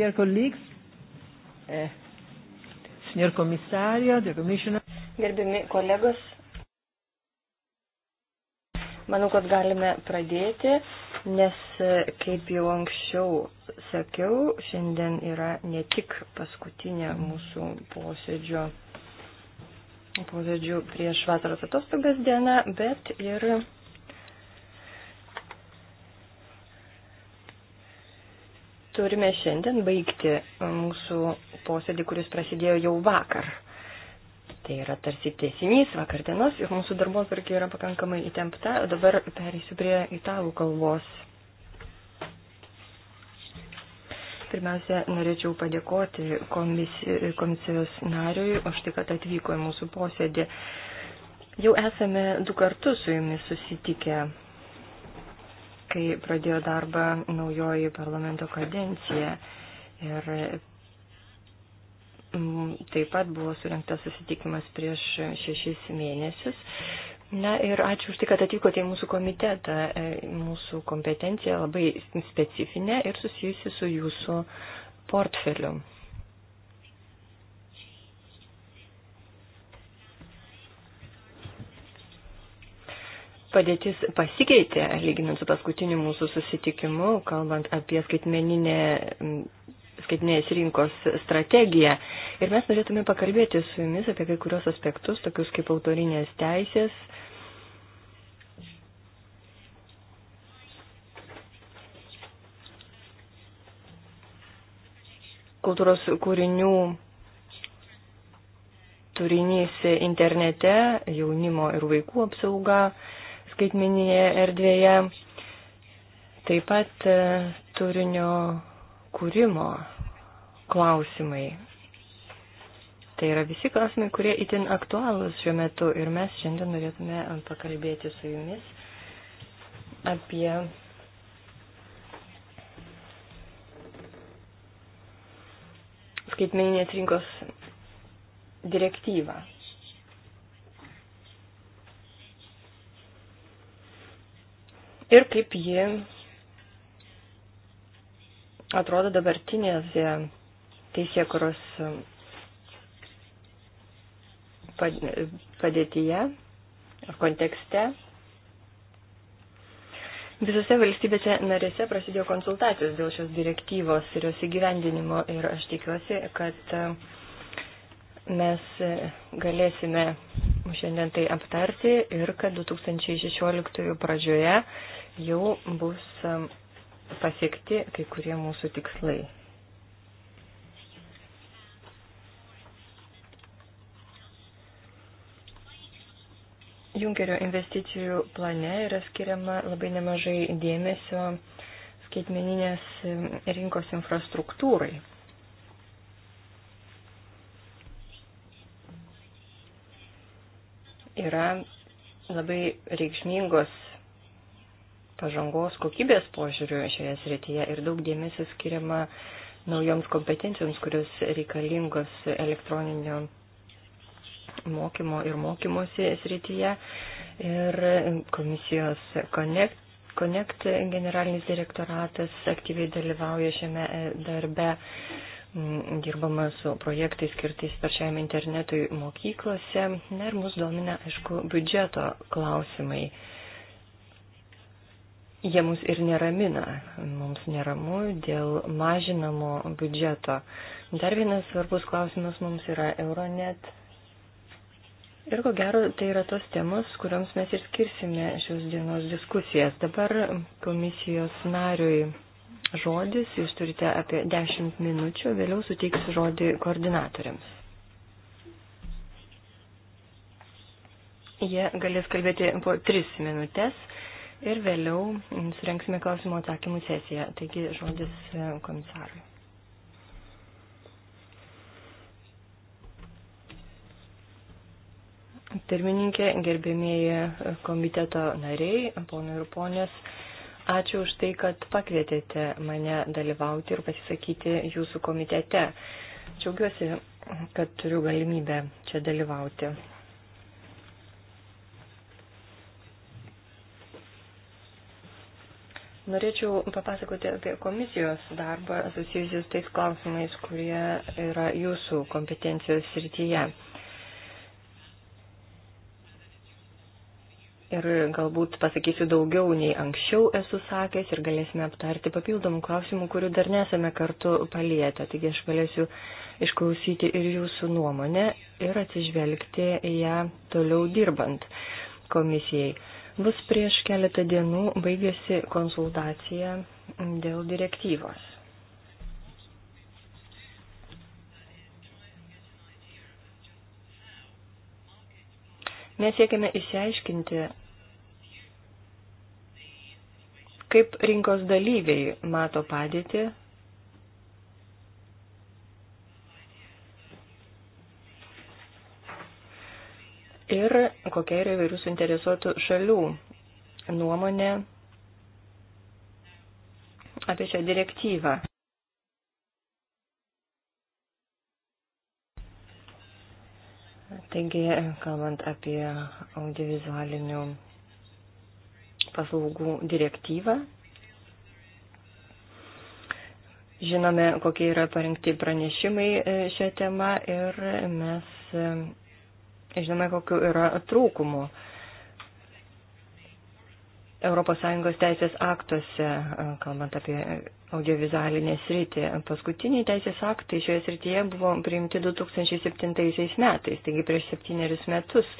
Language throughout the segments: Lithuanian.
dear colleagues, eh, signor commissario, dear commissioner. Gerbiami kolegos, manau, kad galime pradėti, nes eh, kaip jau anksčiau sakiau, šiandien yra ne tik paskutinė mūsų posėdžio, posėdžių prieš vasaros atostogas diena, bet ir turime šiandien baigti mūsų posėdį, kuris prasidėjo jau vakar. Tai yra tarsi tiesinys vakar dienos ir mūsų darbo tvarkė yra pakankamai įtempta. Dabar perėsiu prie italų kalbos. Pirmiausia, norėčiau padėkoti komisi, komisijos nariui už tai, kad atvyko į mūsų posėdį. Jau esame du kartus su jumis susitikę kai pradėjo darbą naujoji parlamento kadencija. Ir mm, taip pat buvo surinktas susitikimas prieš šešis mėnesius. Na ir ačiū už tai, kad atvykote į mūsų komitetą. E, mūsų kompetencija labai specifinė ir susijusi su jūsų portfeliu. padėtis pasikeitė, lyginant su paskutiniu mūsų susitikimu, kalbant apie skaitmeninę skaitinės rinkos strategiją. Ir mes norėtume pakalbėti su jumis apie kai kurios aspektus, tokius kaip autorinės teisės. Kultūros kūrinių turinys internete, jaunimo ir vaikų apsauga, skaitmeninėje erdvėje, taip pat e, turinio kūrimo klausimai. Tai yra visi klausimai, kurie itin aktualūs šiuo metu ir mes šiandien norėtume pakalbėti su jumis apie skaitmeninės rinkos direktyvą. ir kaip ji atrodo dabartinėse teisėkuros padėtyje ar kontekste. Visose valstybėse narėse prasidėjo konsultacijos dėl šios direktyvos ir jos įgyvendinimo ir aš tikiuosi, kad mes galėsime šiandien tai aptarti ir kad 2016 pradžioje jau bus pasiekti kai kurie mūsų tikslai. Junkerio investicijų plane yra skiriama labai nemažai dėmesio skaitmeninės rinkos infrastruktūrai. Yra labai reikšmingos pažangos kokybės požiūrių šioje srityje ir daug dėmesio skiriama naujoms kompetencijoms, kurios reikalingos elektroninio mokymo ir mokymosi srityje. Ir komisijos Connect, Connect generalinis direktoratas aktyviai dalyvauja šiame e, darbe. Dirbama su projektais skirtais pačiam internetui mokyklose. Na ir mus domina, aišku, biudžeto klausimai jie mus ir neramina. Mums neramu dėl mažinamo biudžeto. Dar vienas svarbus klausimas mums yra Euronet. Ir ko gero, tai yra tos temos, kuriams mes ir skirsime šios dienos diskusijas. Dabar komisijos nariui žodis, jūs turite apie 10 minučių, vėliau suteiksiu žodį koordinatoriams. Jie galės kalbėti po 3 minutės ir vėliau surenksime klausimų atsakymų sesiją. Taigi žodis e, komisarui. Pirmininkė, gerbėmėji komiteto nariai, ponai ir ponės, ačiū už tai, kad pakvietėte mane dalyvauti ir pasisakyti jūsų komitete. Džiaugiuosi, kad turiu galimybę čia dalyvauti. Norėčiau papasakoti apie komisijos darbą susijusius tais klausimais, kurie yra jūsų kompetencijos srityje. Ir galbūt pasakysiu daugiau nei anksčiau esu sakęs ir galėsime aptarti papildomų klausimų, kurių dar nesame kartu palietę. Taigi aš galėsiu išklausyti ir jūsų nuomonę ir atsižvelgti ją toliau dirbant komisijai. Bus prieš keletą dienų baigėsi konsultacija dėl direktyvos. Mes siekiame išsiaiškinti, kaip rinkos dalyviai mato padėtį ir kokia yra įvairių suinteresuotų šalių nuomonė apie šią direktyvą. Taigi, kalbant apie audiovizualinių paslaugų direktyvą, žinome, kokie yra parengti pranešimai e, šią temą ir mes žinome, kokiu yra trūkumu. ES teisės aktuose, kalbant apie audiovizualinę sritį. Paskutiniai teisės aktai šioje srityje buvo priimti 2007 metais, taigi prieš septynerius metus.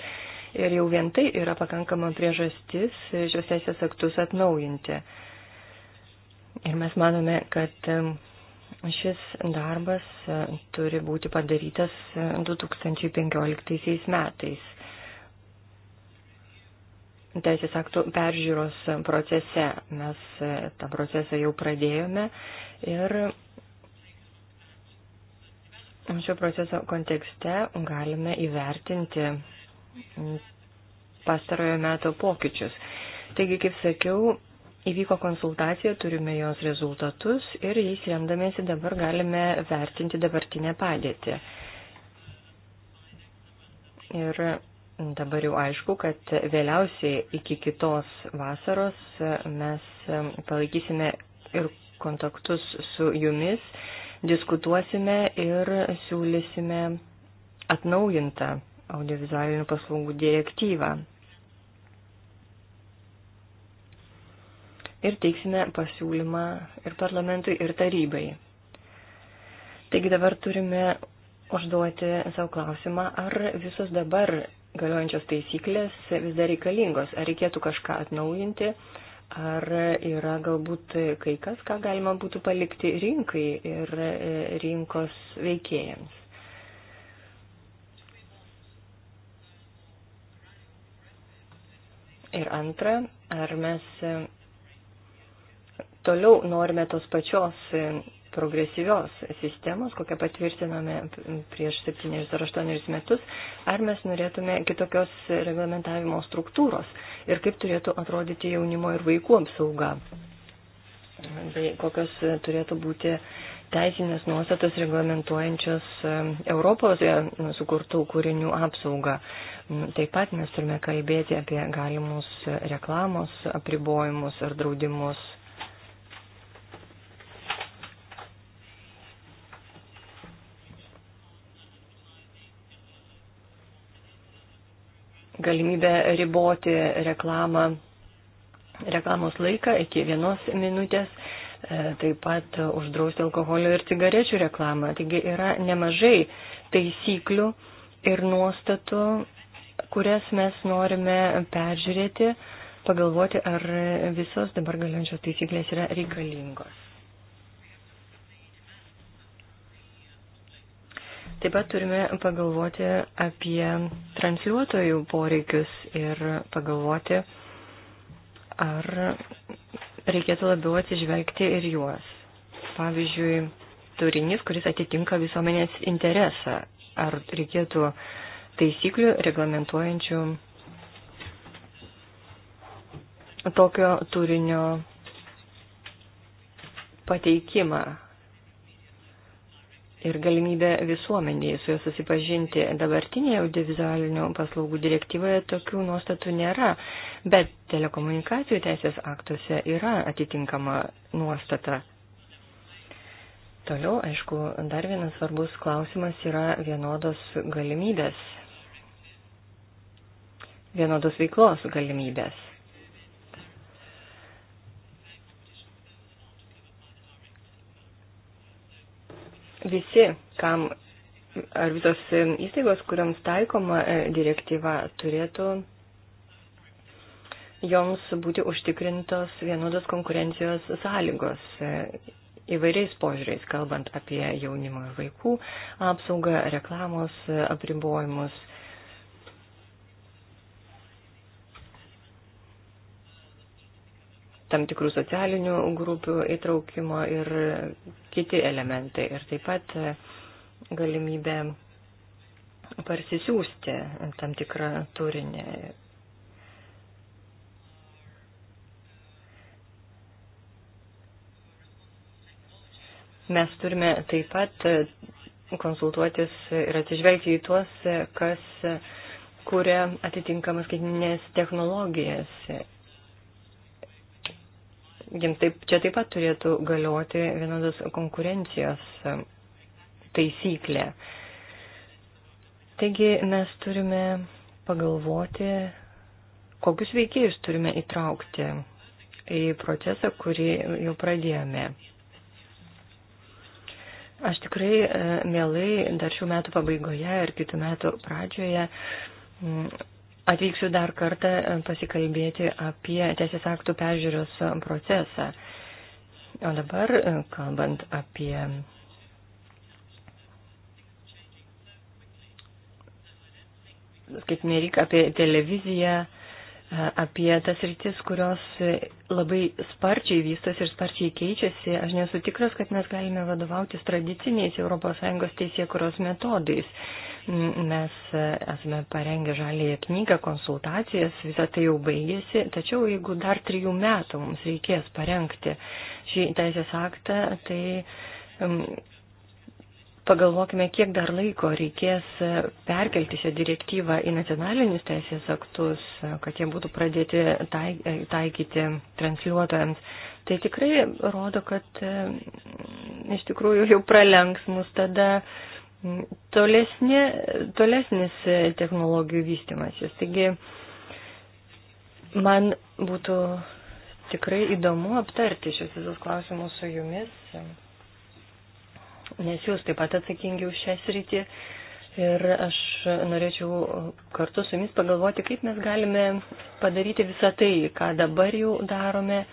Ir jau vien tai yra pakankama priežastis šios teisės aktus atnaujinti. Ir mes manome, kad Šis darbas e, turi būti padarytas 2015 e, metais. Teisės aktų peržiūros procese mes e, tą procesą jau pradėjome ir šio proceso kontekste galime įvertinti pastarojo meto pokyčius. Taigi, kaip sakiau, Įvyko konsultacija, turime jos rezultatus ir jais remdamėsi dabar galime vertinti dabartinę padėtį. Ir dabar jau aišku, kad vėliausiai iki kitos vasaros mes palaikysime ir kontaktus su jumis, diskutuosime ir siūlysime atnaujintą audiovizualinių paslaugų direktyvą ir teiksime pasiūlymą ir parlamentui, ir tarybai. Taigi dabar turime užduoti savo klausimą, ar visos dabar galiojančios taisyklės vis dar reikalingos, ar reikėtų kažką atnaujinti, ar yra galbūt kai kas, ką galima būtų palikti rinkai ir e, rinkos veikėjams. Ir antra, ar mes toliau norime tos pačios e, progresyvios sistemos, kokią patvirtinome prieš 7 ar 8 metus, ar mes norėtume kitokios reglamentavimo struktūros ir kaip turėtų atrodyti jaunimo ir vaikų apsauga, bei kokios turėtų būti teisinės nuostatos reglamentuojančios e, Europos e, sukurtų kūrinių apsaugą. Mm, taip pat mes turime kalbėti apie galimus reklamos apribojimus ar draudimus galimybę riboti reklamą, reklamos laiką iki vienos minutės, e, taip pat uždrausti alkoholio ir cigarečių reklamą. Taigi yra nemažai taisyklių ir nuostatų, kurias mes norime peržiūrėti, pagalvoti, ar visos dabar galiojančios taisyklės yra reikalingos. Taip pat turime pagalvoti apie transliuotojų poreikius ir pagalvoti, ar reikėtų labiau atsižvelgti ir juos. Pavyzdžiui, turinys, kuris atitinka visuomenės interesą. Ar reikėtų taisyklių reglamentuojančių tokio turinio pateikimą ir galimybę visuomeniai su juo susipažinti. Dabartinėje audiovizualinių paslaugų direktyvoje tokių nuostatų nėra, bet telekomunikacijų teisės aktuose yra atitinkama nuostata. Toliau, aišku, dar vienas svarbus klausimas yra vienodos galimybės, vienodos veiklos galimybės. visi, kam ar visos įstaigos, kuriams taikoma e, direktyva, turėtų joms būti užtikrintos vienodos konkurencijos sąlygos e, įvairiais požiūriais, kalbant apie jaunimo ir vaikų apsaugą, reklamos e, apribojimus tam tikrų socialinių grupių įtraukimo ir kiti elementai. Ir taip pat e, galimybė parsisiųsti tam tikrą turinį. Mes turime taip pat e, konsultuotis ir atsižvelgti į tuos, e, kas kuria atitinkamas skaitinės technologijas jiems taip, čia taip pat turėtų galioti vienodas konkurencijos e, taisyklė. Taigi mes turime pagalvoti, kokius veikėjus turime įtraukti į procesą, kurį jau pradėjome. Aš tikrai e, mielai dar šių metų pabaigoje ir kitų metų pradžioje Atvyksiu dar kartą e, pasikalbėti apie teisės aktų peržiūros e, procesą. O dabar, e, kalbant apie skaitmerik, apie televiziją, apie tas rytis, kurios labai sparčiai vystosi ir sparčiai keičiasi, aš nesu tikras, kad mes galime vadovautis tradiciniais ES teisėkuros metodais. Mes e, esame parengę žalėje knygą, konsultacijas, visą tai jau baigėsi, tačiau jeigu dar trijų metų mums reikės parengti šį teisės aktą, tai pagalvokime, kiek dar laiko reikės e, perkelti šią direktyvą į nacionalinius teisės aktus, e, kad jie būtų pradėti tai-, taikyti transliuotojams. Tai tikrai rodo, kad iš tikrųjų jau pralenks mus tada tolesnė, tolesnis e, technologijų vystimasis. Taigi, man būtų tikrai įdomu aptarti šios visus klausimus su jumis, nes jūs taip pat atsakingi už šią sritį. Ir aš norėčiau kartu su jumis pagalvoti, kaip mes galime padaryti visą tai, ką dabar jau darome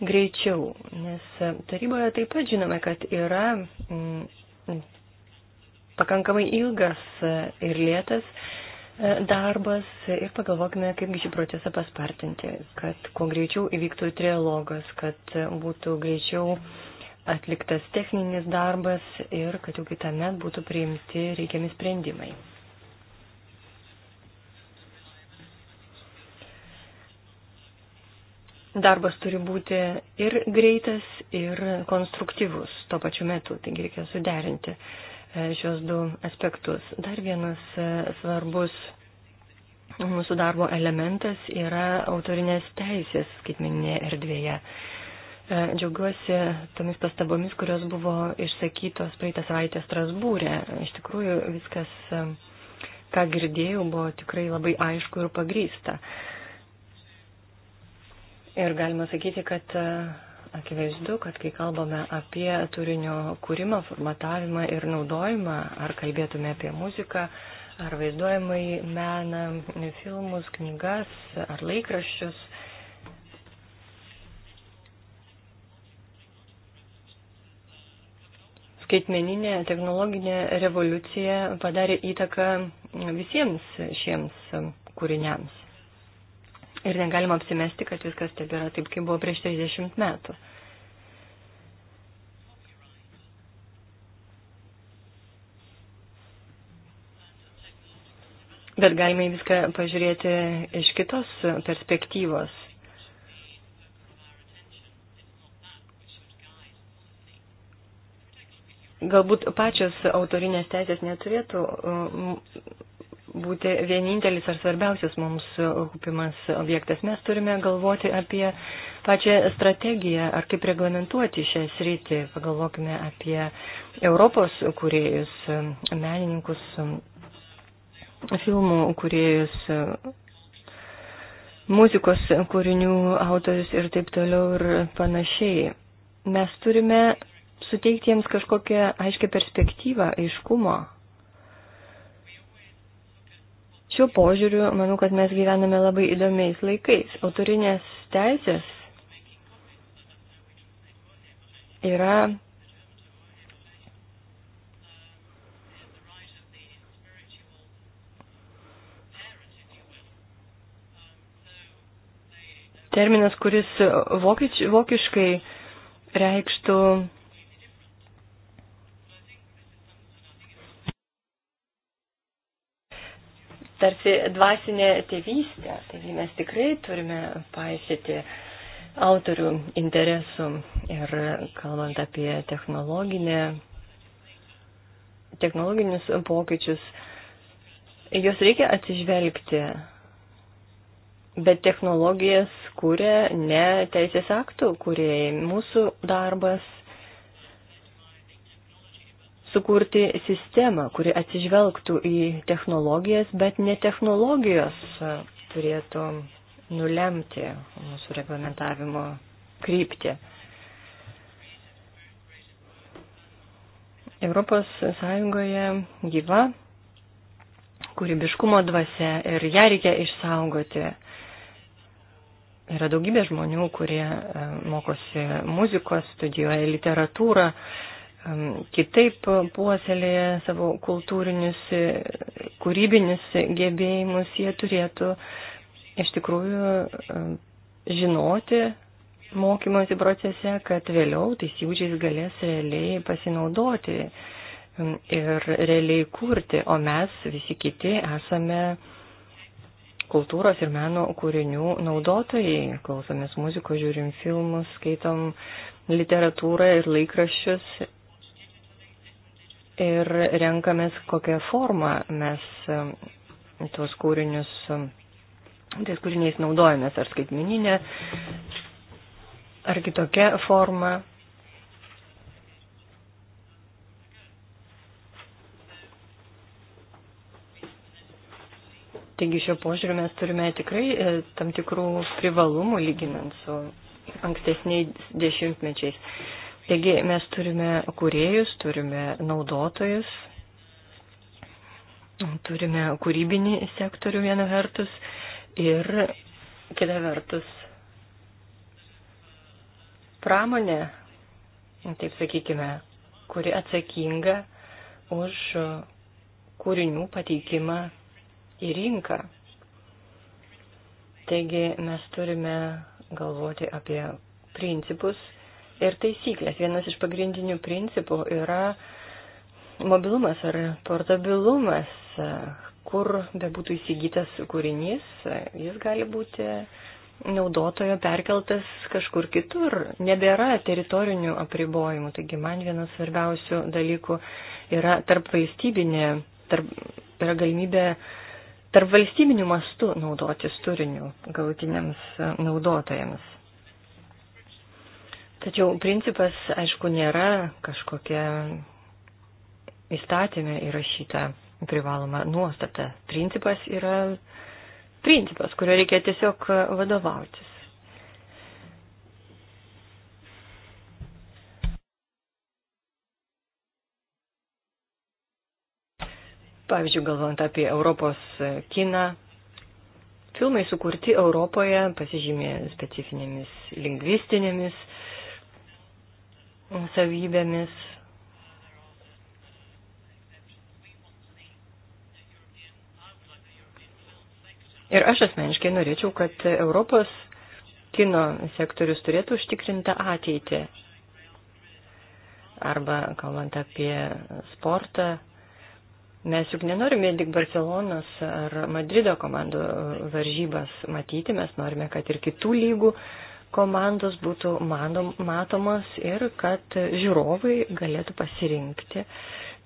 greičiau. Nes taryboje taip pat žinome, kad yra mm, pakankamai ilgas e, ir lėtas e, darbas ir pagalvokime, kaipgi šį procesą paspartinti, kad kuo greičiau įvyktų trialogas, kad būtų greičiau atliktas techninis darbas ir kad jau kitą met būtų priimti reikiami sprendimai. Darbas turi būti ir greitas, ir konstruktyvus tuo pačiu metu, taigi reikia suderinti uh, E, šios du aspektus. Dar vienas e, svarbus mūsų darbo elementas yra autorinės teisės skaitmeninėje erdvėje. E, džiaugiuosi tomis pastabomis, kurios buvo išsakytos praeitą savaitę Strasbūrė. Iš tikrųjų, viskas, ką girdėjau, buvo tikrai labai aišku ir pagrysta. Ir galima sakyti, kad akivaizdu, kad kai kalbame apie turinio kūrimą, formatavimą ir naudojimą, ar kalbėtume apie muziką, ar vaizduojamai meną, filmus, knygas ar laikraščius, skaitmeninė technologinė revoliucija padarė įtaką visiems šiems kūriniams. Ir negalima apsimesti, kad viskas taip yra taip, kaip buvo prieš 30 metų. Bet galime į viską pažiūrėti iš kitos perspektyvos. Galbūt pačios autorinės teisės neturėtų būti vienintelis ar svarbiausias mums rūpimas objektas. Mes turime galvoti apie pačią strategiją ar kaip reglamentuoti šią sritį. Pagalvokime apie Europos kuriejus, menininkus, filmų kuriejus, muzikos kūrinių autorius ir taip toliau ir panašiai. Mes turime suteikti jiems kažkokią aiškę perspektyvą, aiškumo, Šiuo požiūriu manau, kad mes gyvename labai įdomiais laikais. Autorinės teisės yra terminas, kuris vokič, vokiškai reikštų tarsi dvasinė tėvystė. Taigi mes tikrai turime paisyti autorių interesų ir kalbant apie technologinę, technologinius pokyčius, juos reikia atsižvelgti. Bet technologijas kūrė ne teisės aktų kūrėjai. Mūsų darbas sukurti sistemą, kuri atsižvelgtų į technologijas, bet ne technologijos e, turėtų nulemti mūsų reglamentavimo kryptį. Europos Sąjungoje gyva kūrybiškumo dvasia ir ją reikia išsaugoti. Yra daugybė žmonių, kurie e, mokosi muzikos, studijuoja literatūrą, kitaip puoselėja savo kultūrinius, e, kūrybinius gebėjimus, jie turėtų iš tikrųjų žinoti mokymosi procese, kad vėliau tais įgūdžiais galės realiai pasinaudoti ir realiai kurti, o mes visi kiti esame kultūros ir meno kūrinių naudotojai. Klausomės muzikos, žiūrim filmus, skaitom literatūrą ir laikraščius ir renkamės, kokią formą mes um, tuos kūrinius, um, tais kūriniais naudojamės, ar skaitmininė, ar kitokia forma. Taigi šio požiūriu mes turime tikrai e, tam tikrų privalumų lyginant su ankstesniais dešimtmečiais. Taigi mes turime kuriejus, turime naudotojus, turime kūrybinį sektorių vieną vertus ir kitą vertus pramonę, taip sakykime, kuri atsakinga už kūrinių pateikimą į rinką. Taigi mes turime galvoti apie principus, ir taisyklės. Vienas iš pagrindinių principų yra mobilumas ar portabilumas, kur bebūtų įsigytas kūrinys, jis gali būti naudotojo perkeltas kažkur kitur. Nebėra teritorinių apribojimų, taigi man vienas svarbiausių dalykų yra tarp valstybinė, tarp, yra galimybė tarp valstybinių mastų naudotis turiniu galutiniams naudotojams. Tačiau principas, aišku, nėra kažkokia įstatymė įrašyta privaloma nuostata. Principas yra principas, kurio reikia tiesiog vadovautis. Pavyzdžiui, galvojant apie Europos kiną, filmai sukurti Europoje pasižymė specifinėmis lingvistinėmis savybėmis. Ir aš asmeniškai norėčiau, kad Europos kino sektorius turėtų užtikrintą ateitį. Arba, kalbant apie sportą, mes juk nenorime tik Barcelonos ar Madrido komandų varžybas matyti, mes norime, kad ir kitų lygų uh, komandos būtų manom, matomas ir kad žiūrovai galėtų pasirinkti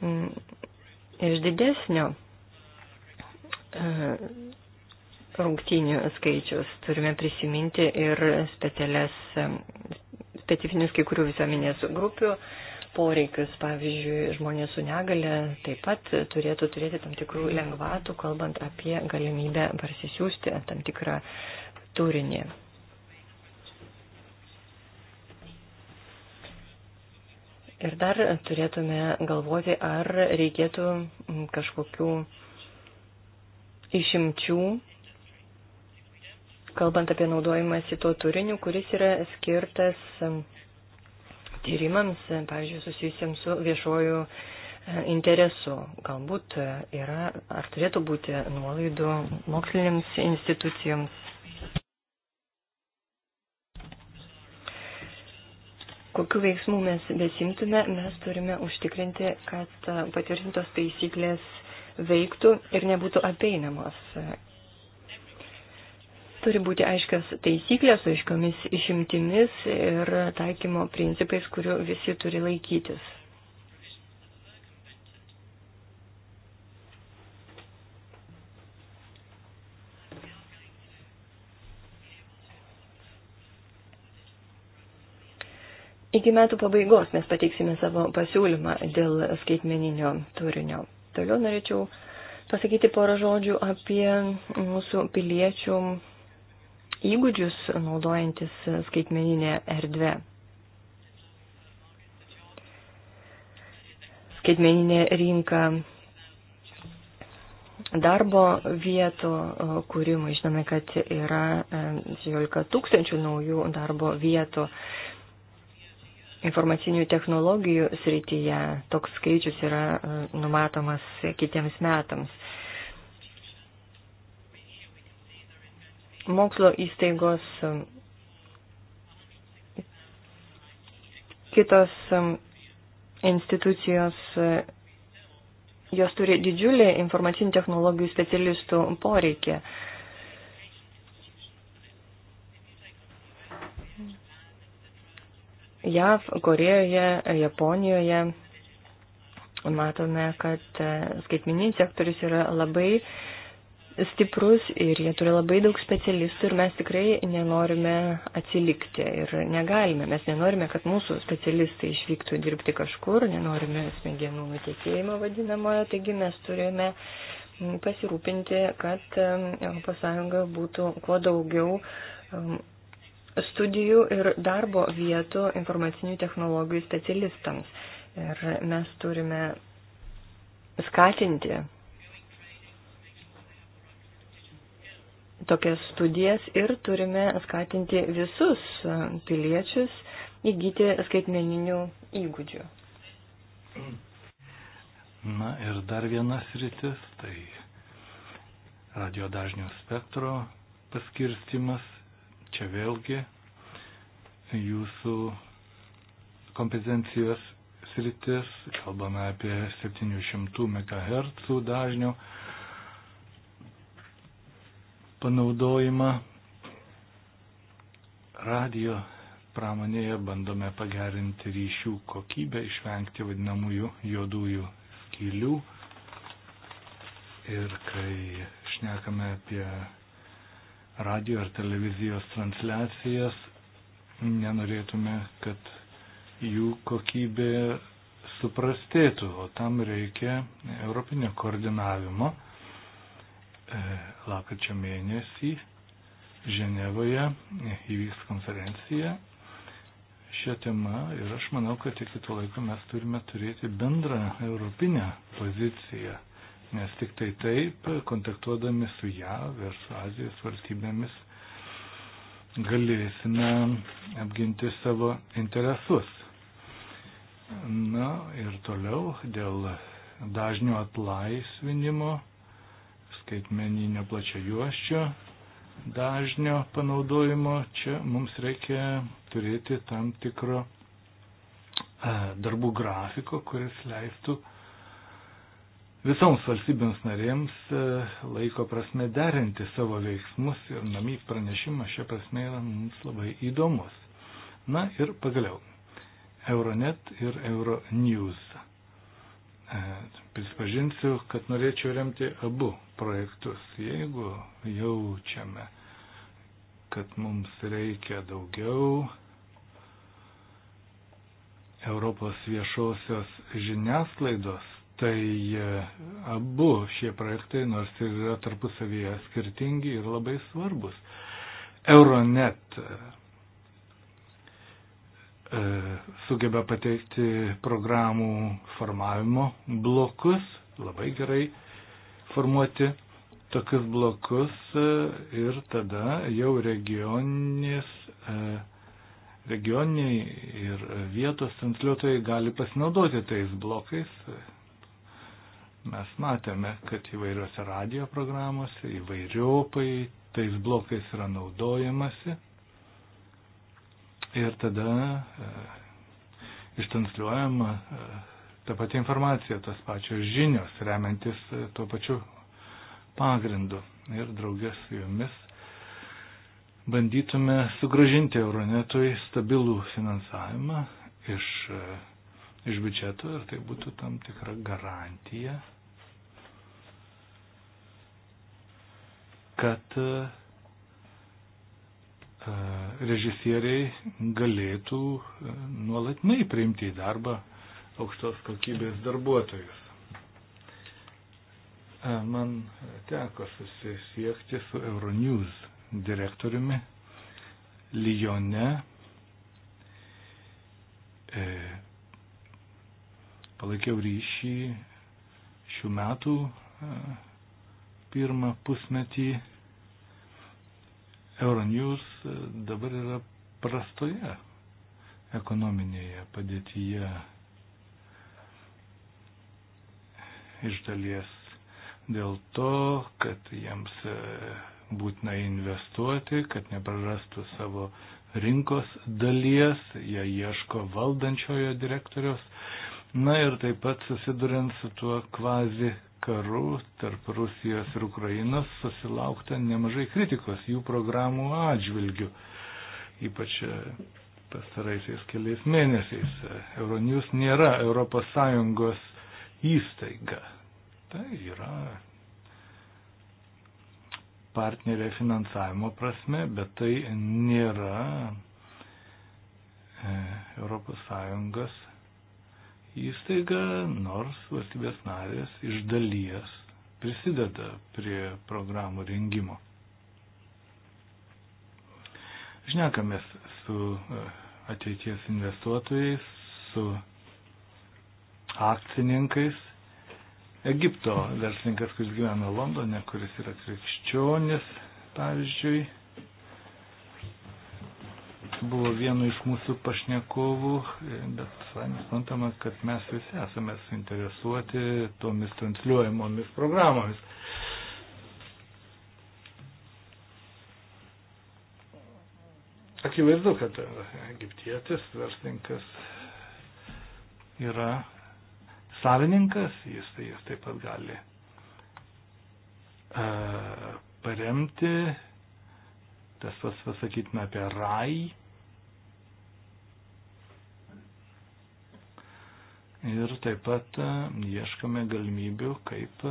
mm, iš didesnio e, rungtynių skaičius. Turime prisiminti ir specialias, e, specifinius kai kurių visuomenės grupių poreikius. Pavyzdžiui, žmonės su negale taip pat turėtų turėti tam tikrų lengvatų, kalbant apie galimybę parsisiųsti tam tikrą turinį. Ir dar turėtume galvoti, ar reikėtų mm, kažkokių išimčių, kalbant apie naudojimąsi tuo turiniu, kuris yra skirtas mm, tyrimams, pavyzdžiui, susijusiems su viešoju e, interesu. Galbūt e, yra, ar turėtų būti nuolaidų mokslinėms institucijoms kokiu veiksmu mes besimtume, mes turime užtikrinti, kad e, patvirtintos taisyklės veiktų ir nebūtų apeinamos. Turi būti aiškios taisyklės, aiškiomis išimtimis ir taikymo principais, kurių visi turi laikytis. Iki metų pabaigos mes pateiksime savo pasiūlymą dėl skaitmeninio turinio. Toliau norėčiau pasakyti porą žodžių apie mūsų piliečių įgūdžius naudojantis skaitmeninę erdvę. Skaitmeninė rinka darbo vietų kūrimui. Žinome, kad yra 17 e, tūkstančių naujų darbo vietų informacinių technologijų srityje toks skaičius yra e, numatomas kitiems metams. Mokslo įstaigos e, kitos e, institucijos, jos turi didžiulį informacinių technologijų specialistų poreikį. JAV, Korejoje, Japonijoje matome, kad e, skaitmininis sektorius yra labai stiprus ir jie turi labai daug specialistų ir mes tikrai nenorime atsilikti ir negalime. Mes nenorime, kad mūsų specialistai išvyktų dirbti kažkur, nenorime smegenų nutiekėjimo vadinamojo, taigi mes turime pasirūpinti, kad ES būtų kuo daugiau studijų ir darbo vietų informacinių technologijų specialistams. Ir mes turime skatinti tokias studijas ir turime skatinti visus piliečius įgyti skaitmeninių įgūdžių. Na ir dar vienas rytis, tai radio dažnių spektro paskirstimas Čia vėlgi jūsų kompetencijos sritis, kalbame apie 700 MHz dažnių panaudojimą radio pramonėje bandome pagerinti ryšių kokybę, išvengti vadinamųjų juodųjų skylių. Ir kai šnekame apie radio ar televizijos transliacijas. Nenorėtume, kad jų kokybė suprastėtų, o tam reikia europinio koordinavimo. E, Lakačio mėnesį Ženevoje įvyks konferencija šią temą ir aš manau, kad iki to laiko mes turime turėti bendrą europinę poziciją nes tik tai taip, kontaktuodami su JAV ir su Azijos valstybėmis, galėsime apginti savo interesus. Na ir toliau dėl dažnių atlaisvinimo, skaitmeninio plačia juoščio dažnio panaudojimo, čia mums reikia turėti tam tikro e, darbų grafiko, kuris leistų uh, visoms valstybėms narėms e, laiko prasme derinti savo veiksmus ir namyk pranešimas šia prasme yra mums labai įdomus. Na ir pagaliau, Euronet ir Euronews. E, prisipažinsiu, kad norėčiau remti abu projektus. Jeigu jaučiame, kad mums reikia daugiau Europos viešosios žiniasklaidos, Tai e, abu šie projektai, nors ir yra tarpusavyje skirtingi, yra labai svarbus. Euronet e, e, sugeba pateikti programų formavimo blokus, labai gerai formuoti tokius blokus ir tada jau regionės, regioniniai ir vietos transliuotojai gali pasinaudoti tais blokais, Mes matėme, kad įvairiose radio programuose įvairiopai tais blokais yra naudojamasi. Ir tada e, ištranšliuojama e, ta pati informacija, tas pačios žinios, remiantis e, tuo pačiu pagrindu. Ir draugės su jumis bandytume sugražinti Euronetui stabilų finansavimą iš e, iš biudžeto ir tai būtų tam tikra garantija, kad e, e, režisieriai galėtų e, nuolatinai priimti į darbą aukštos kokybės darbuotojus. Man teko susisiekti su Euronews direktoriumi Lyone. E, palaikiau ryšį šių metų e, pirmą pusmetį. Euronews e, dabar yra prastoje ekonominėje padėtyje iš dalies dėl to, kad jiems e, būtina investuoti, kad neprarastų savo rinkos dalies, jie ieško valdančiojo direktoriaus, Na ir taip pat susidurint su tuo kvazi karu tarp Rusijos ir Ukrainos susilaukta nemažai kritikos jų programų atžvilgių, ypač e, pastaraisiais keliais mėnesiais. E, Euronius nėra ES įstaiga. Tai yra partnerė finansavimo prasme, bet tai nėra ES įstaiga, nors valstybės narės iš dalies prisideda prie programų rengimo. Žnekamės su e, ateities investuotojais, su akcininkais. Egipto verslininkas, kuris gyvena Londone, kuris yra krikščionis, pavyzdžiui, buvo vienu iš mūsų pašnekovų, bet savame suprantama, kad mes visi esame suinteresuoti tomis transliuojamomis programomis. Akivaizdu, kad egiptietis, verslininkas yra savininkas, jis, tai jis taip pat gali uh, paremti, tas pats pasakytina apie RAI, ir taip pat e, ieškome galimybių, kaip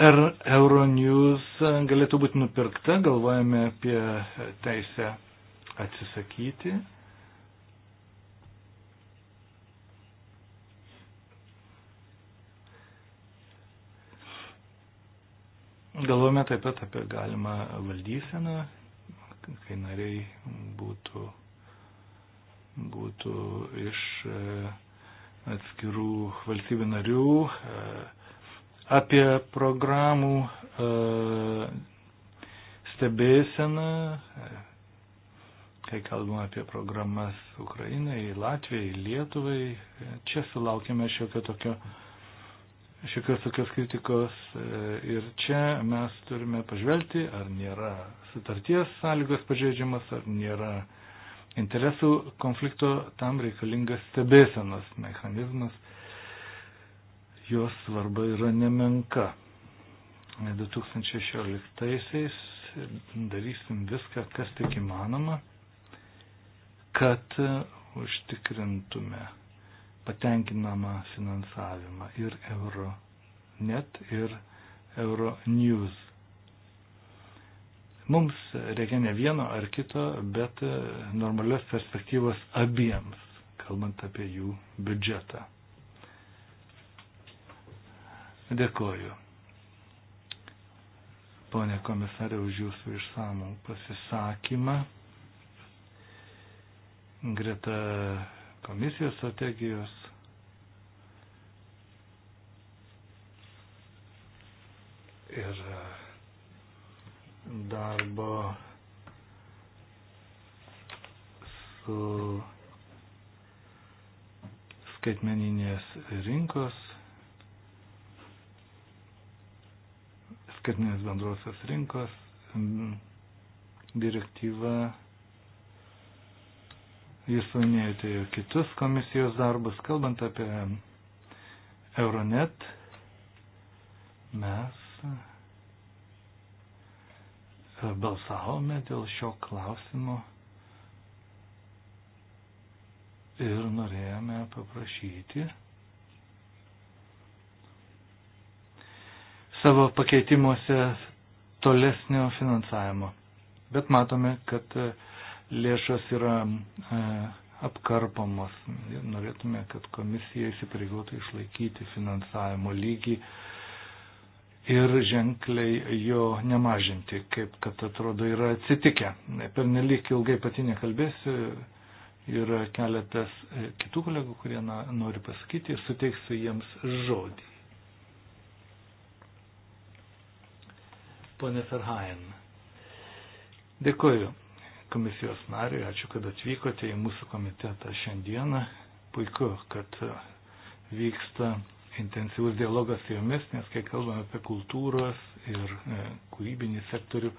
Euronews galėtų būti nupirkta, galvojame apie teisę atsisakyti. Galvojame taip pat apie galimą valdyseną, kai nariai būtų būtų iš e, atskirų valstybių narių e, apie programų e, stebėseną, kai kalbame apie programas Ukrainai, Latvijai, Lietuvai, čia sulaukime šiokio tokio šiokios tokios kritikos ir čia mes turime pažvelgti, ar nėra sutarties sąlygos pažeidžiamas, ar nėra uh, interesų konflikto, tam reikalingas stebėsenos mechanizmas. Jos svarba yra nemenka. 2016-aisiais darysim viską, kas tik įmanoma, kad e, užtikrintume patenkinamą finansavimą ir euro net ir euro news Mums reikia ne vieno ar kito, bet normalios perspektyvos abiems, kalbant apie jų biudžetą. Dėkoju. Pone komisarė, už jūsų išsamų pasisakymą. Greta komisijos strategijos ir darbo su skaitmeninės rinkos, skaitmeninės bendrosios rinkos direktyva. Jūs minėjote jau kitus komisijos darbus, kalbant apie Euronet, mes balsavome dėl šio klausimo ir norėjome paprašyti savo pakeitimuose tolesnio finansavimo. Bet matome, kad e, lėšos yra e, apkarpamos. Norėtume, kad komisija įsipareigotų išlaikyti finansavimo lygį ir ženkliai jo nemažinti, kaip kad atrodo yra atsitikę. Per nelik ilgai pati nekalbėsiu, yra keletas e, kitų kolegų, kurie na, nori pasakyti ir suteiksiu jiems žodį. Pone Ferhain, dėkoju komisijos nariui, ačiū, kad atvykote į mūsų komitetą šiandieną. Puiku, kad vyksta intensyvus dialogas su jomis, nes kai kalbame apie kultūros ir e, kūrybinį sektorių,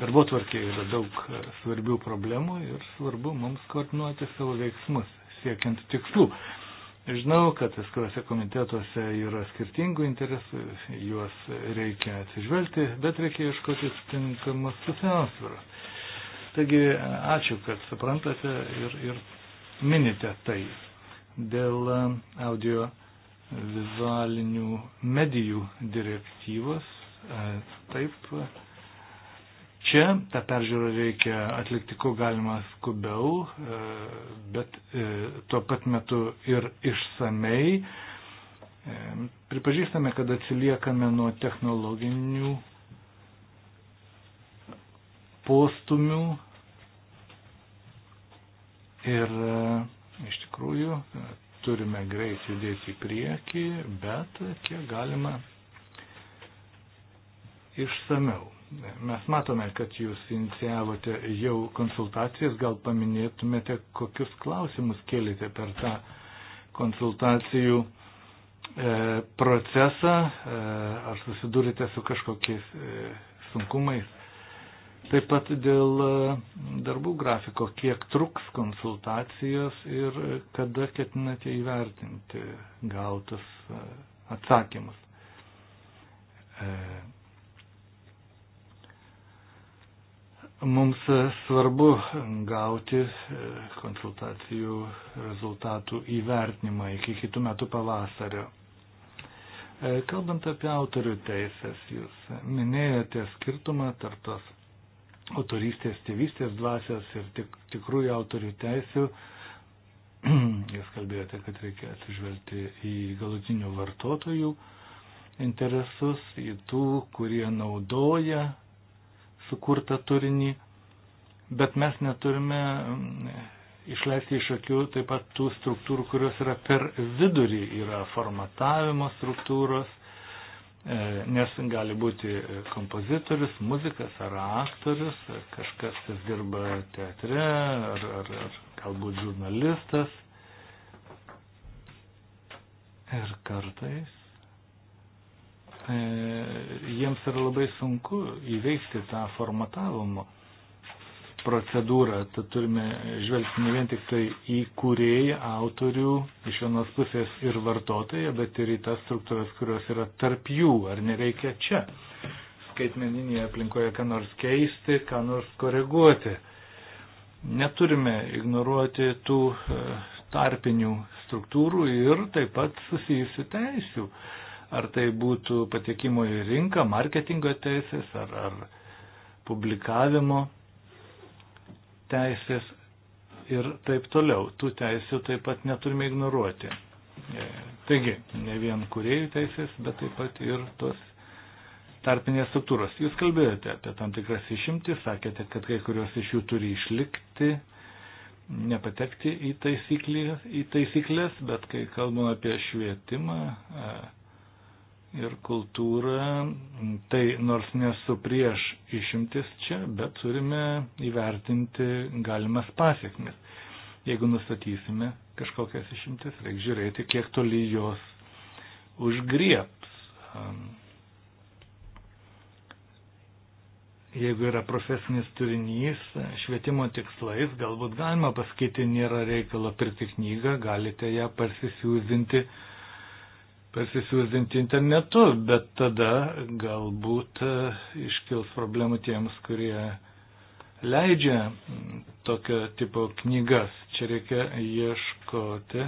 darbo tvarkėje yra daug e, svarbių problemų ir svarbu mums koordinuoti savo veiksmus siekiant tikslų. Žinau, kad viskose komitetuose yra skirtingų interesų, juos reikia atsižvelgti, bet reikia iškoti tinkamas pusiausvėros. Taigi, ačiū, kad suprantate ir, ir minite tai dėl e, audio vizualinių medijų direktyvos. E, taip, čia tą peržiūrą reikia atlikti kuo galima skubiau, e, bet e, tuo pat metu ir išsamei. Pripažįstame, kad atsiliekame nuo technologinių postumių ir iš tikrųjų turime greit judėti į priekį, bet kiek galima išsameu. Mes matome, kad jūs inicijavote jau konsultacijas, gal paminėtumėte, kokius klausimus kėlėte per tą konsultacijų e, procesą, e, ar susidūrite su kažkokiais e, sunkumais Taip pat dėl e, darbų grafiko, kiek truks konsultacijos ir kada ketinate įvertinti gautas e, atsakymus. E, mums svarbu gauti konsultacijų rezultatų įvertinimą iki kitų metų pavasario. Kalbant apie autorių teisės, jūs minėjote skirtumą tarp tos autorystės, tėvystės dvasios ir tik, tikrųjų autorių teisių. Jūs kalbėjote, kad reikia atsižvelgti į galutinių vartotojų interesus, į tų, kurie naudoja sukurtą turinį, bet mes neturime mm, išleisti iš akių taip pat tų struktūrų, kurios yra per vidurį, yra formatavimo struktūros, E, nes gali būti kompozitorius, muzikas ar aktorius, ar kažkas, kas dirba teatre, ar, ar, ar galbūt žurnalistas. Ir kartais e, jiems yra labai sunku įveikti tą formatavimo procedūrą. Tad turime žvelgti ne vien tik tai į kūrėjų, autorių, iš vienos pusės ir vartotoją, bet ir į tas struktūras, kurios yra tarp jų. Ar nereikia čia skaitmeninėje aplinkoje ką nors keisti, ką nors koreguoti. Neturime ignoruoti tų e, tarpinių struktūrų ir taip pat susijusių teisių. Ar tai būtų patekimo į rinką, marketingo teisės, ar, ar publikavimo teisės ir taip toliau. Tų teisių taip pat neturime ignoruoti. E, taigi, ne vien kuriejų teisės, bet taip pat ir tos tarpinės struktūros. Jūs kalbėjote apie tam tikras išimtis, sakėte, kad kai kurios iš jų turi išlikti, nepatekti į taisyklės, į taisyklės bet kai kalbame apie švietimą, e, ir kultūrą. Tai nors nesu prieš išimtis čia, bet turime įvertinti galimas pasiekmes. Jeigu nustatysime kažkokias išimtis, reikia žiūrėti, kiek toli jos užgrieps. Jeigu yra profesinis turinys, švietimo tikslais, galbūt galima pasakyti, nėra reikalo pirkti knygą, galite ją parsisiūzinti uh, persisiūsdinti internetu, bet tada galbūt e, iškils problemų tiems, kurie leidžia tokio tipo knygas. Čia reikia ieškoti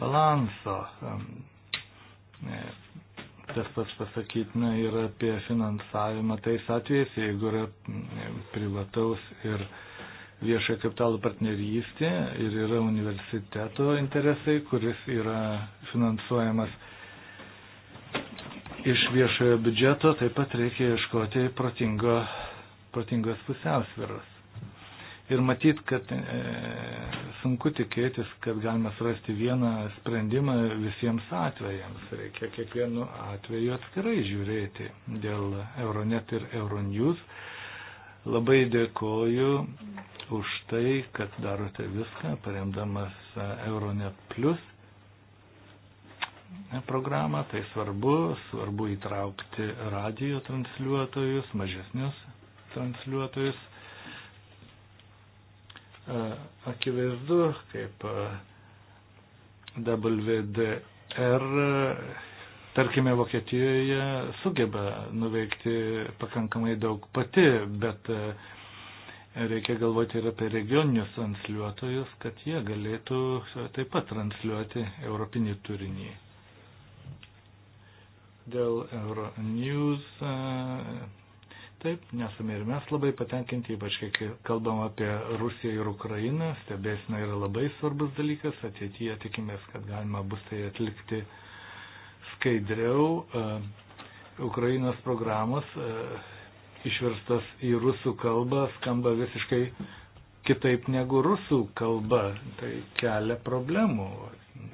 balanso. E, tas pats pasakytina ir apie finansavimą tais atvejais, jeigu yra privataus ir viešojo kapitalo partnerystė ir yra universiteto interesai, kuris yra finansuojamas iš viešojo biudžeto, taip pat reikia ieškoti protingo, protingos pusiausviros. Ir matyt, kad e, sunku tikėtis, kad galima surasti vieną sprendimą visiems atvejams. Reikia kiekvienu atveju atskirai žiūrėti dėl Euronet ir Euronews. E, Labai dėkoju už tai, kad darote viską, paremdamas e, Euronet Plus e, programą. Tai svarbu, svarbu įtraukti radio transliuotojus, mažesnius transliuotojus. E, akivaizdu, kaip WDR tarkime, Vokietijoje sugeba nuveikti pakankamai daug pati, bet e, reikia galvoti ir apie regioninius transliuotojus, kad jie galėtų taip pat transliuoti europinį turinį. Dėl Euronews, e, taip, nesame ir mes labai patenkinti, ypač kai kalbam apie Rusiją ir Ukrainą, stebėsina yra labai svarbus dalykas, ateityje tikimės, kad galima bus tai atlikti uh, skaidriau e, Ukrainos programos e, išverstas į rusų kalbą skamba visiškai kitaip negu rusų kalba. Tai kelia problemų.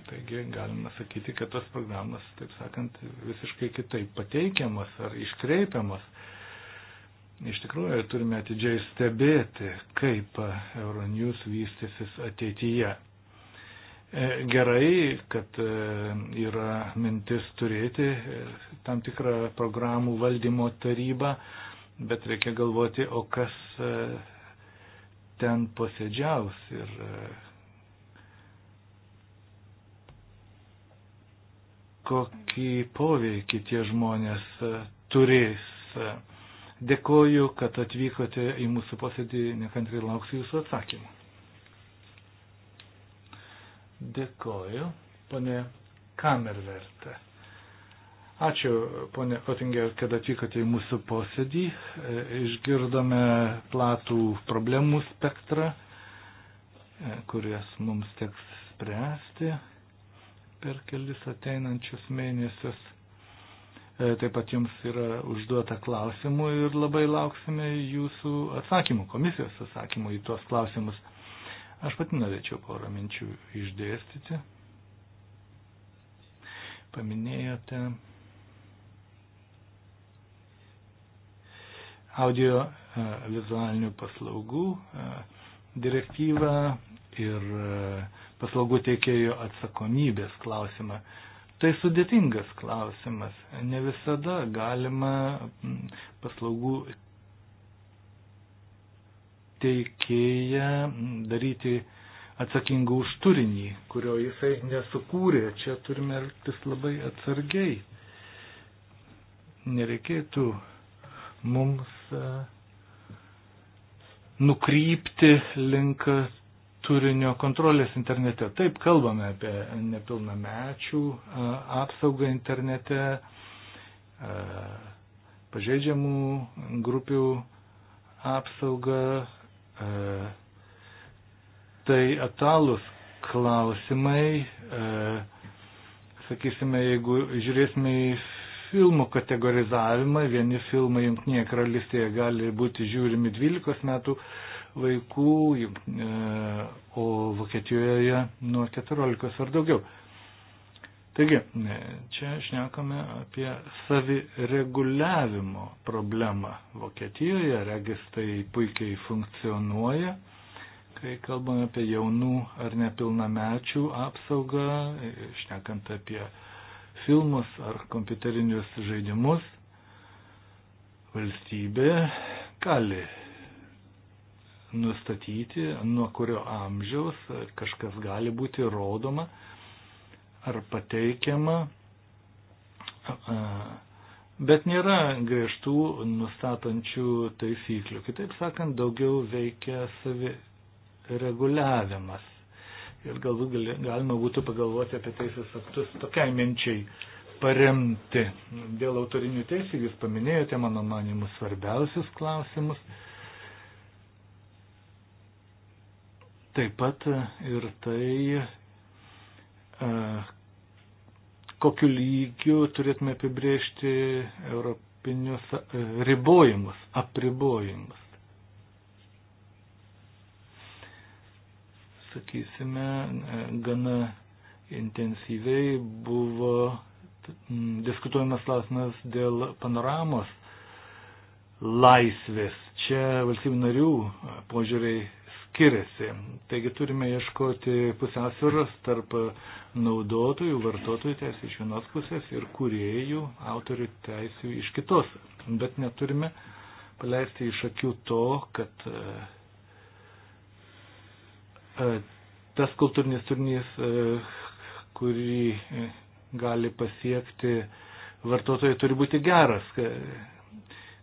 Taigi galima sakyti, kad tos programos, taip sakant, visiškai kitaip pateikiamas ar iškreipiamas. Iš tikrųjų, turime atidžiai stebėti, kaip Euronews vystysis ateityje. E, gerai, kad e, yra mintis turėti e, tam tikrą programų valdymo tarybą, bet reikia galvoti, o kas ten posėdžiaus ir kokį poveikį tie žmonės turės. Dėkoju, kad atvykote į mūsų posėdį, nekantriai lauksiu jūsų atsakymų. Dėkoju, ponė Kamerverte. Ačiū, ponė Kotinger, kad atvykote į mūsų posėdį. E, išgirdome platų problemų spektrą, e, kurias mums teks spręsti per kelis ateinančius mėnesius. E, taip pat jums yra užduota klausimų ir labai lauksime jūsų atsakymų, komisijos atsakymų į tuos klausimus. Aš pati norėčiau porą minčių išdėstyti. Paminėjote audio e, vizualinių paslaugų e, direktyvą ir e, paslaugų teikėjo atsakomybės klausimą. Tai sudėtingas klausimas. Ne visada galima paslaugų teikėją daryti atsakingų už turinį, kurio jisai nesukūrė. Čia turime elgtis labai atsargiai. Nereikėtų mums e, nukrypti link turinio kontrolės internete. Taip kalbame apie nepilnamečių e, apsaugą internete, e, pažeidžiamų grupių apsaugą E, tai atalūs klausimai, e, sakysime, jeigu žiūrėsime į filmų kategorizavimą, vieni filmai Junktinėje karalystėje gali būti žiūrimi 12 metų vaikų, e, o Vokietijoje nuo 14 ar daugiau. Taigi, e, čia šnekame apie savireguliavimo problemą. Vokietijoje registai puikiai funkcionuoja, kai kalbame apie jaunų ar nepilnamečių apsaugą, e, šnekant apie filmus ar kompiuterinius žaidimus, valstybė gali nustatyti, nuo kurio amžiaus kažkas gali būti rodoma, ar pateikiama, bet nėra griežtų nustatančių taisyklių. Kitaip sakant, daugiau veikia savi reguliavimas. Ir galbūt galima būtų pagalvoti apie teisės aktus tokiai minčiai paremti. Dėl autorinių teisų jūs paminėjote, mano manimu, svarbiausius klausimus. Taip pat ir tai, kokiu lygiu turėtume apibriežti europinius ribojimus, apribojimus. Sakysime, gana intensyviai buvo diskutuojamas klausimas dėl panoramos laisvės. Čia valstybių narių požiūriai skiriasi. Taigi turime ieškoti pusiausvėros tarp naudotojų, vartotojų teisų iš vienos pusės ir kuriejų, autorių teisų iš kitos. Bet neturime paleisti iš akių to, kad e, e, tas kultūrinis turinys, e, kurį gali pasiekti vartotojai, turi būti geras,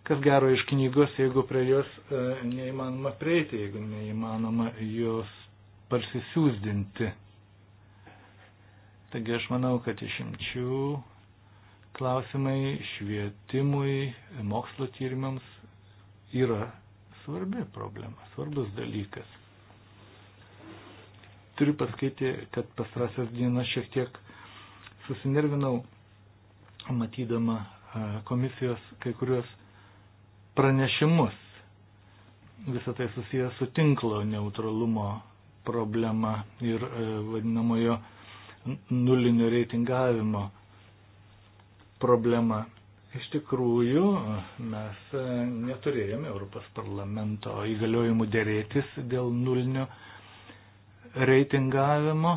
kas gero iš knygos, jeigu prie jos e, neįmanoma prieiti, jeigu neįmanoma jos parsisiūsdinti. Taigi aš manau, kad išimčių klausimai švietimui, mokslo tyrimams yra svarbi problema, svarbus dalykas. Turiu pasakyti, kad pasrasias dienas šiek tiek susinervinau, matydama e, komisijos kai kuriuos pranešimus. Visą tai susijęs su tinklo neutralumo problema ir e, vadinamojo nulinio reitingavimo problema. Iš tikrųjų, mes e, neturėjome Europos parlamento įgaliojimų dėrėtis dėl nulinio reitingavimo,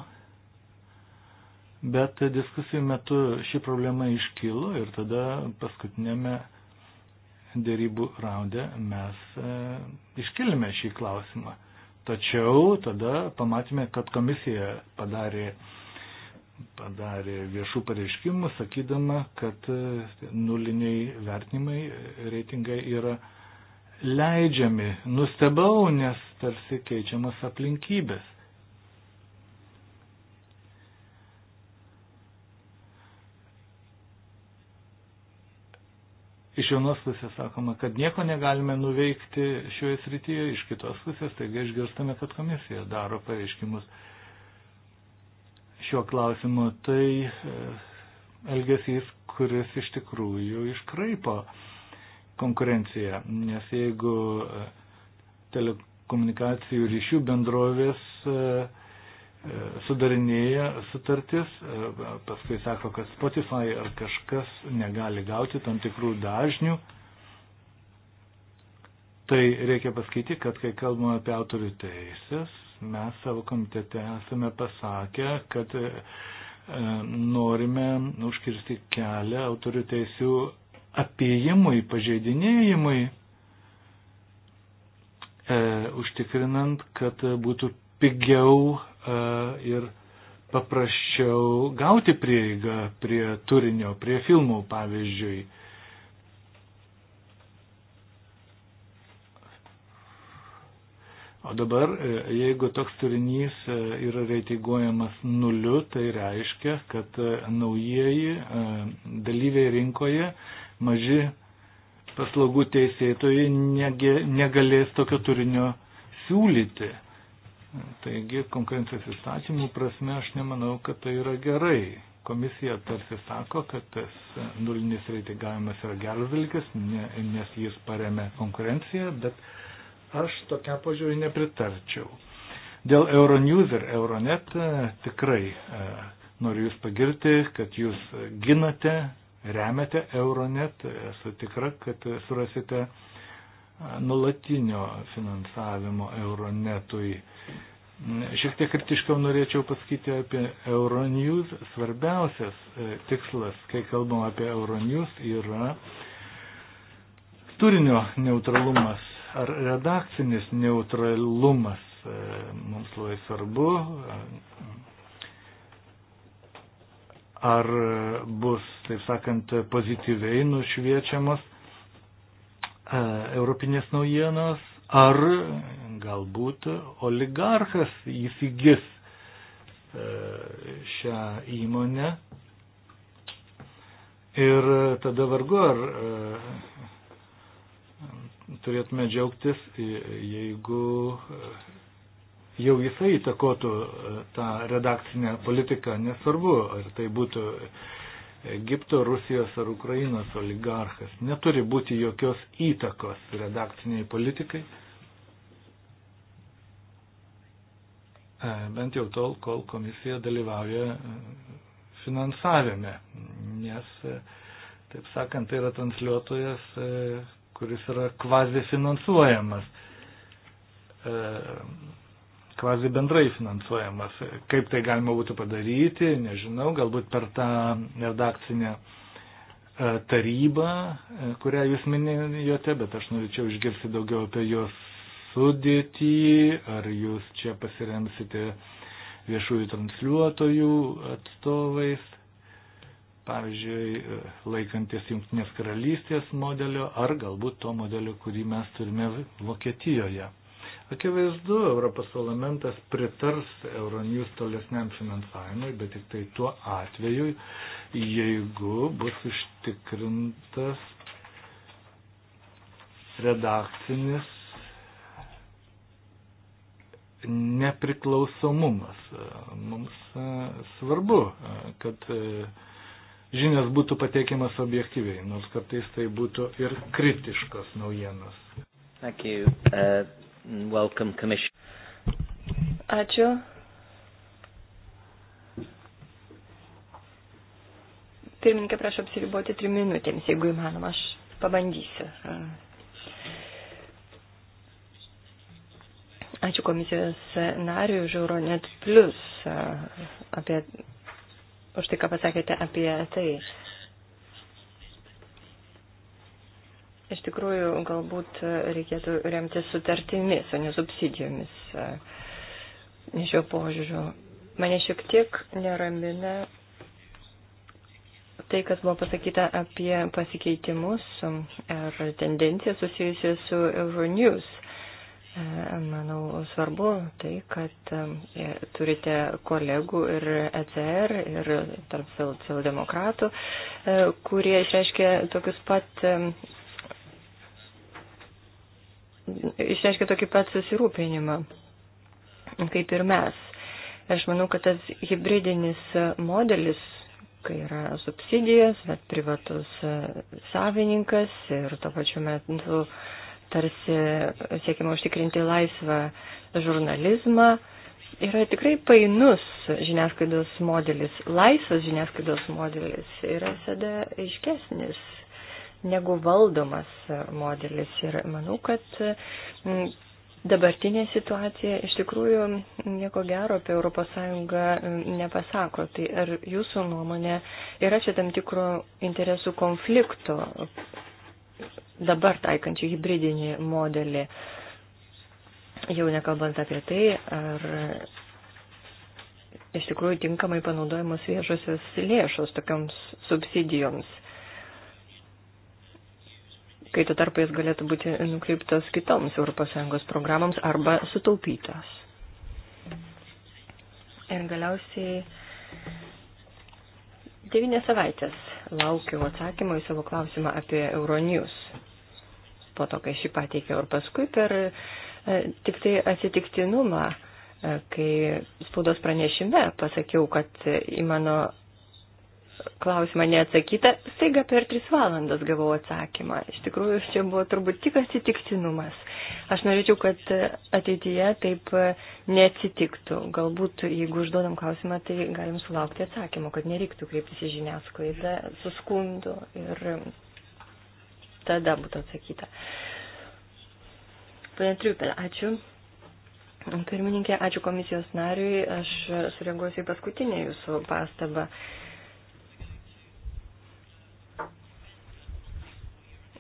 bet diskusijų metu ši problema iškilo ir tada paskutinėme dėrybų raunde mes e, iškelime šį klausimą. Tačiau tada pamatėme, kad komisija padarė, padarė viešų pareiškimų, sakydama, kad e, nuliniai vertinimai e, reitingai yra leidžiami. Nustebau, nes tarsi keičiamas aplinkybės. iš vienos pusės sakoma, kad nieko negalime nuveikti šioje srityje, iš kitos pusės taigi išgirstame, kad komisija daro pareiškimus šiuo klausimu. Tai e, elgesys, kuris iš tikrųjų iškraipo konkurenciją, nes jeigu e, telekomunikacijų ryšių bendrovės e, sudarinėja sutartis, e, paskui sako, kad Spotify ar kažkas negali gauti tam tikrų dažnių. Tai reikia pasakyti, kad kai kalbame apie autorių teisės, mes savo komitete esame pasakę, kad e, e, norime užkirsti kelią autorių teisių apėjimui, pažeidinėjimui, e, užtikrinant, kad būtų pigiau E, ir paprasčiau gauti prieigą prie turinio, prie filmų pavyzdžiui. O dabar, e, jeigu toks turinys e, yra reitinguojamas nuliu, tai reiškia, kad naujieji dalyviai rinkoje, maži paslaugų teisėtojai negalės tokio turinio siūlyti. Taigi konkurencijos įstatymų prasme aš nemanau, kad tai yra gerai. Komisija tarsi sako, kad tas nulinis reitingavimas yra geras dalykas, ne, nes jis paremė konkurenciją, bet aš tokia požiūrį nepritarčiau. Dėl Euronews ir Euronet e, tikrai e, noriu Jūs pagirti, kad Jūs ginate, remiate Euronet. Esu tikra, kad surasite nulatinio finansavimo Euronetui. Šiek tiek kritiškiau norėčiau pasakyti apie Euronews. Svarbiausias e, tikslas, kai kalbam apie Euronews, yra turinio neutralumas ar redakcinis neutralumas. E, mums labai svarbu, e, ar bus, taip sakant, pozityviai nušviečiamas E, europinės naujienos, ar galbūt oligarchas įsigis e, šią įmonę ir tada vargu ar e, turėtume džiaugtis, jeigu jau jisai įtakotų tą redakcinę politiką, nesvarbu, ar tai būtų Egipto, Rusijos ar Ukrainos oligarchas. Neturi būti jokios įtakos redakciniai politikai, e, bent jau tol, kol komisija dalyvauja e, finansavime, nes, e, taip sakant, tai yra transliuotojas, kuris yra kvazi finansuojamas kvazi bendrai finansuojamas. Kaip tai galima būtų padaryti, nežinau, galbūt per tą redakcinę e, tarybą, e, kurią jūs minėjote, bet aš norėčiau išgirsti daugiau apie jos sudėtį, ar jūs čia pasiremsite viešųjų transliuotojų atstovais, pavyzdžiui, e, laikantis Junktinės karalystės modelio, ar galbūt to modelio, kurį mes turime Vokietijoje. Akivaizdu, Europos parlamentas pritars Euronews tolesniam finansavimui, bet tik tai tuo atveju, jeigu bus užtikrintas redakcinis nepriklausomumas. Mums e, svarbu, e, kad e, žinias būtų pateikiamas objektyviai, nors kartais tai būtų ir kritiškos naujienos. Ačiū. Uh... Welcome, Commission. Ačiū. Pirmininkė, prašau apsiriboti trim minutėms, jeigu įmanoma, aš pabandysiu. Ačiū komisijos nariui už Euronet Plus apie, už tai, ką pasakėte apie tai. Iš tikrųjų, galbūt reikėtų remti sutartimis, o ne subsidijomis šio požiūriu. Mane šiek tiek neramina tai, kas buvo pasakyta apie pasikeitimus ir tendenciją susijusią su Euronews. Manau, svarbu tai, kad e, turite kolegų ir ECR, ir tarp socialdemokratų, e, kurie išreiškia tokius pat e, išreiškia tokį pat susirūpinimą, kaip ir mes. Aš manau, kad tas hybridinis modelis, kai yra subsidijas, bet privatus savininkas ir to pačiu metu tarsi siekime užtikrinti laisvą žurnalizmą, yra tikrai painus žiniasklaidos modelis. Laisvas žiniasklaidos modelis yra visada aiškesnis negu valdomas modelis. Ir manau, kad mm, dabartinė situacija iš tikrųjų nieko gero apie ES mm, nepasako. Tai ar jūsų nuomonė yra čia tam tikro interesų konflikto dabar taikančių hybridinį modelį, jau nekalbant apie tai, ar iš tikrųjų tinkamai panaudojamos viešosios lėšos tokioms subsidijoms kai tuo tarpu jis galėtų būti nukreiptas kitoms ES programoms arba sutaupytas. Ir galiausiai devynės savaitės laukiau atsakymą į savo klausimą apie Euronews. Po to, kai šį pateikiau ir paskui per e, tik tai atsitiktinumą, e, kai spaudos pranešime pasakiau, kad į mano klausimą neatsakytą, staiga per tris valandas gavau atsakymą. Iš tikrųjų, čia buvo turbūt tik atsitiktinumas. Aš norėčiau, kad ateityje taip neatsitiktų. Galbūt, jeigu užduodam klausimą, tai galim sulaukti atsakymo, kad nereiktų kreiptis į žiniasklaidą su skundu ir tada būtų atsakyta. Pane Triupel, ačiū. Pirmininkė, ačiū komisijos nariui. Aš sureaguosiu į paskutinę jūsų pastabą.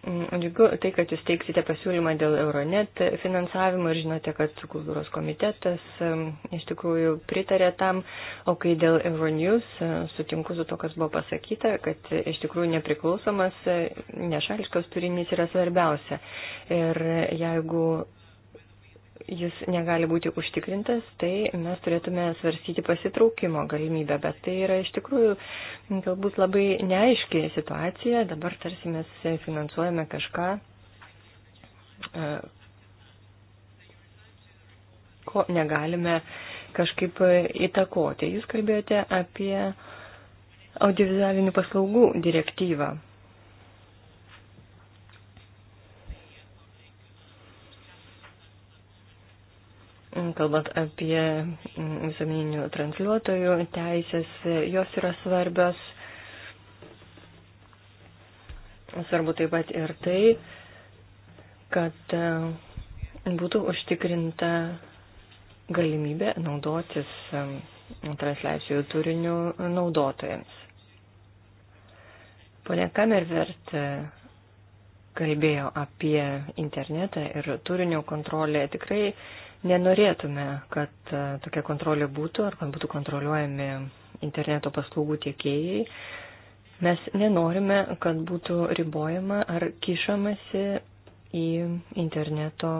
Mm, džiugu tai, kad jūs teiksite pasiūlymą dėl Euronet finansavimo ir žinote, kad kultūros komitetas mm, iš tikrųjų pritarė tam, o kai dėl Euronews mm, sutinku su to, kas buvo pasakyta, kad iš tikrųjų nepriklausomas, nešališkas turinys yra svarbiausia. Ir jeigu jis negali būti užtikrintas, tai mes turėtume svarstyti pasitraukimo galimybę. Bet tai yra iš tikrųjų galbūt labai neaiški situacija. Dabar tarsi mes finansuojame kažką, e, ko negalime kažkaip įtakoti. Jūs kalbėjote apie audiovizualinių paslaugų direktyvą. kalbant apie visuomeninių transliuotojų teisės, jos yra svarbios. Svarbu taip pat ir tai, kad e, būtų užtikrinta galimybė naudotis e, transliacijų turiniu naudotojams. Pone Kamervert e, kalbėjo apie internetą ir turinio kontrolę. Tikrai Nenorėtume, kad e, tokia kontrolė būtų ar kad būtų kontroliuojami interneto paslaugų tiekėjai. Mes nenorime, kad būtų ribojama ar kišamasi į interneto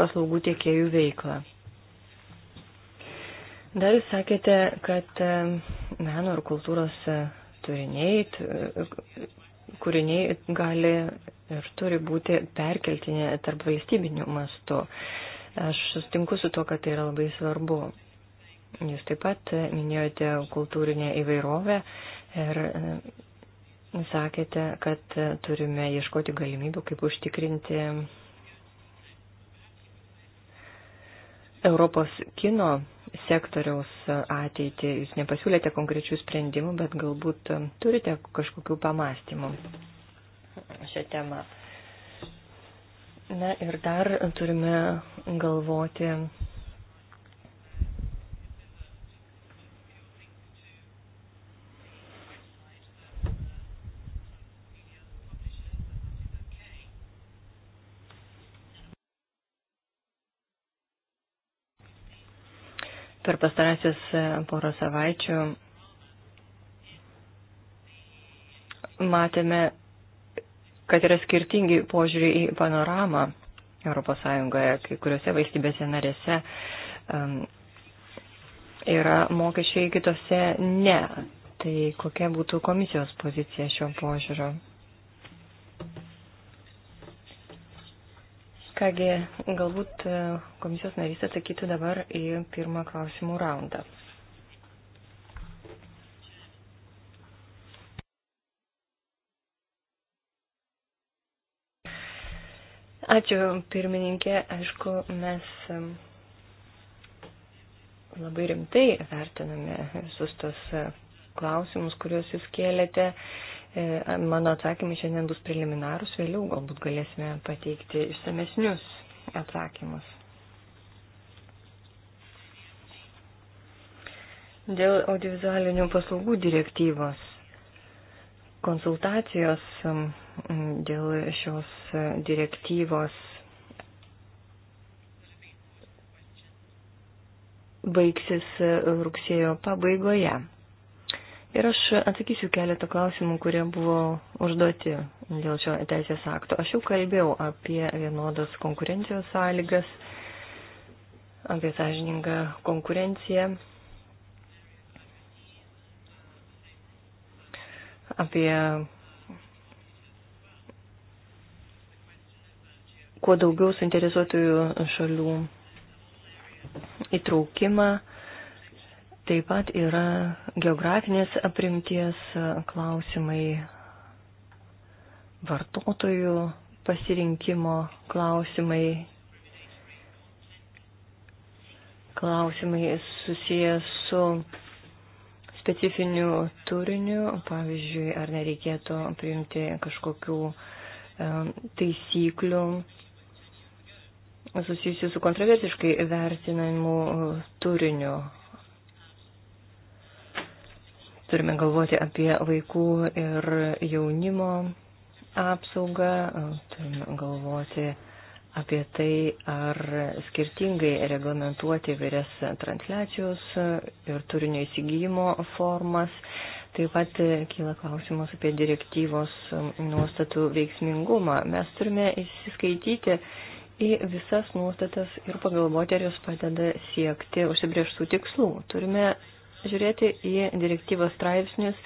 paslaugų tiekėjų veiklą. Dar jūs sakėte, kad e, meno ir kultūros e, turiniai, kūriniai gali ir turi būti perkeltinė tarp valstybinių mastų. Aš sustinku su to, kad tai yra labai svarbu. Jūs taip pat minėjote kultūrinę įvairovę ir e, sakėte, kad turime ieškoti galimybių, kaip užtikrinti Europos kino sektoriaus ateitį. Jūs nepasiūlėte konkrečių sprendimų, bet galbūt turite kažkokių pamastymų šią temą. Na ir dar turime galvoti per pastarąsias e, porą savaičių matėme, kad yra skirtingi požiūriai į panoramą ES, kai kuriuose valstybėse narėse um, yra mokesčiai, kitose ne. Tai kokia būtų komisijos pozicija šio požiūrio? Kągi, galbūt e, komisijos narys atsakytų dabar į pirmą klausimų raundą. Ačiū, pirmininkė. Aišku, mes labai rimtai vertiname visus tos e, klausimus, kuriuos jūs kėlėte. E, mano atsakymai šiandien bus preliminarūs, vėliau galbūt galėsime pateikti išsamesnius atsakymus. Dėl audiovizualinių paslaugų direktyvos konsultacijos dėl šios direktyvos baigsis rugsėjo pabaigoje. Ir aš atsakysiu keletą klausimų, kurie buvo užduoti dėl šio teisės akto. Aš jau kalbėjau apie vienodos konkurencijos sąlygas, apie sąžiningą konkurenciją, apie kuo daugiau suinteresuotųjų šalių įtraukimą. Taip pat yra geografinės aprimties klausimai, vartotojų pasirinkimo klausimai, klausimai susijęs su specifiniu turiniu, pavyzdžiui, ar nereikėtų priimti kažkokių taisyklių susijusi su kontroversiškai vertinamu e, turiniu. Turime galvoti apie vaikų ir jaunimo apsaugą, e, turime galvoti apie tai, ar skirtingai reglamentuoti vairias transliacijos ir turinio įsigijimo formas. Taip pat e, kyla klausimas apie direktyvos nuostatų veiksmingumą. Mes turime įsiskaityti į visas nuostatas ir pagalvoti, ar jos padeda siekti užsibrieštų tikslų. Turime žiūrėti į direktyvos straipsnius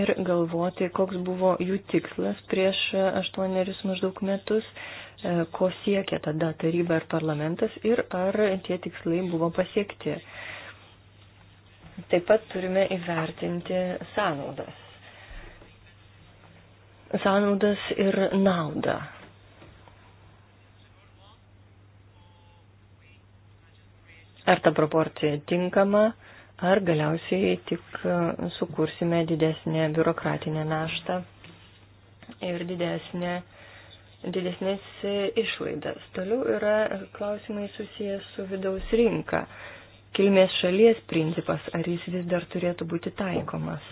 ir galvoti, koks buvo jų tikslas prieš aštuonerius maždaug metus, e, ko siekia tada taryba ir parlamentas ir ar tie tikslai buvo pasiekti. Taip pat turime įvertinti sąnaudas. Sąnaudas ir naudą ar ta proporcija tinkama, ar galiausiai tik e, sukursime didesnę biurokratinę naštą ir didesnę, didesnės e, išlaidas. Toliau yra klausimai susijęs su vidaus rinka. Kilmės šalies principas, ar jis vis dar turėtų būti taikomas?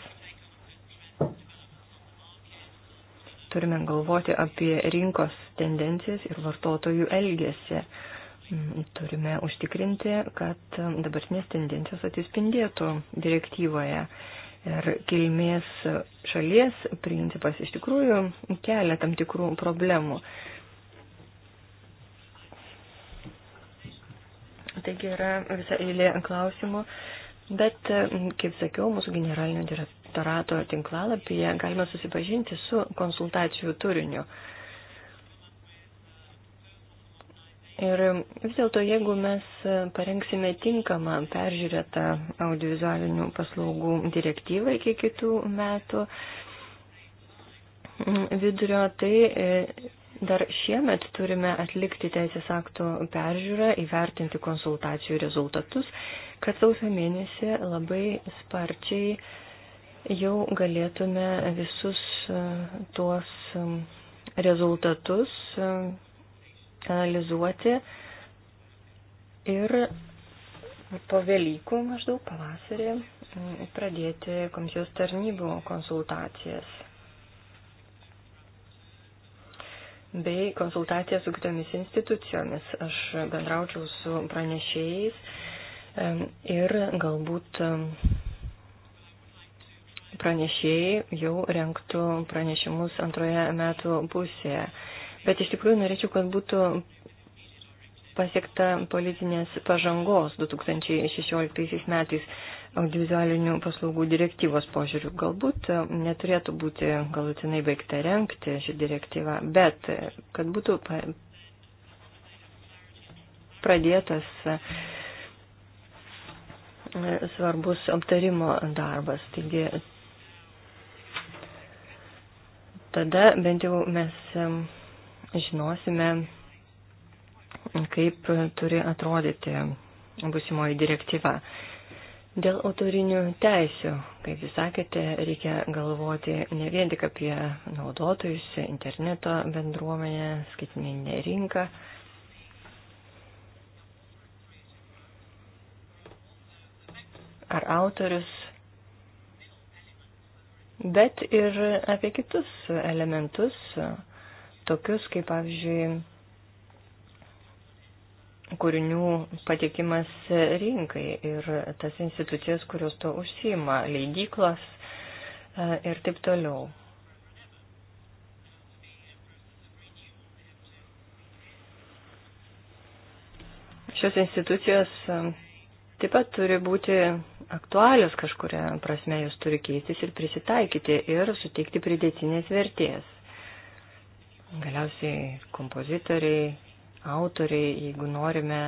Turime galvoti apie rinkos tendencijas ir vartotojų elgesį Turime užtikrinti, kad dabartinės tendencijos atsispindėtų direktyvoje. Ir kilmės šalies principas iš tikrųjų kelia tam tikrų problemų. Taigi yra visa eilė klausimų, bet, kaip sakiau, mūsų generalinio direktorato tinklalapyje galima susipažinti su konsultacijų turiniu. Ir vis dėlto, jeigu mes parengsime tinkamą peržiūrėtą audiovizualinių paslaugų direktyvą iki kitų metų vidurio, tai e, Dar šiemet turime atlikti teisės akto peržiūrą, įvertinti konsultacijų rezultatus, kad sausio mėnesį labai sparčiai jau galėtume visus e, tuos e, rezultatus analizuoti ir po Velykų maždaug pavasarį mm, pradėti komisijos tarnybų konsultacijas bei konsultacijas su kitomis institucijomis. Aš bendraučiau su pranešėjais ir galbūt pranešėjai jau renktų pranešimus antroje metų pusėje. Bet iš tikrųjų norėčiau, kad būtų pasiekta politinės pažangos 2016 metais audiovizualinių paslaugų direktyvos požiūrių. Galbūt e, neturėtų būti galutinai baigta renkti ši direktyva, bet e, kad būtų pradėtas e, svarbus aptarimo darbas. Taigi, tada bent jau mes žinosime, kaip turi atrodyti busimoji direktyva. Dėl autorinių teisių, kaip jūs sakėte, reikia galvoti ne vien tik apie naudotojus, interneto bendruomenę, skaitmeninę rinką. Ar autorius, bet ir apie kitus elementus, tokius kaip, pavyzdžiui, kūrinių patikimas rinkai ir tas institucijas, kurios to užsima, leidyklas e, ir taip toliau. Šios institucijos e, taip pat turi būti aktualios kažkuria prasme, jos turi keistis ir prisitaikyti ir suteikti pridėtinės vertės. Galiausiai kompozitoriai, autoriai, jeigu norime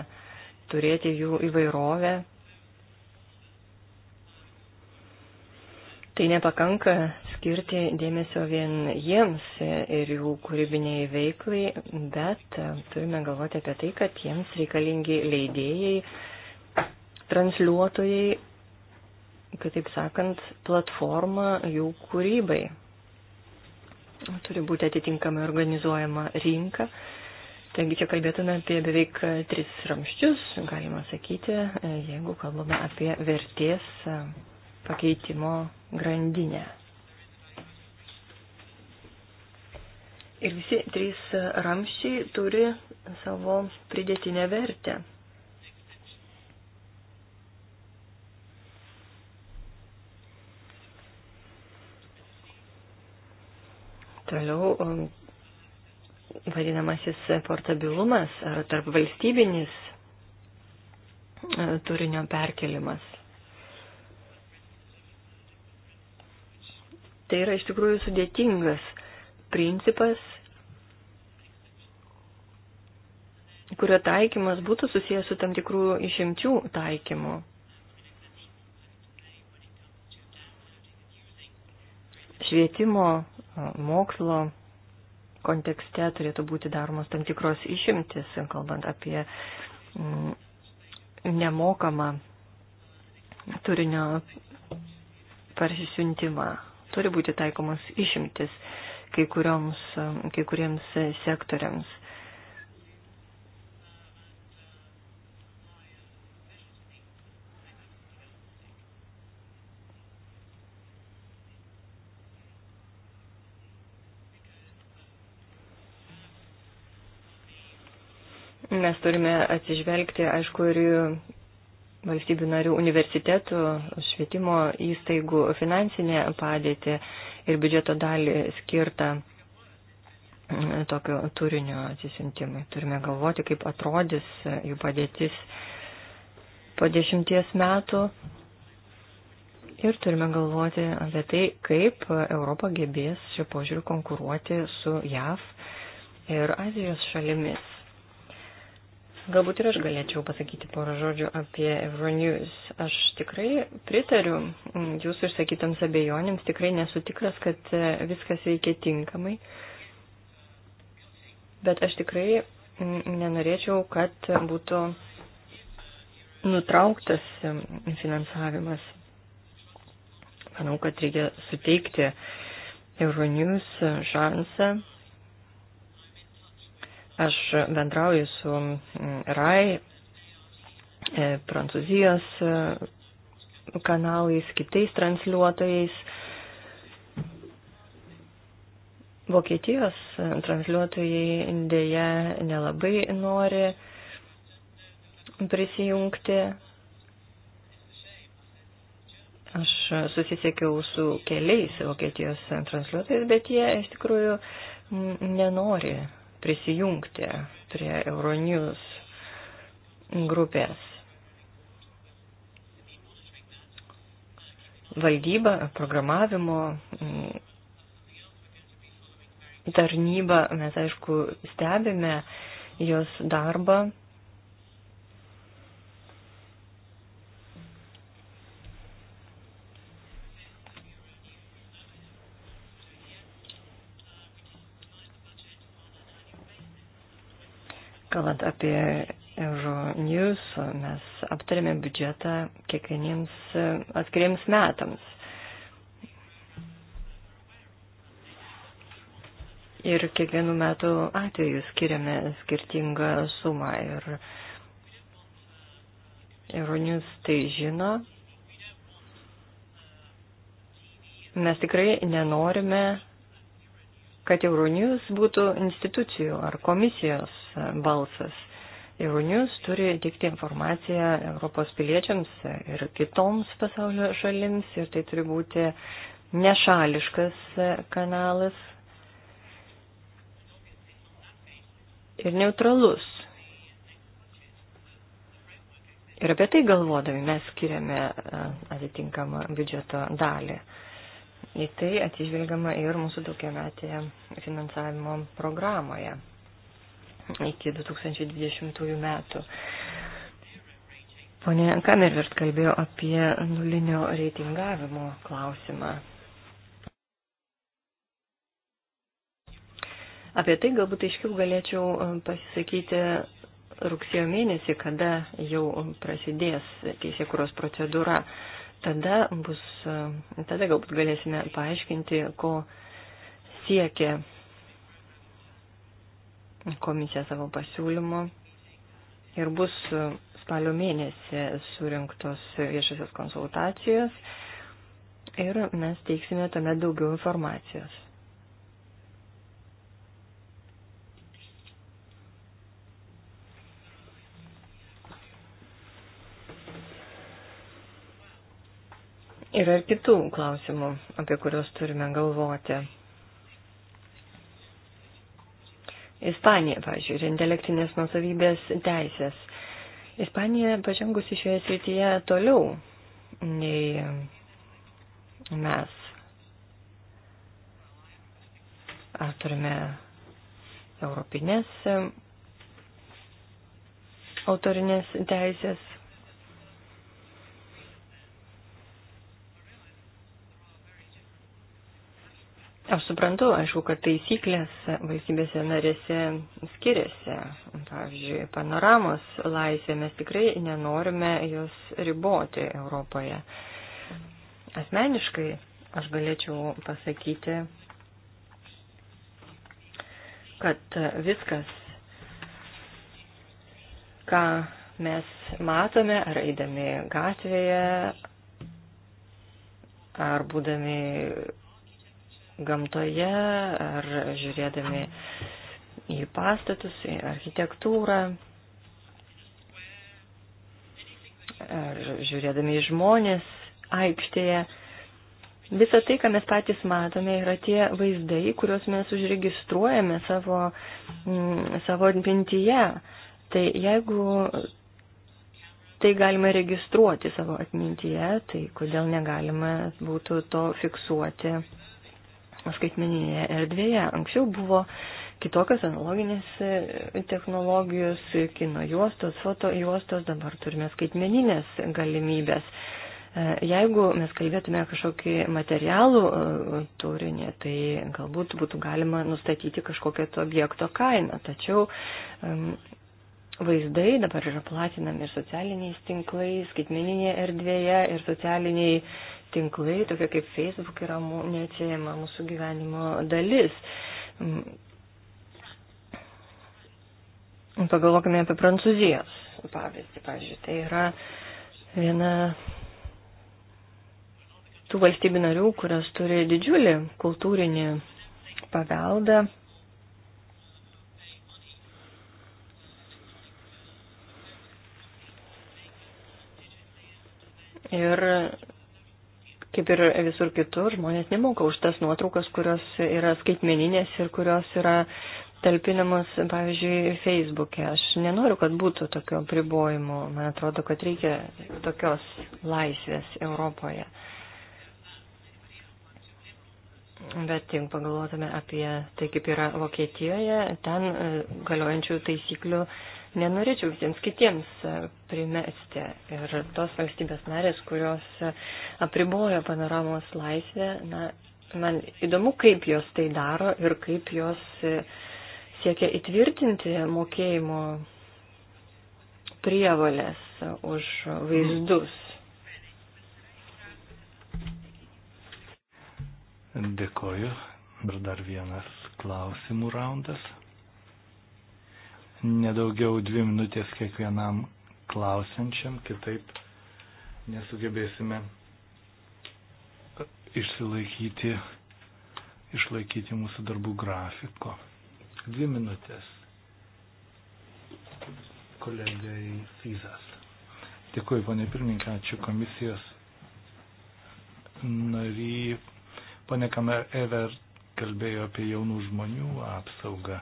turėti jų įvairovę, tai nepakanka skirti dėmesio vien jiems ir jų kūrybiniai veiklai, bet turime galvoti apie tai, kad jiems reikalingi leidėjai, transliuotojai, kitaip sakant, platforma jų kūrybai turi būti atitinkamai organizuojama rinka. Taigi čia kalbėtume apie beveik tris ramščius, galima sakyti, jeigu kalbame apie vertės pakeitimo grandinę. Ir visi trys ramščiai turi savo pridėtinę vertę. Toliau um, vadinamasis portabilumas ar tarp valstybinis uh, turinio perkelimas. Tai yra iš tikrųjų sudėtingas principas, kurio taikymas būtų susijęs su tam tikrų išimčių taikymu. Švietimo mokslo kontekste turėtų būti daromos tam tikros išimtis, kalbant apie mm, nemokamą turinio parsisiuntimą. Turi būti taikomos išimtis kai, kurioms, kai kuriems sektoriams. mes turime atsižvelgti, aišku, ir valstybių narių universitetų, švietimo įstaigų finansinę padėtį ir biudžeto dalį skirtą e, tokio turinio atsisintimui. Turime galvoti, kaip atrodys e, jų padėtis po dešimties metų ir turime galvoti apie tai, kaip Europa gebės šio požiūriu konkuruoti su JAV ir Azijos šalimis. Galbūt ir aš galėčiau pasakyti porą žodžių apie Euronews. Aš tikrai pritariu jūsų išsakytams abejonėms, tikrai nesu tikras, kad e, viskas veikia tinkamai. Bet aš tikrai nenorėčiau, kad būtų nutrauktas finansavimas. Manau, kad reikia suteikti Euronews šansą Aš bendrauju su mm, RAI, e, Prancūzijos e, kanalais, kitais transliuotojais. Vokietijos e, transliuotojai dėja nelabai nori prisijungti. Aš susisiekiau su keliais Vokietijos transliuotojais, bet jie iš tikrųjų nenori prisijungti prie Euronews grupės. Valdyba, programavimo tarnyba, mes aišku stebime jos darbą Kalbant apie Euronews, mes aptarėme biudžetą kiekvieniems e, atskiriems metams. Ir kiekvienų metų atveju skiriame skirtingą sumą. Ir Euronews tai žino. Mes tikrai nenorime, kad Euronews būtų institucijų ar komisijos balsas. Euronius turi teikti informaciją Europos piliečiams ir kitoms pasaulio šalims ir tai turi būti nešališkas kanalas ir neutralus. Ir apie tai galvodami mes skiriame e, atitinkamą biudžeto dalį. Į tai atsižvelgiama ir mūsų daugiametėje finansavimo programoje iki 2020 metų. Pone Kamervirt kalbėjo apie nulinio reitingavimo klausimą. Apie tai galbūt aiškiau galėčiau e, pasisakyti rugsėjo mėnesį, kada jau prasidės teisėkuros procedūra. Tada, bus, e, tada galbūt galėsime paaiškinti, ko siekia komisija savo pasiūlymu ir bus spalio mėnesį surinktos viešasios konsultacijos ir mes teiksime tame daugiau informacijos. Yra ir kitų klausimų, apie kuriuos turime galvoti. Ispanija, pažiūrėjau, ir intelektinės nusavybės teisės. Ispanija pažengusi šioje srityje toliau nei mes. Ar turime europinės autorinės teisės, Aš suprantu, aišku, kad taisyklės valstybėse narėse skiriasi. Pavyzdžiui, panoramos laisvė mes tikrai nenorime jos riboti Europoje. Asmeniškai aš galėčiau pasakyti, kad viskas, ką mes matome ar eidami gatvėje, ar būdami gamtoje, ar žiūrėdami į pastatus, į architektūrą, ar žiūrėdami į žmonės aikštėje. Visa tai, ką mes patys matome, yra tie vaizdai, kuriuos mes užregistruojame savo, mm, savo atmintyje. Tai jeigu tai galima registruoti savo atmintyje, tai kodėl negalima būtų to fiksuoti skaitmeninėje erdvėje. Anksčiau buvo kitokios analoginės e, technologijos, kino juostos, foto juostos, dabar turime skaitmeninės galimybės. E, jeigu mes kalbėtume kažkokį materialų e, turinį, tai galbūt būtų galima nustatyti kažkokią to objekto kainą. Tačiau vaizdai dabar yra platinami ir socialiniais tinklais, skaitmeninėje erdvėje, ir socialiniai tinklai, tokie kaip Facebook, yra neatsiejama mūsų gyvenimo dalis. Mm. Pagalvokime apie Prancūzijos pavyzdį, pavyzdžiui, tai yra viena tų valstybių narių, kurios turi didžiulį kultūrinį paveldą. Ir Kaip ir visur kitur, žmonės nemoka už tas nuotraukas, kurios yra skaitmeninės ir kurios yra talpinamos, pavyzdžiui, Facebook'e. Aš nenoriu, kad būtų tokio pribojimo. Man atrodo, kad reikia tokios laisvės Europoje. Bet jeigu pagalvotume apie tai, kaip yra Vokietijoje, ten e, galiojančių taisyklių nenorėčiau visiems kitiems e, primesti. Ir tos valstybės narės, kurios e, apribojo panoramos laisvę, na, man įdomu, kaip jos tai daro ir kaip jos e, siekia įtvirtinti mokėjimo prievalės už vaizdus. Dėkoju. Ir dar vienas klausimų raundas nedaugiau dvi minutės kiekvienam klausiančiam, kitaip nesugebėsime išsilaikyti, išlaikyti mūsų darbų grafiko. Dvi minutės. Kolegai Fizas. Dėkuoju, ponė pirmininkė, ačiū komisijos nary. Pone Kamer Ever kalbėjo apie jaunų žmonių apsaugą.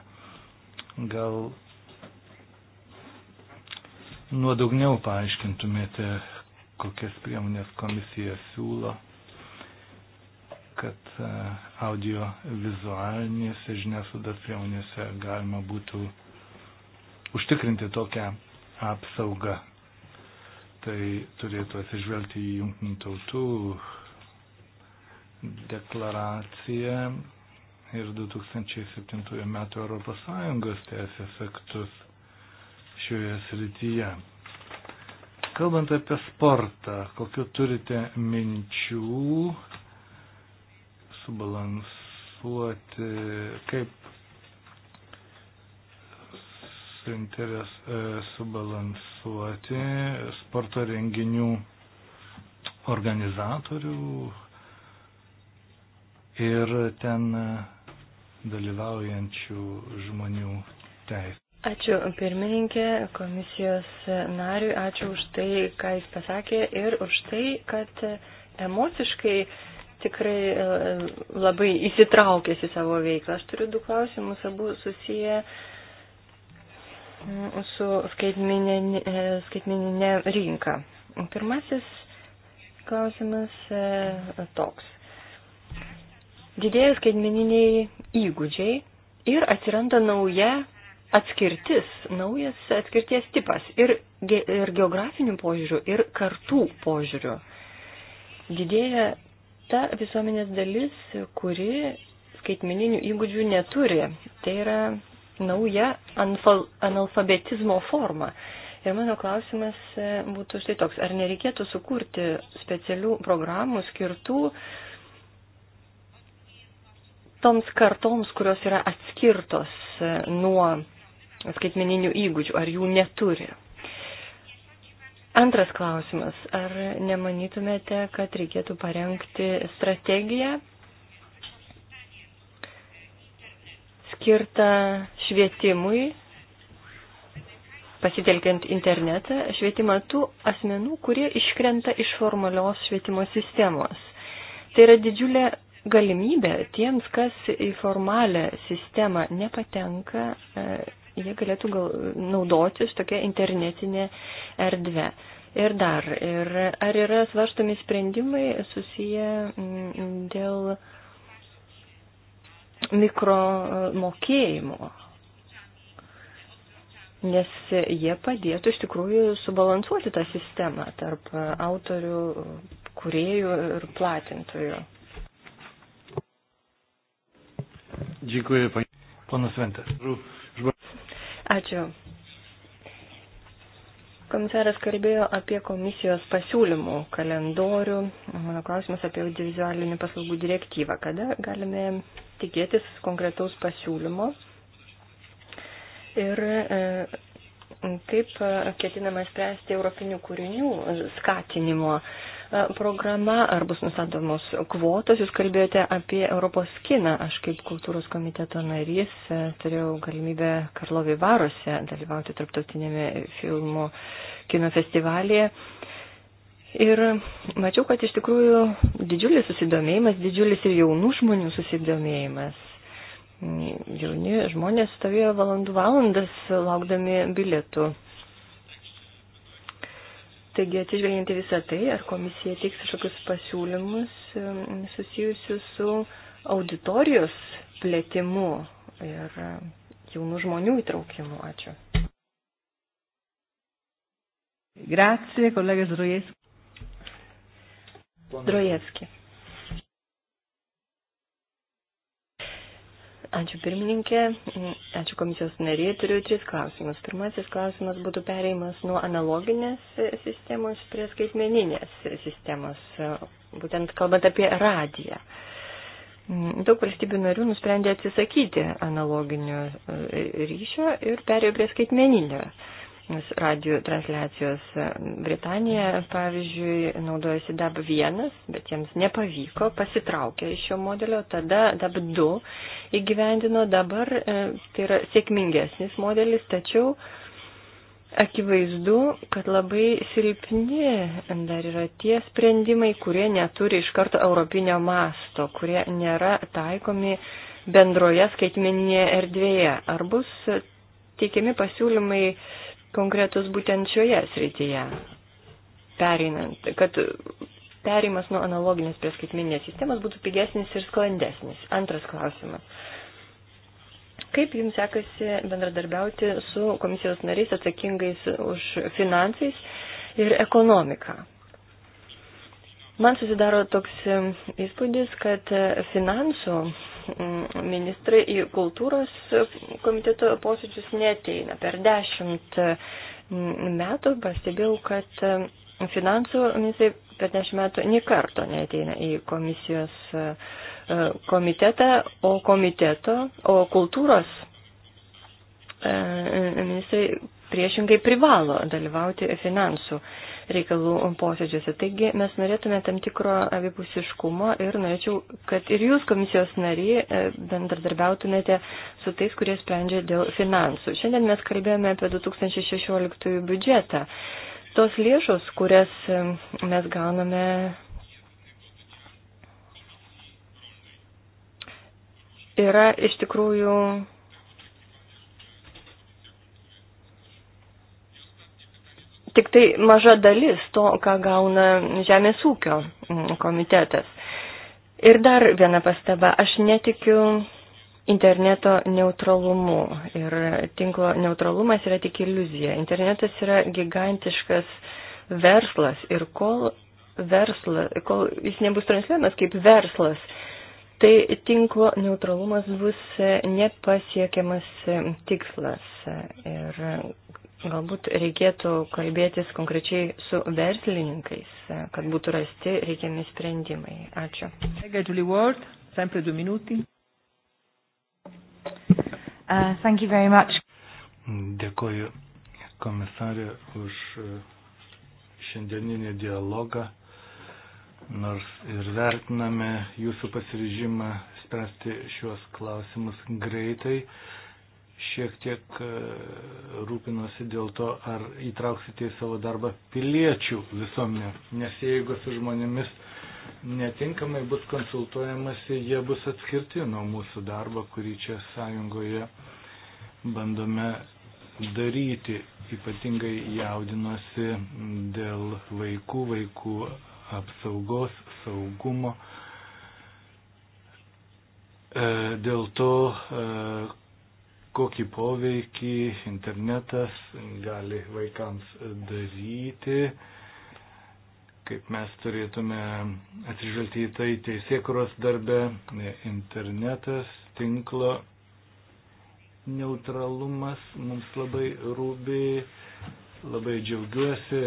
Gal nuodugniau paaiškintumėte, kokias priemonės komisija siūlo, kad e, audio vizualinėse žiniasklaidos priemonėse galima būtų užtikrinti tokią apsaugą. Tai turėtų atsižvelgti į jungtinių tautų deklaraciją ir 2007 metų Europos Sąjungos teisės aktus šioje srityje. Kalbant apie sportą, kokiu turite minčių subalansuoti, kaip suinteres, e, subalansuoti sporto renginių organizatorių ir ten dalyvaujančių žmonių teisę. Ačiū pirmininkė, komisijos nariui, ačiū už tai, ką jis pasakė ir už tai, kad emociškai tikrai e, labai įsitraukęs į savo veiklą. Aš turiu du klausimus, abu susiję mm, su skaitmininė, e, skaitmininė rinka. Pirmasis klausimas e, toks. Didėja skaitmeniniai įgūdžiai ir atsiranda nauja atskirtis, naujas atskirties tipas ir, ge, ir geografinių požiūrių, ir kartų požiūrių. Didėja ta visuomenės dalis, kuri skaitmeninių įgūdžių neturi. Tai yra nauja analfabetizmo forma. Ir mano klausimas e, būtų štai toks, ar nereikėtų sukurti specialių programų skirtų toms kartoms, kurios yra atskirtos e, nuo skaitmeninių įgūdžių, ar jų neturi. Antras klausimas. Ar nemanytumėte, kad reikėtų parengti strategiją skirtą švietimui, pasitelkiant internetą, švietimą tų asmenų, kurie iškrenta iš formalios švietimo sistemos? Tai yra didžiulė galimybė tiems, kas į formalę sistemą nepatenka, e, jie galėtų gal, naudotis tokia internetinė erdvė. Ir dar, ir ar yra svarstomi sprendimai susiję mm, dėl mikromokėjimo, nes jie padėtų iš tikrųjų subalansuoti tą sistemą tarp autorių, kuriejų ir platintojų. Dziękuję Pani. Pana Svente. Ačiū. Komisaras kalbėjo apie komisijos pasiūlymų kalendorių. Mano klausimas apie audiovizualinių paslaugų direktyvą. Kada galime tikėtis konkretaus pasiūlymo? Ir e, kaip ketinama spręsti europinių kūrinių skatinimo uh, E, programa, ar bus nustatomos kvotos. Jūs kalbėjote apie Europos kiną. Aš kaip kultūros komiteto narys e, turėjau galimybę Karlovy Varose dalyvauti tarptautinėme filmo kino festivalėje. Ir mačiau, kad iš tikrųjų didžiulis susidomėjimas, didžiulis ir jaunų žmonių susidomėjimas mm, jauni žmonės stovėjo valandų valandas laukdami bilietų. Taigi, atsižvelgiant į visą tai, ar komisija teiks kažkokius pasiūlymus susijusius su auditorijos plėtimu ir jaunų žmonių įtraukimu. Ačiū. Grazie, kolega Zdrojevski. Zdrojevski. Ačiū pirmininkė, ačiū komisijos narė. Turiu tris klausimus. Pirmasis klausimas būtų pereimas nuo analoginės sistemos prie skaitmeninės sistemos, būtent kalbant apie radiją. Daug valstybių narių nusprendė atsisakyti analoginio e, ryšio ir perėjo prie skaitmeninio radio transliacijos. E, Britanija, pavyzdžiui, naudojasi DAB1, bet jiems nepavyko, pasitraukė iš šio modelio, tada DAB2 įgyvendino dabar, e, tai yra sėkmingesnis modelis, tačiau akivaizdu, kad labai silpni dar yra tie sprendimai, kurie neturi iš karto europinio masto, kurie nėra taikomi bendroje skaitmeninėje erdvėje. Ar bus teikiami pasiūlymai konkretus būtent šioje srityje, pereinant, kad perimas nuo analoginės prie skaitmeninės sistemos būtų pigesnis ir sklandesnis. Antras klausimas. Kaip jums sekasi bendradarbiauti su komisijos nariais atsakingais už finansais ir ekonomiką? Man susidaro toks įspūdis, kad finansų mm, ministrai į kultūros komiteto posėdžius neteina. Per dešimt mm, metų pastebėjau, kad finansų ministrai per dešimt metų nei karto neteina į komisijos e, e, komitetą, o komiteto, o kultūros e, ministrai priešingai privalo dalyvauti finansų reikalų posėdžiuose. Taigi mes norėtume tam tikro abipusiškumo ir norėčiau, kad ir jūs komisijos nariai bendradarbiautumėte su tais, kurie sprendžia dėl finansų. Šiandien mes kalbėjome apie 2016 biudžetą Tos lėšos, kurias e, mes gauname, yra iš tikrųjų tik tai maža dalis to, ką gauna Žemės ūkio komitetas. Ir dar viena pastaba, aš netikiu interneto neutralumu. Ir tinklo neutralumas yra tik iliuzija. Internetas yra gigantiškas verslas ir kol, versla, kol jis nebus transliuojamas kaip verslas, tai tinklo neutralumas bus nepasiekiamas tikslas. Ir galbūt reikėtų kalbėtis konkrečiai su verslininkais, kad būtų rasti reikiami sprendimai. Ačiū. Julie Ward, sempre du minuti. Uh, thank you very much. Dėkoju komisarė už uh, šiandieninį dialogą, nors ir vertiname jūsų pasiryžimą spręsti šiuos klausimus greitai. Šiek tiek uh, rūpinosi dėl to, ar įtrauksite į savo darbą piliečių visuomenę, nes jeigu su žmonėmis netinkamai bus konsultuojamasi, jie bus atskirti nuo mūsų darbo, kurį čia sąjungoje bandome daryti. Ypatingai jaudinosi dėl vaikų, vaikų apsaugos, saugumo, e, dėl to, e, kokį poveikį internetas gali vaikams daryti kaip mes turėtume atsižvelgti į tai teisėkuros darbe, internetas, tinklo neutralumas mums labai rūbi. Labai džiaugiuosi,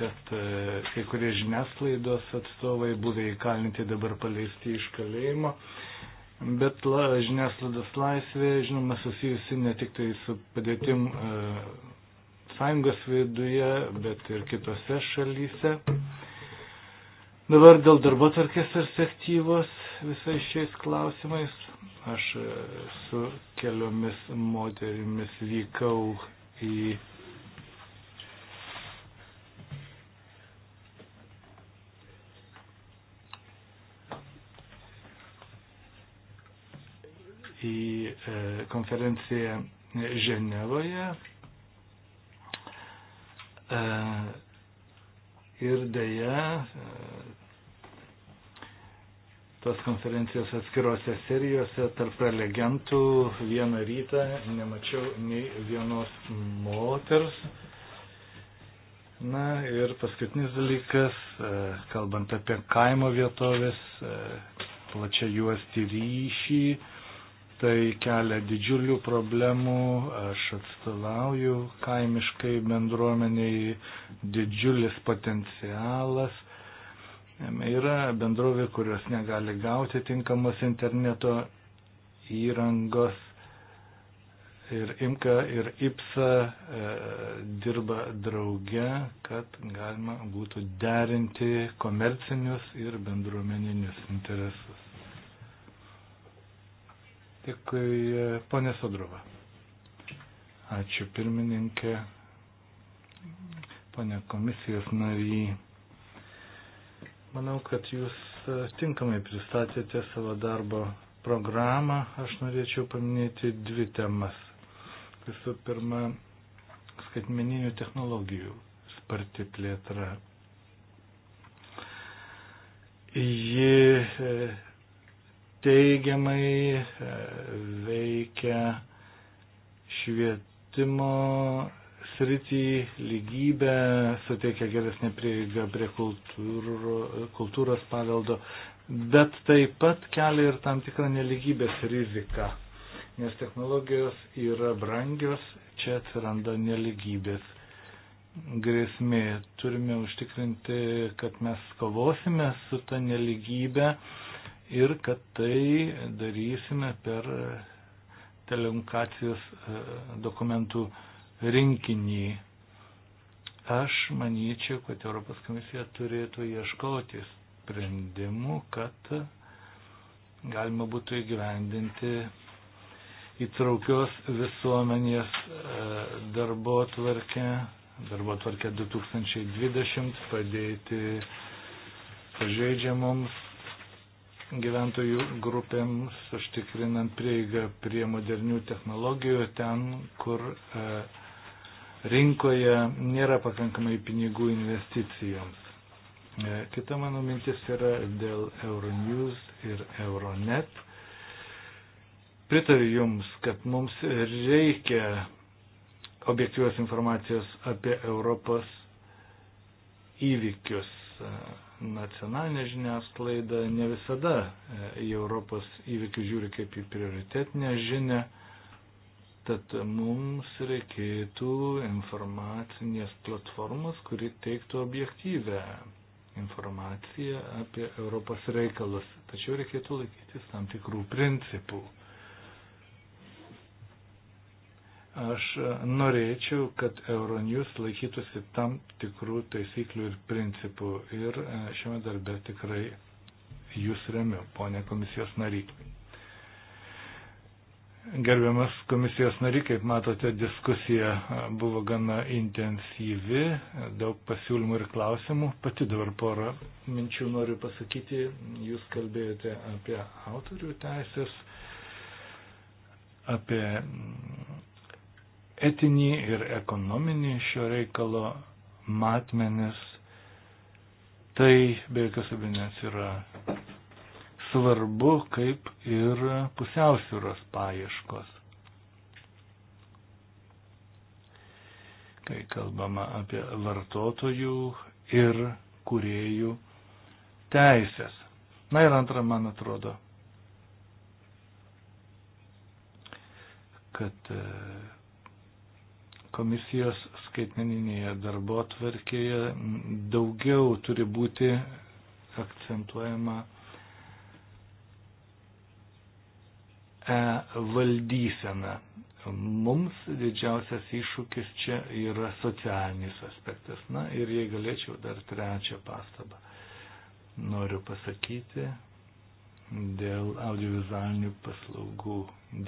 kad e, kai kurie žiniasklaidos atstovai buvę įkalinti dabar paleisti iš kalėjimo. Bet la, žiniasklaidos laisvė, žinoma, susijusi ne tik tai su padėtim e, sąjungos viduje, bet ir kitose šalyse. E, Dabar dėl darbo tvarkės perspektyvos visais šiais klausimais. Aš e, su keliomis moterimis vykau į į e, konferenciją Ženevoje. E, ir dėja e, tos konferencijos atskirose serijose tarp prelegentų vieną rytą nemačiau nei vienos moters. Na ir paskutinis dalykas, e, kalbant apie kaimo vietovės, e, plačia juosti ryšį, tai kelia didžiulių problemų. Aš atstovauju kaimiškai bendruomeniai didžiulis potencialas. Yra bendrovė, kurios negali gauti tinkamos interneto įrangos. Ir IMKA ir IPSA e, dirba drauge, kad galima būtų derinti komercinius ir bendruomeninius interesus. Dėkui, ponė Sodrova. Ačiū pirmininkė, ponė komisijos nariai. Manau, kad jūs e, tinkamai pristatėte savo darbo programą. Aš norėčiau paminėti dvi temas. Visų pirma, skaitmeninių technologijų sparti plėtra. Ji e, teigiamai e, veikia švietimo sritį, lygybę, suteikia geresnį prieigą prie kultūro, kultūros paveldo, bet taip pat kelia ir tam tikrą neligybės riziką, nes technologijos yra brangios, čia atsiranda neligybės grėsmė. Turime užtikrinti, kad mes kovosime su ta neligybė ir kad tai darysime per telekomunikacijos e, dokumentų rinkinį. Aš manyčiau, kad Europos komisija turėtų ieškoti sprendimų, kad galima būtų įgyvendinti įtraukios visuomenės e, darbo tvarkę, darbo tvarkę 2020, padėti pažeidžiamoms gyventojų grupėms, užtikrinant prieigą prie modernių technologijų ten, kur e, rinkoje nėra pakankamai pinigų investicijoms. E, kita mano mintis yra dėl Euronews ir Euronet. Pritariu Jums, kad mums reikia objektyvios informacijos apie Europos įvykius e, nacionalinė žiniasklaida ne visada e, į Europos įvykių žiūri kaip į prioritetinę žinę, tad mums reikėtų informacinės platformos, kuri teiktų objektyvę informaciją apie Europos reikalus. Tačiau reikėtų laikytis tam tikrų principų. Aš e, norėčiau, kad Euronews laikytųsi tam tikrų taisyklių ir principų ir e, šiame darbe tikrai jūs remiu, ponė komisijos nary. Gerbiamas komisijos nary, kaip matote, diskusija e, buvo gana intensyvi, daug pasiūlymų ir klausimų. Pati dabar porą minčių noriu pasakyti. Jūs kalbėjote apie autorių teisės, apie etinį ir ekonominį šio reikalo matmenis. Tai be jokios abejonės yra svarbu kaip ir pusiausvyros paieškos. Kai kalbama apie vartotojų ir kuriejų teisės. Na ir antra, man atrodo, kad komisijos skaitmeninėje darbo tvarkėje daugiau turi būti akcentuojama e valdysena. Mums didžiausias iššūkis čia yra socialinis aspektas. Na ir jei galėčiau dar trečią pastabą. Noriu pasakyti dėl audiovizualinių paslaugų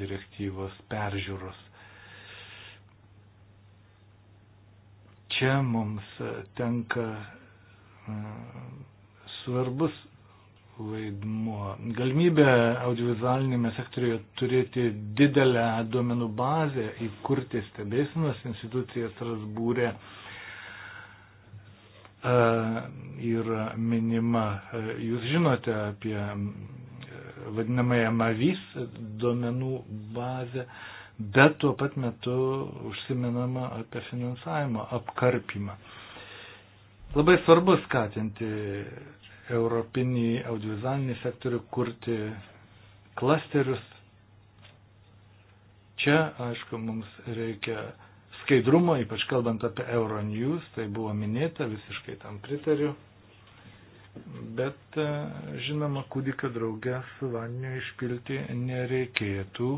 direktyvos peržiūros čia mums tenka e, svarbus vaidmuo. Galimybė audiovizualinėme sektorijoje turėti didelę duomenų bazę, įkurti stebėsinos institucijas Rasbūrė e, yra minima. E, jūs žinote apie vadinamąją MAVIS duomenų bazę. E, bet tuo pat metu užsiminama apie finansavimo apkarpimą. Labai svarbu skatinti europinį audiovizualinį sektorių, kurti klasterius. Čia, aišku, mums reikia skaidrumo, ypač kalbant apie Euronews, tai buvo minėta, visiškai tam pritariu. Bet, e, žinoma, kūdikio draugę su vandeniu išpilti nereikėtų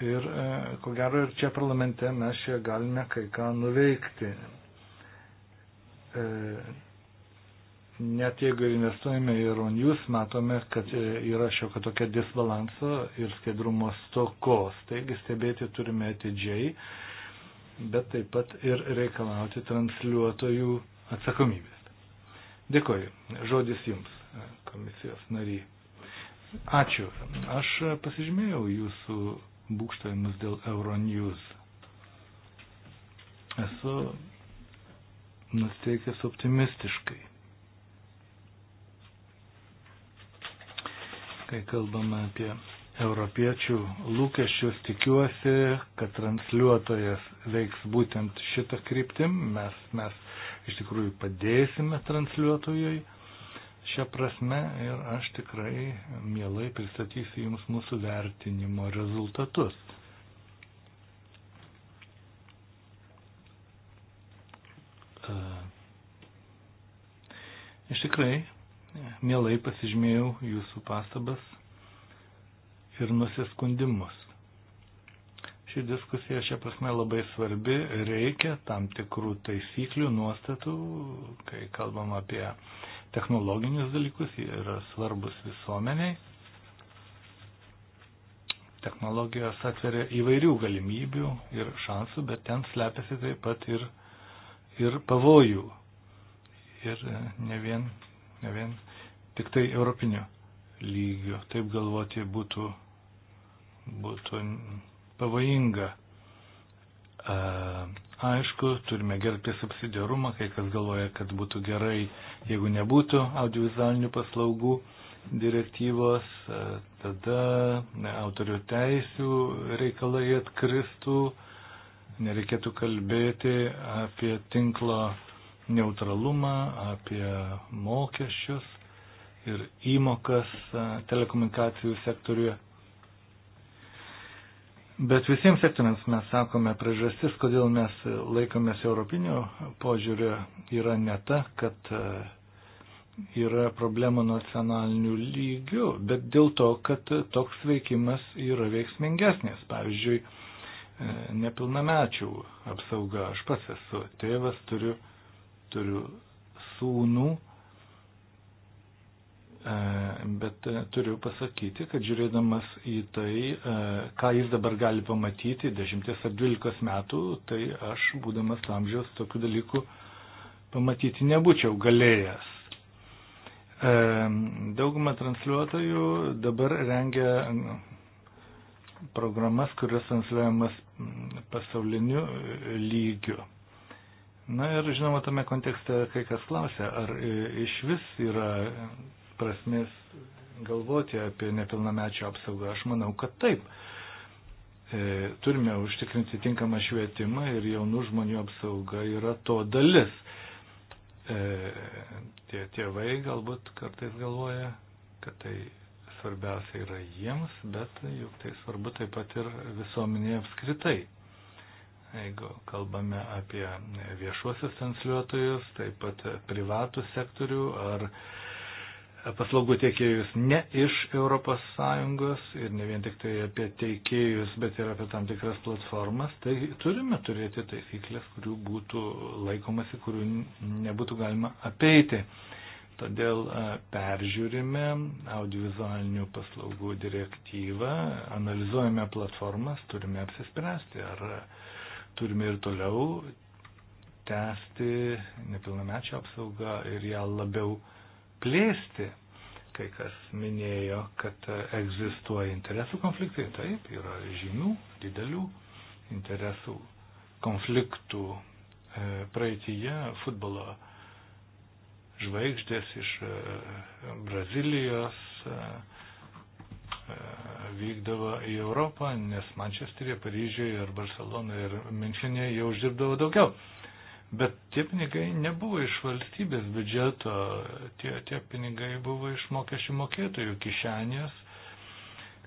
Ir e, ko gero ir čia parlamente mes čia galime kai ką nuveikti. E, net jeigu investuojame į Ronjus, matome, kad e, yra šiokio tokia disbalanso ir skaidrumo stokos. Taigi stebėti turime atidžiai, bet taip pat ir reikalauti transliuotojų atsakomybės. Dėkoju. Žodis Jums, komisijos nariai. Ačiū. Aš pasižymėjau jūsų būkštojimus dėl Euronews. Esu nusteikęs optimistiškai. Kai kalbame apie europiečių lūkesčius, tikiuosi, kad transliuotojas veiks būtent šitą kryptim. Mes, mes iš tikrųjų padėsime transliuotojui Šią prasme ir aš tikrai mielai pristatysiu Jums mūsų vertinimo rezultatus. Iš e, tikrai mielai pasižymėjau Jūsų pastabas ir nusiskundimus ši diskusija šia prasme labai svarbi, reikia tam tikrų taisyklių, nuostatų, kai kalbam apie technologinius dalykus, jie yra svarbus visuomeniai. Technologijos atveria įvairių galimybių ir šansų, bet ten slepiasi taip pat ir, ir pavojų. Ir e, ne vien, ne vien tik tai europinio lygio. Taip galvoti būtų, būtų pavojinga. E, Aišku, turime gerbti subsidiarumą, kai kas galvoja, kad būtų gerai, jeigu nebūtų audiovizualinių paslaugų direktyvos, e, tada autorių teisių reikalai atkristų, nereikėtų kalbėti apie tinklo neutralumą, apie mokesčius ir įmokas e, telekomunikacijų sektoriuje. Bet visiems sektoriams mes sakome, priežastis, kodėl mes laikomės europinio požiūrio, yra ne ta, kad e, yra problema nacionalinių lygių, bet dėl to, kad toks veikimas yra veiksmingesnis. Pavyzdžiui, e, nepilnamečių apsauga. Aš pats esu tėvas, turiu, turiu sūnų E, bet e, turiu pasakyti, kad žiūrėdamas į tai, e, ką jis dabar gali pamatyti 10 ar 12 metų, tai aš, būdamas amžiaus, tokių dalykų pamatyti nebūčiau galėjęs. Dauguma transliuotojų dabar rengia mm, programas, kurios transliuojamas mm, pasauliniu lygiu. Na ir žinoma, tame kontekste kai kas klausia, ar iš vis yra prasmės galvoti apie nepilnamečio apsaugą? Aš manau, kad taip. E, turime užtikrinti tinkamą švietimą ir jaunų žmonių apsauga yra to dalis. E, tie tėvai galbūt kartais galvoja, kad tai svarbiausia yra jiems, bet juk tai svarbu taip pat ir visuomenėje apskritai. Jeigu kalbame apie viešuosius transliuotojus, taip pat privatų sektorių ar e, paslaugų tiekėjus ne iš ES ir ne vien tik tai apie teikėjus, bet ir apie tam tikras platformas, tai turime turėti taisyklės, kurių būtų laikomasi, kurių nebūtų galima apeiti. Todėl e, peržiūrime audiovizualinių paslaugų direktyvą, analizuojame platformas, turime apsispręsti, ar turime ir toliau tęsti nepilnamečio apsaugą ir ją labiau uh, plėsti. Kai kas minėjo, kad egzistuoja interesų konfliktai, taip, yra žymių, didelių interesų konfliktų e, praeitįje futbolo žvaigždės iš e, Brazilijos e, vykdavo į Europą, nes Mančesterė, Paryžiuje ir Barcelonoje ir Minchinėje jau uždirbdavo daugiau. Bet tie pinigai nebuvo iš valstybės biudžeto, tie, tie pinigai buvo iš mokesčių mokėtojų kišenės.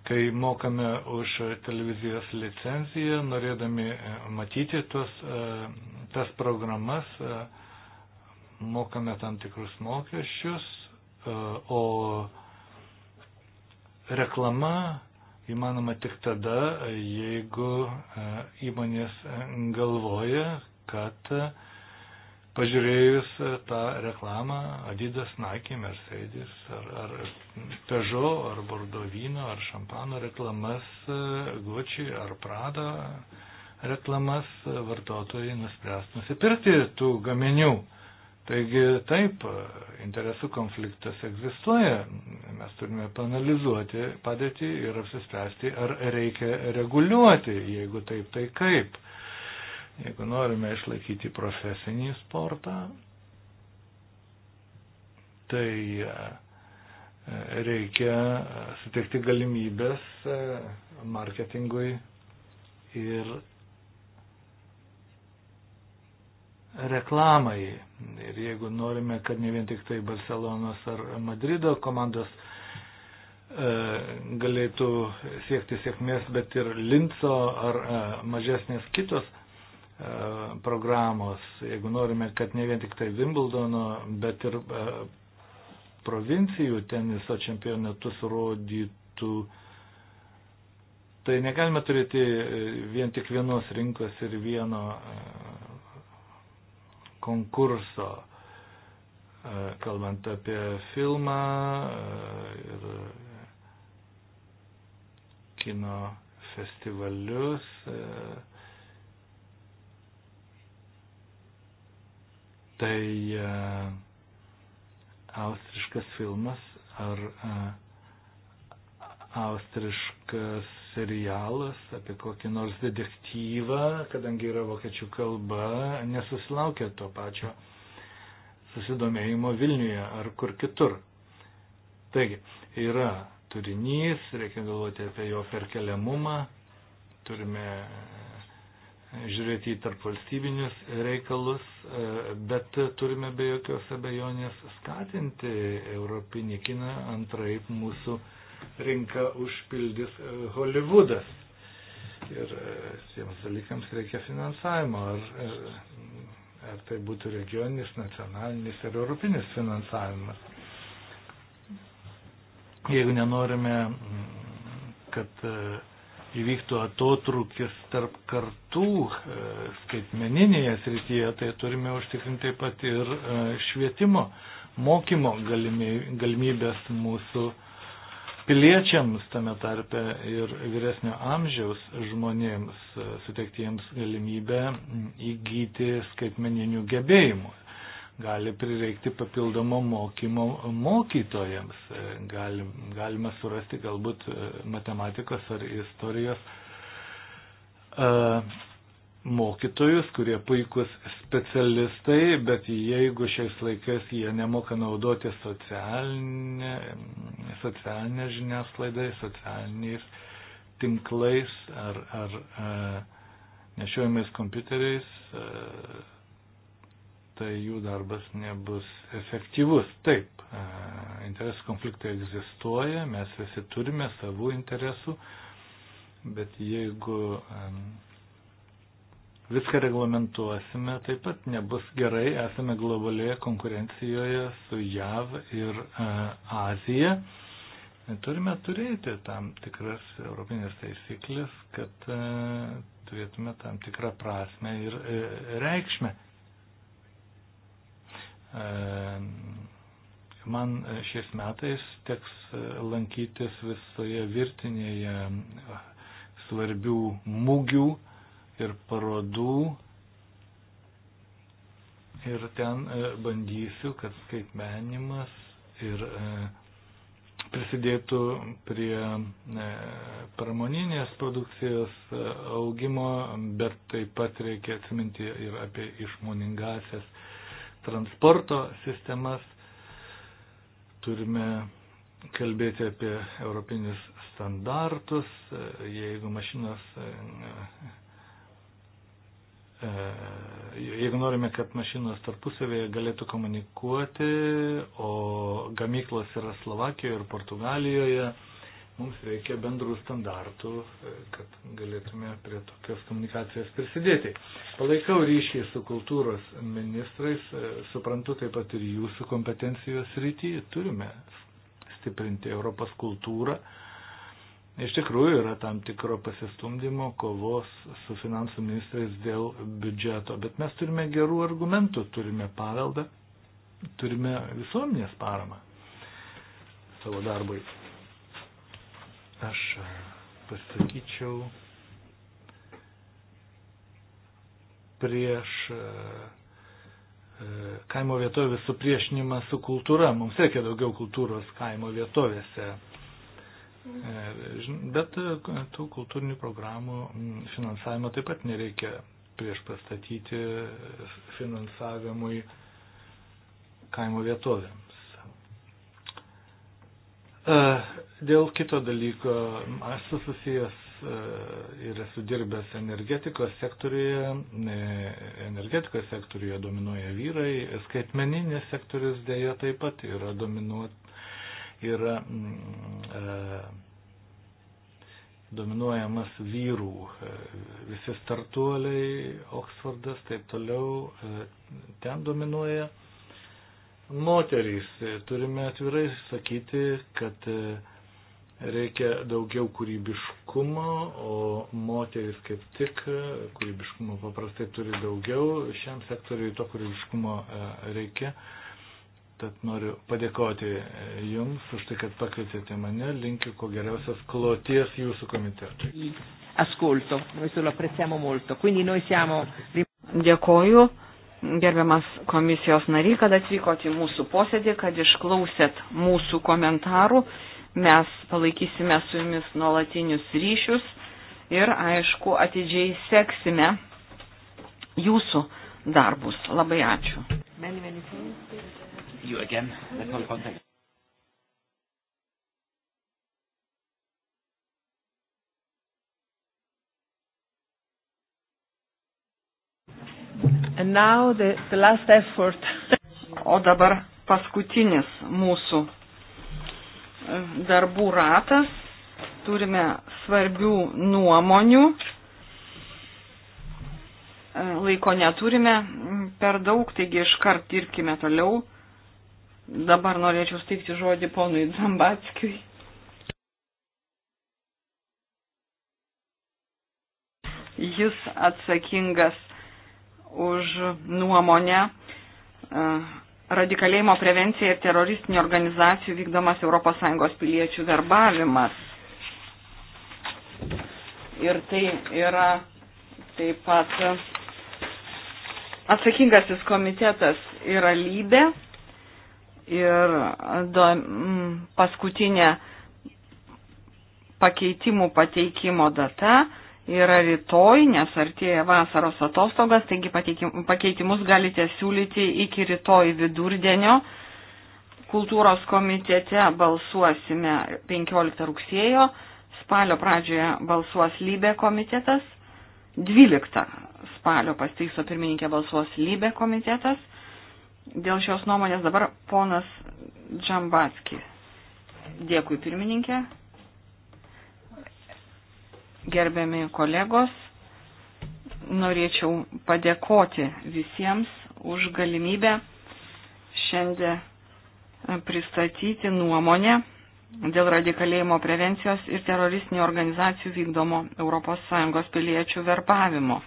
Kai mokame už televizijos licenciją, norėdami e, matyti tos, e, tas programas, e, mokame tam tikrus mokesčius, o reklama įmanoma tik tada, jeigu įmonės galvoja, kad pažiūrėjus e, tą reklamą Adidas, Nike, Mercedes ar, ar Peugeot ar Bordovino ar Šampano reklamas, e, Gucci ar Prada reklamas, e, vartotojai nuspręs nusipirkti tų gaminių. Taigi taip, interesų konfliktas egzistuoja, mes turime panalizuoti padėtį ir apsispręsti, ar reikia reguliuoti, jeigu taip, tai kaip. Jeigu norime išlaikyti profesinį sportą, tai e, reikia suteikti galimybės e, marketingui ir reklamai. Ir jeigu norime, kad ne vien tik tai Barcelonos ar Madrido komandos e, galėtų siekti sėkmės, bet ir Linco ar mažesnės kitos E, programos, jeigu norime, kad ne vien tik tai Wimbledono, bet ir e, provincijų teniso čempionatus rodytų, tai negalime turėti e, vien tik vienos rinkos ir vieno konkurso, kalbant apie filmą ir kino festivalius. E, tai e, austriškas filmas ar e, austriškas serialas apie kokį nors detektyvą, kadangi yra vokiečių kalba, nesusilaukia to pačio susidomėjimo Vilniuje ar kur kitur. Taigi, yra turinys, reikia galvoti apie jo perkeliamumą, turime žiūrėti į tarpvalstybinius reikalus, e, bet turime be jokios abejonės skatinti europinį kiną, antraip mūsų rinką užpildys e, Hollywoodas. Ir e, tiems dalykams reikia finansavimo, ar, ar tai būtų regioninis, nacionalinis ar europinis finansavimas. Jeigu nenorime, kad įvyktų atotrukis tarp kartų e, skaitmeninėje srityje, tai turime užtikrinti taip pat ir e, švietimo, mokymo galimybės mūsų piliečiams, tame tarpe ir vyresnio amžiaus žmonėms, e, suteikti jiems galimybę įgyti skaitmeninių gebėjimų gali prireikti papildomo mokymo mokytojams. E, gali, galima surasti galbūt e, matematikos ar istorijos e, mokytojus, kurie puikus specialistai, bet jeigu šiais laikais jie nemoka naudoti socialinę, socialinę žiniasklaidą, socialiniais tinklais ar, ar nešiojamais kompiuteriais, tai jų darbas nebus efektyvus. Taip, e, interesų konfliktai egzistuoja, mes visi turime savų interesų, bet jeigu viską reglamentuosime, taip pat nebus gerai, esame globalioje konkurencijoje su JAV ir e, Azija. E, turime turėti tam tikras europinės taisyklės, kad turėtume tam tikrą prasme ir reikšmę Man e, šiais metais teks e, lankytis visoje virtinėje e, svarbių mūgių ir parodų. Ir ten bandysiu, kad skaitmenimas ir prisidėtų prie pramoninės produkcijos augimo, bet taip pat reikia atsiminti ir apie išmoningasias transporto sistemas, turime kalbėti apie europinius standartus, jeigu mašinos, jeigu norime, kad mašinos tarpusavėje galėtų komunikuoti, o gamyklos yra Slovakijoje ir Portugalijoje, Mums reikia bendrų standartų, e, kad galėtume prie tokios komunikacijos prisidėti. Palaikau ryšį su kultūros ministrais, e, suprantu taip pat ir jūsų kompetencijos rytį, turime stiprinti Europos kultūrą. Iš tikrųjų yra tam tikro pasistumdymo kovos su finansų ministrais dėl biudžeto, bet mes turime gerų argumentų, turime paveldą, turime visuomenės paramą savo darbui. Aš e, pasakyčiau prieš e, e, kaimo vietovės supriešinimą su kultūra. Mums reikia daugiau kultūros kaimo vietovėse. Bet tų kultūrinių programų finansavimo taip pat nereikia prieš pastatyti finansavimui kaimo vietovėms. E, dėl kito dalyko, aš esu susijęs e, ir esu dirbęs energetikos sektoriuje, e, energetikos sektoriuje dominuoja vyrai, skaitmeninis sektorius dėja taip pat yra dominuot, yra mm, e, dominuojamas vyrų, visi startuoliai, Oksfordas, taip toliau, ten dominuoja moterys. Turime atvirai sakyti, kad e, reikia daugiau kūrybiškumo, o moteris kaip tik e, kūrybiškumo paprastai turi daugiau. Šiam sektoriui to kūrybiškumo e, reikia. Tad noriu padėkoti Jums už tai, kad pakvietėte mane. Linkiu ko geriausios kloties Jūsų komitetui. Ascolto, noi se lo apprezziamo molto. Quindi noi siamo... Dėkoju gerbiamas komisijos nariai, kad atvykote į mūsų posėdį, kad išklausėt mūsų komentarų. Mes palaikysime su jumis nuolatinius ryšius ir, aišku, atidžiai seksime jūsų darbus. Labai ačiū. Many, many The, the o dabar paskutinis mūsų e, darbų ratas. Turime svarbių nuomonių. E, laiko neturime per daug, taigi iškart dirbkime toliau. Dabar norėčiau steikti žodį ponui Zambatskiui. Jis atsakingas už nuomonę e, radikalėjimo prevencija ir teroristinių organizacijų vykdomas ES piliečių verbavimas. Ir tai yra taip pat atsakingasis komitetas yra lybė ir do, m, paskutinė pakeitimų pateikimo data yra rytoj, nes artėja vasaros atostogas, taigi pakeitimus galite siūlyti iki rytoj vidurdienio. Kultūros komitete balsuosime 15 rugsėjo, spalio pradžioje balsuos lybė komitetas, 12 spalio pasteiso pirmininkė balsuos lybė komitetas. Dėl šios nuomonės dabar ponas Džambatski. Dėkui pirmininkė gerbiami kolegos, norėčiau padėkoti visiems už galimybę šiandien pristatyti nuomonę dėl radikalėjimo prevencijos ir teroristinių organizacijų vykdomo ES piliečių verbavimo.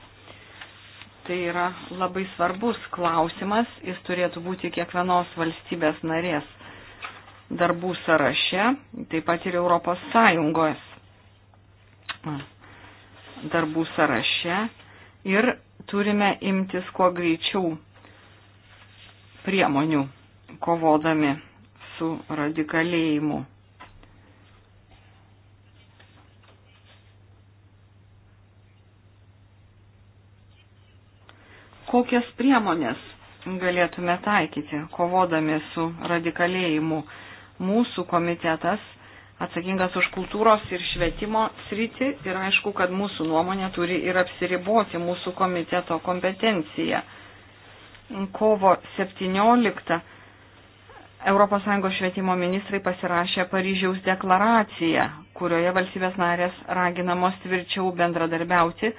Tai yra labai svarbus klausimas, jis turėtų būti kiekvienos valstybės narės darbų sąraše, taip pat ir ES darbų sąraše ir turime imtis kuo greičiau priemonių kovodami su radikalėjimu. Kokias priemonės galėtume taikyti kovodami su radikalėjimu? Mūsų komitetas atsakingas už kultūros ir švietimo sritį ir aišku, kad mūsų nuomonė turi ir apsiriboti mūsų komiteto kompetenciją. Kovo 17 ES švietimo ministrai pasirašė Paryžiaus deklaraciją, kurioje valstybės narės raginamos tvirčiau bendradarbiauti,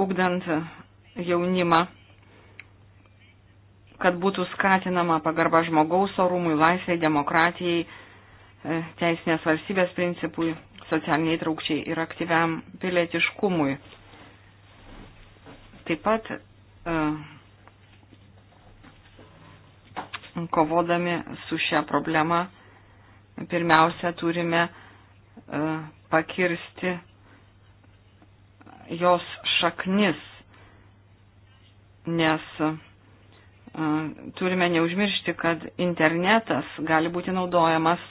ugdant jaunimą, kad būtų skatinama pagarba žmogaus orumui, laisvai, demokratijai E, teisinės valstybės principui, socialiniai traukčiai ir aktyviam pilietiškumui. Taip pat e, kovodami su šią problemą pirmiausia turime e, pakirsti jos šaknis, nes turime neužmiršti, kad internetas gali būti naudojamas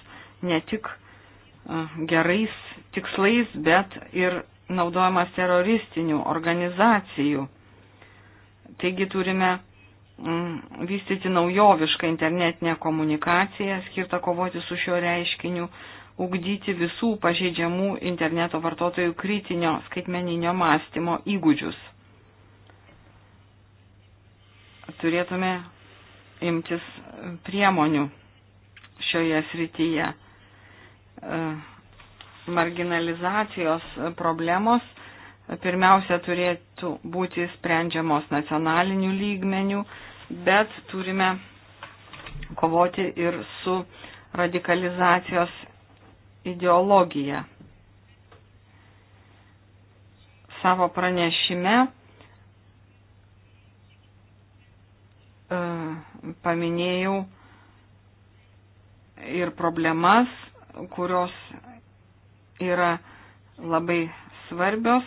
ne tik gerais tikslais, bet ir naudojamas teroristinių organizacijų. Taigi turime mm, vystyti naujovišką internetinę komunikaciją, skirtą kovoti su šiuo reiškiniu, ugdyti visų pažeidžiamų interneto vartotojų kritinio skaitmeninio mąstymo įgūdžius. Turėtume imtis priemonių šioje srityje. E, marginalizacijos problemos pirmiausia turėtų būti sprendžiamos nacionalinių lygmenių, bet turime kovoti ir su radikalizacijos ideologija. Savo pranešime e, paminėjau ir problemas, kurios yra labai svarbios.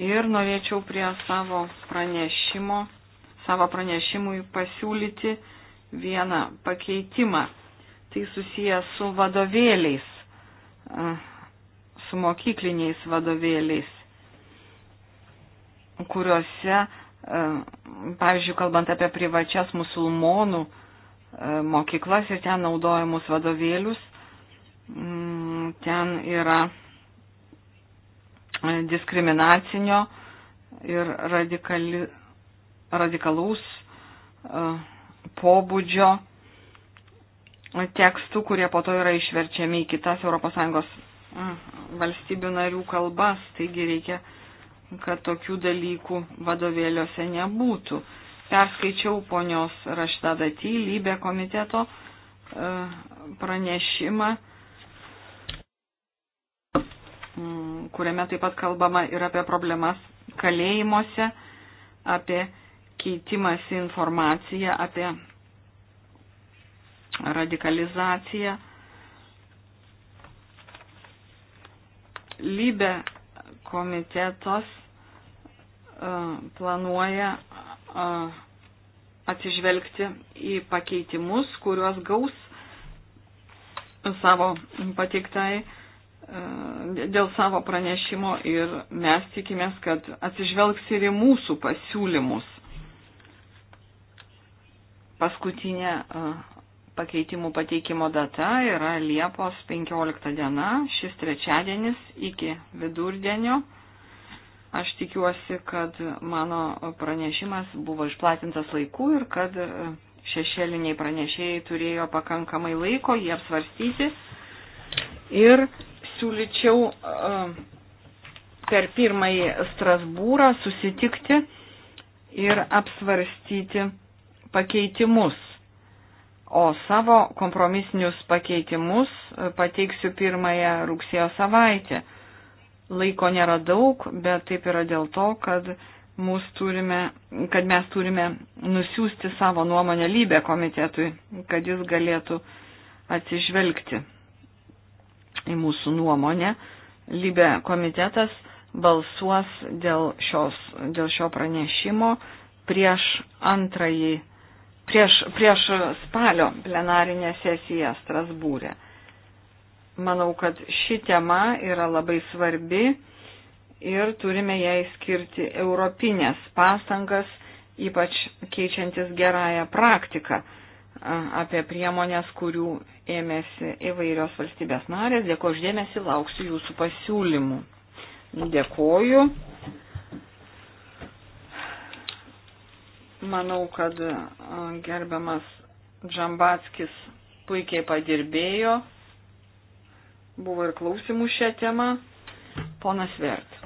Ir norėčiau prie savo pranešimo, savo pranešimui pasiūlyti vieną pakeitimą. Tai susijęs su vadovėliais, su mokykliniais vadovėliais, kuriuose, pavyzdžiui, kalbant apie privačias musulmonų mokyklas ir ten naudojamus vadovėlius, Mm, ten yra e, diskriminacinio ir radikali, radikalaus e, pobūdžio tekstų, kurie po to yra išverčiami į kitas ES mm, valstybių narių kalbas, taigi reikia, kad tokių dalykų vadovėliuose nebūtų. Perskaičiau ponios Raštada Tylybė komiteto e, pranešimą Mm, kuriame taip pat kalbama ir apie problemas kalėjimuose, apie keitimąsi informaciją, apie radikalizaciją. Lybė komitetos e, planuoja e, atsižvelgti į pakeitimus, kuriuos gaus savo pateiktai E, dėl savo pranešimo ir mes tikimės, kad atsižvelgs ir į mūsų pasiūlymus. Paskutinė e, pakeitimų pateikimo data yra Liepos 15 diena, šis trečiadienis iki vidurdienio. Aš tikiuosi, kad mano pranešimas buvo išplatintas laiku ir kad e, šešėliniai pranešėjai turėjo pakankamai laiko jį apsvarstyti. Ir siūlyčiau uh, per pirmąjį Strasbūrą susitikti ir apsvarstyti pakeitimus. O savo kompromisinius pakeitimus uh, pateiksiu pirmąją rugsėjo savaitę. Laiko nėra daug, bet taip yra dėl to, kad, turime, kad mes turime nusiųsti savo nuomonę lybę komitetui, kad jis galėtų atsižvelgti į mūsų nuomonę. Libe komitetas balsuos dėl, šios, dėl šio pranešimo prieš antrąjį, prieš, prieš spalio plenarinę sesiją Strasbūrė. Manau, kad ši tema yra labai svarbi ir turime jai skirti europinės pastangas, ypač keičiantis gerąją praktiką apie priemonės, kurių ėmėsi įvairios valstybės narės. Dėkuoju uždėmesi, lauksiu jūsų pasiūlymų. Dėkuoju. Manau, kad gerbiamas Džambatskis puikiai padirbėjo. Buvo ir klausimų šią temą. Ponas Vert.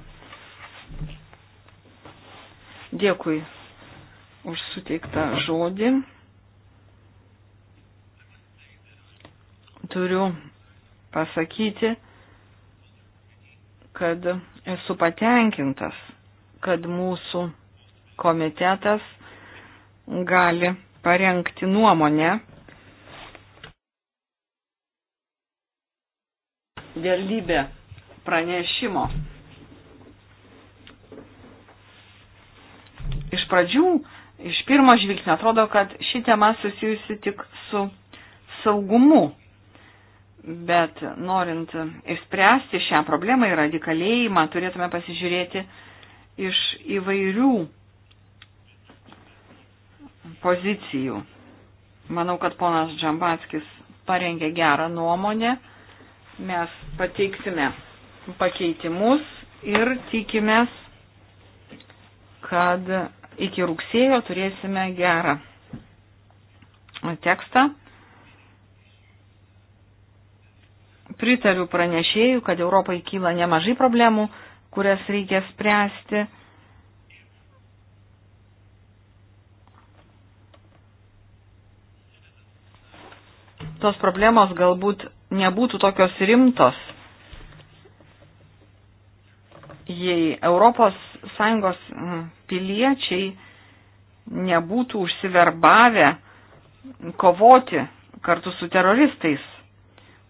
Dėkui už suteiktą žodį. turiu pasakyti, kad esu patenkintas, kad mūsų komitetas gali parengti nuomonę dėl lybė pranešimo. Iš pradžių, iš pirmo žvilgsnio atrodo, kad ši tema susijusi tik su saugumu Bet norint išspręsti šią problemą ir radikalėjimą, turėtume pasižiūrėti iš įvairių pozicijų. Manau, kad ponas Džambatskis parengė gerą nuomonę. Mes pateiksime pakeitimus ir tikimės, kad iki rugsėjo turėsime gerą tekstą. pritariu pranešėjų, kad Europai kyla nemažai problemų, kurias reikia spręsti. Tos problemos galbūt nebūtų tokios rimtos, jei ES mm, piliečiai nebūtų užsiverbavę kovoti kartu su teroristais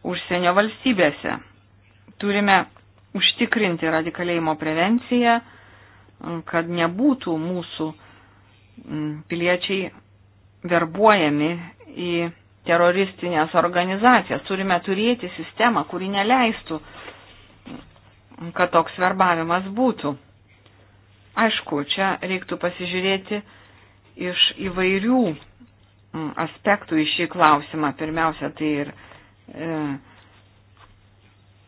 užsienio valstybėse. Turime užtikrinti radikalėjimo prevenciją, kad nebūtų mūsų mm, piliečiai verbuojami į teroristinės organizacijas. Turime turėti sistemą, kuri neleistų, mm, kad toks verbavimas būtų. Aišku, čia reiktų pasižiūrėti iš įvairių mm, aspektų į šį klausimą. Pirmiausia, tai ir E,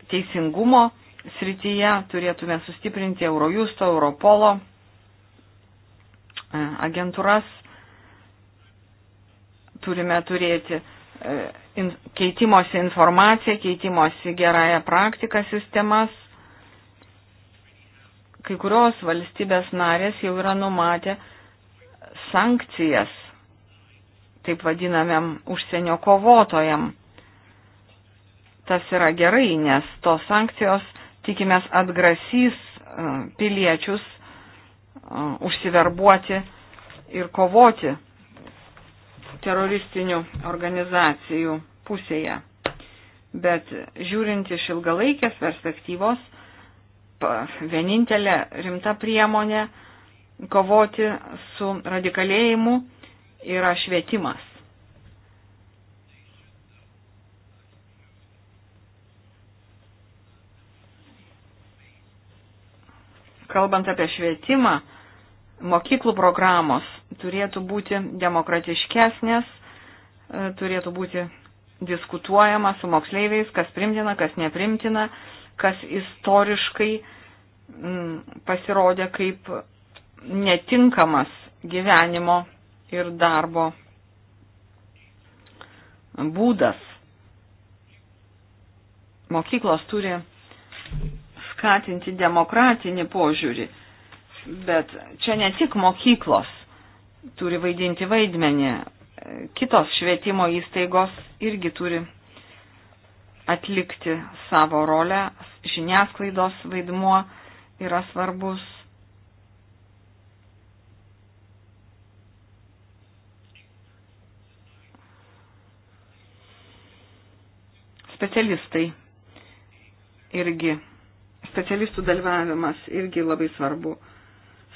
teisingumo srityje turėtume sustiprinti Eurojusto, Europolo e, agentūras. Turime turėti e, keitimosi informaciją, keitimosi gerąją praktiką sistemas. Kai kurios valstybės narės jau yra numatę sankcijas taip vadinamiam užsienio kovotojam Tas yra gerai, nes tos sankcijos, tikimės, atgrasys e, piliečius e, užsiverbuoti ir kovoti teroristinių organizacijų pusėje. Bet žiūrint iš ilgalaikės perspektyvos, vienintelė rimta priemonė kovoti su radikalėjimu yra švietimas. kalbant apie švietimą, mokyklų programos turėtų būti demokratiškesnės, e, turėtų būti diskutuojama su moksleiviais, kas primtina, kas neprimtina, kas istoriškai mm, pasirodė kaip netinkamas gyvenimo ir darbo būdas. Mokyklos turi skatinti demokratinį požiūrį. Bet čia ne tik mokyklos turi vaidinti vaidmenį, kitos švietimo įstaigos irgi turi atlikti savo rolę, žiniasklaidos vaidmuo yra svarbus. Specialistai irgi specialistų dalyvavimas irgi labai svarbu,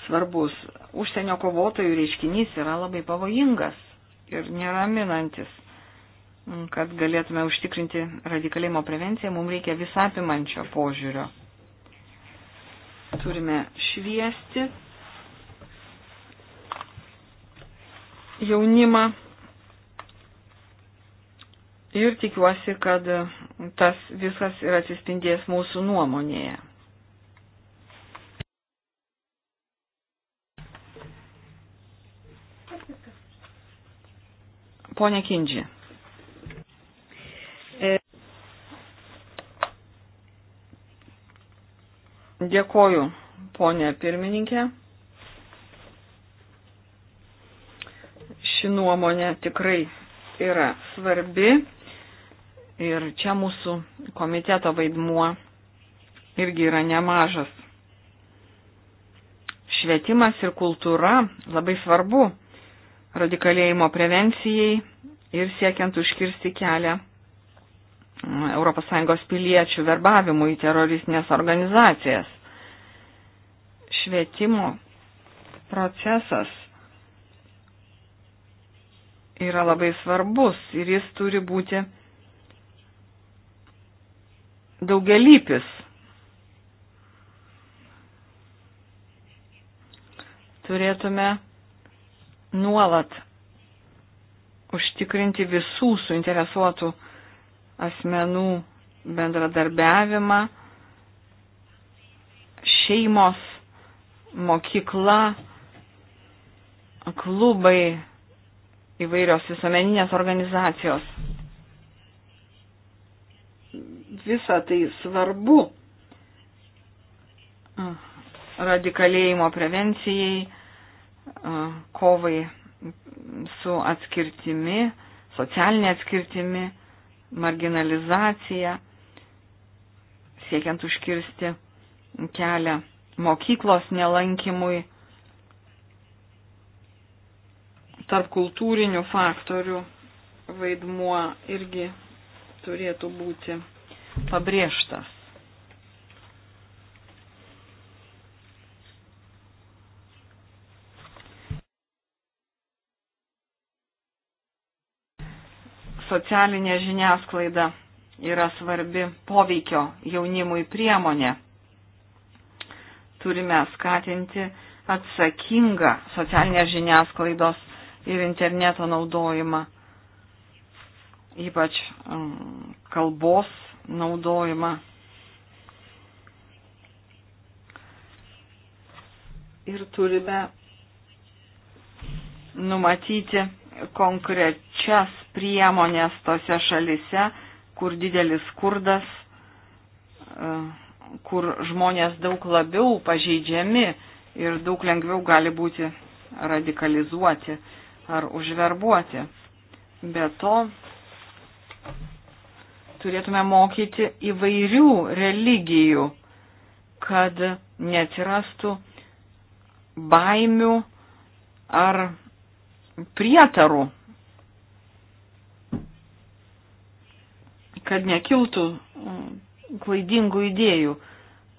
svarbus. Užsienio kovotojų reiškinys yra labai pavojingas ir neraminantis. Kad galėtume užtikrinti radikalimo prevenciją, mums reikia visapimančio požiūrio. Turime šviesti jaunimą ir tikiuosi, kad tas visas ir atsispindės mūsų nuomonėje. Pone Kindži. E, Dėkoju, ponė pirmininkė. Ši nuomonė tikrai yra svarbi ir čia mūsų komiteto vaidmuo irgi yra nemažas. Švietimas ir kultūra labai svarbu radikalėjimo prevencijai ir siekiant užkirsti kelią mm, ES piliečių verbavimui į teroristinės organizacijas. Švietimo procesas yra labai svarbus ir jis turi būti daugelypis. Turėtume nuolat užtikrinti visų suinteresuotų asmenų bendradarbiavimą, šeimos, mokykla, klubai, įvairios visuomeninės organizacijos. Visa tai svarbu radikalėjimo prevencijai, kovai su atskirtimi, socialinė atskirtimi, marginalizacija, siekiant užkirsti kelią mokyklos nelankimui, tarp kultūrinių faktorių vaidmuo irgi turėtų būti pabrėžtas. socialinė žiniasklaida yra svarbi poveikio jaunimui priemonė. Turime skatinti atsakingą socialinės žiniasklaidos ir interneto naudojimą, ypač mm, kalbos naudojimą. Ir turime numatyti konkrečiai panašias priemonės tose šalise, kur didelis skurdas, e, kur žmonės daug labiau pažeidžiami ir daug lengviau gali būti radikalizuoti ar užverbuoti. Be to, turėtume mokyti įvairių religijų, kad neatsirastų baimių ar prietarų kad nekiltų mm, klaidingų idėjų.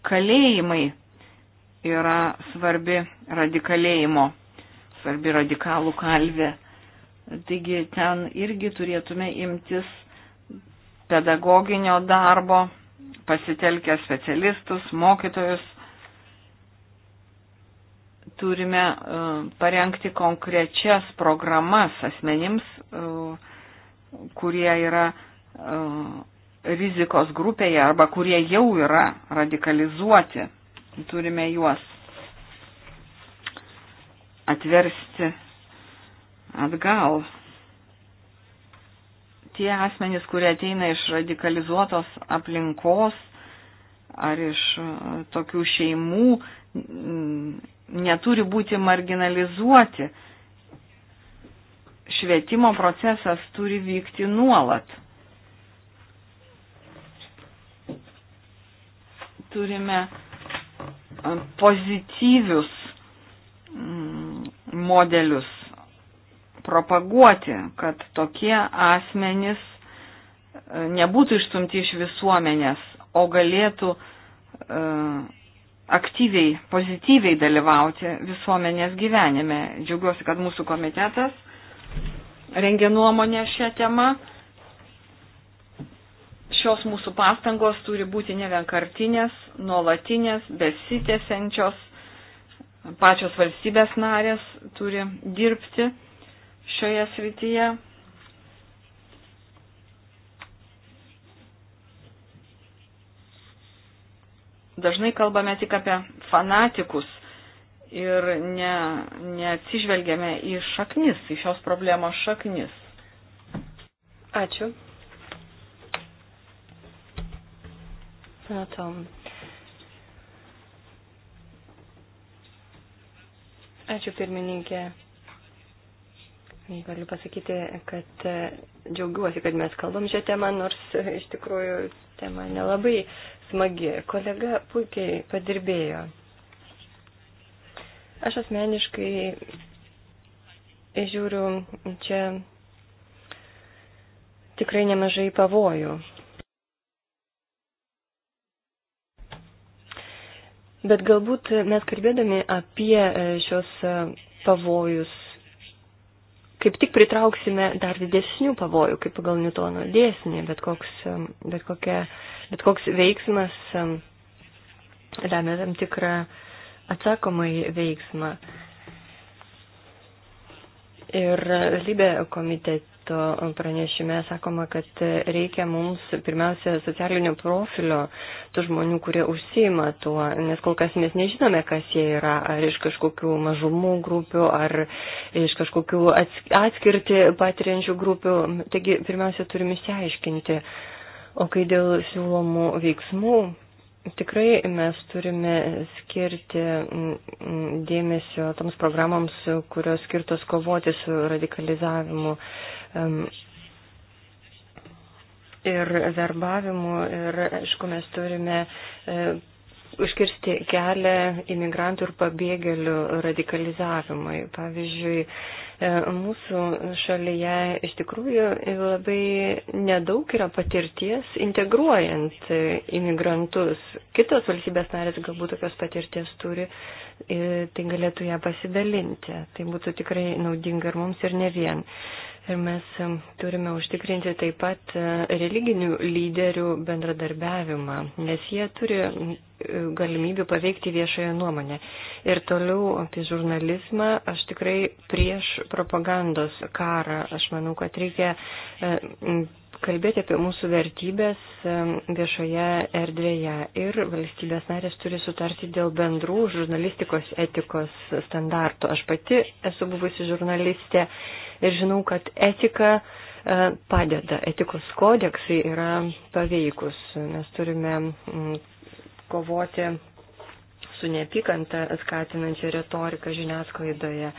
Kalėjimai yra svarbi radikalėjimo, svarbi radikalų kalvė. Taigi ten irgi turėtume imtis pedagoginio darbo, pasitelkę specialistus, mokytojus. Turime e, parengti konkrečias programas asmenims, e, kurie yra E, rizikos grupėje arba kurie jau yra radikalizuoti. Turime juos atversti atgal. Tie asmenys, kurie ateina iš radikalizuotos aplinkos ar iš e, tokių šeimų, neturi būti marginalizuoti. Švietimo procesas turi vykti nuolat turime e, pozityvius mm, modelius propaguoti, kad tokie asmenys e, nebūtų išstumti iš visuomenės, o galėtų e, aktyviai, pozityviai dalyvauti visuomenės gyvenime. Džiaugiuosi, kad mūsų komitetas rengia nuomonę šią temą šios mūsų pastangos turi būti nevenkartinės, nuolatinės, besitėsiančios. Pačios valstybės narės turi dirbti šioje srityje. Dažnai kalbame tik apie fanatikus ir ne, neatsižvelgiame į šaknis, į šios problemos šaknis. Ačiū. na tom. Ačiū pirmininkė. Galiu pasakyti, kad e, džiaugiuosi, kad mes kalbam šią temą, nors e, iš tikrųjų tema nelabai smagi. Kolega puikiai padirbėjo. Aš asmeniškai žiūriu čia tikrai nemažai pavojų. Bet galbūt mes kalbėdami apie e, šios e, pavojus, kaip tik pritrauksime dar didesnių pavojų, kaip pagal Newtono dėsnį, bet koks, e, bet kokia, bet koks veiksmas lemia tam tikrą atsakomai veiksmą. Ir lybė komitete to pranešime sakoma, kad reikia mums pirmiausia socialinio profilio tų žmonių, kurie užsima tuo, nes kol kas mes nežinome, kas jie yra, ar iš kažkokių mažumų grupių, ar iš kažkokių atskirti patiriančių grupių. Taigi, pirmiausia, turime išsiaiškinti. O kai dėl siūlomų veiksmų, Tikrai mes turime skirti dėmesio toms programoms, kurios skirtos kovoti su radikalizavimu ir verbavimu. Ir, aišku, mes turime e, užkirsti kelią imigrantų ir pabėgėlių radikalizavimui. Pavyzdžiui, e, mūsų šalyje iš tikrųjų labai nedaug yra patirties integruojant e, imigrantus. Kitos valstybės narės galbūt tokios patirties turi, tai galėtų ją pasidalinti. Tai būtų tikrai naudinga ir mums ir ne vien. Ir mes turime užtikrinti taip pat e, religinių lyderių bendradarbiavimą, nes jie turi e, galimybių paveikti viešąją nuomonę. Ir toliau apie žurnalizmą aš tikrai prieš propagandos karą. Aš manau, kad reikia e, kalbėti apie mūsų vertybės viešoje erdvėje ir valstybės narės turi sutarti dėl bendrų žurnalistikos etikos standartų. Aš pati esu buvusi žurnalistė ir žinau, kad etika e, padeda. Etikos kodeksai yra paveikus. Mes turime kovoti su neapykanta skatinančia retorika žiniasklaidoje.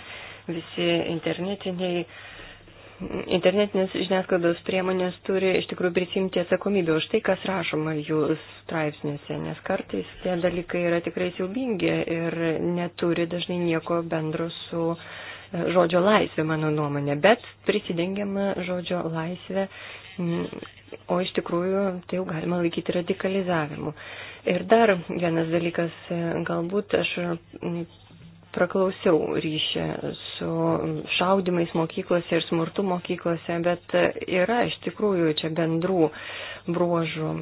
Visi internetiniai uh, internetinės žiniasklaidos priemonės turi iš tikrųjų prisimti atsakomybę už tai, kas rašoma jų straipsniuose, nes kartais tie dalykai yra tikrai siaubingi ir neturi dažnai nieko bendro su e, žodžio laisvė, mano nuomonė, bet prisidengiama žodžio laisvė, mm, o iš tikrųjų tai jau galima laikyti radikalizavimu. Ir dar vienas dalykas, e, galbūt aš mm, praklausiau ryšį su šaudimais mokyklose ir smurtu mokyklose, bet yra iš tikrųjų čia bendrų bruožų.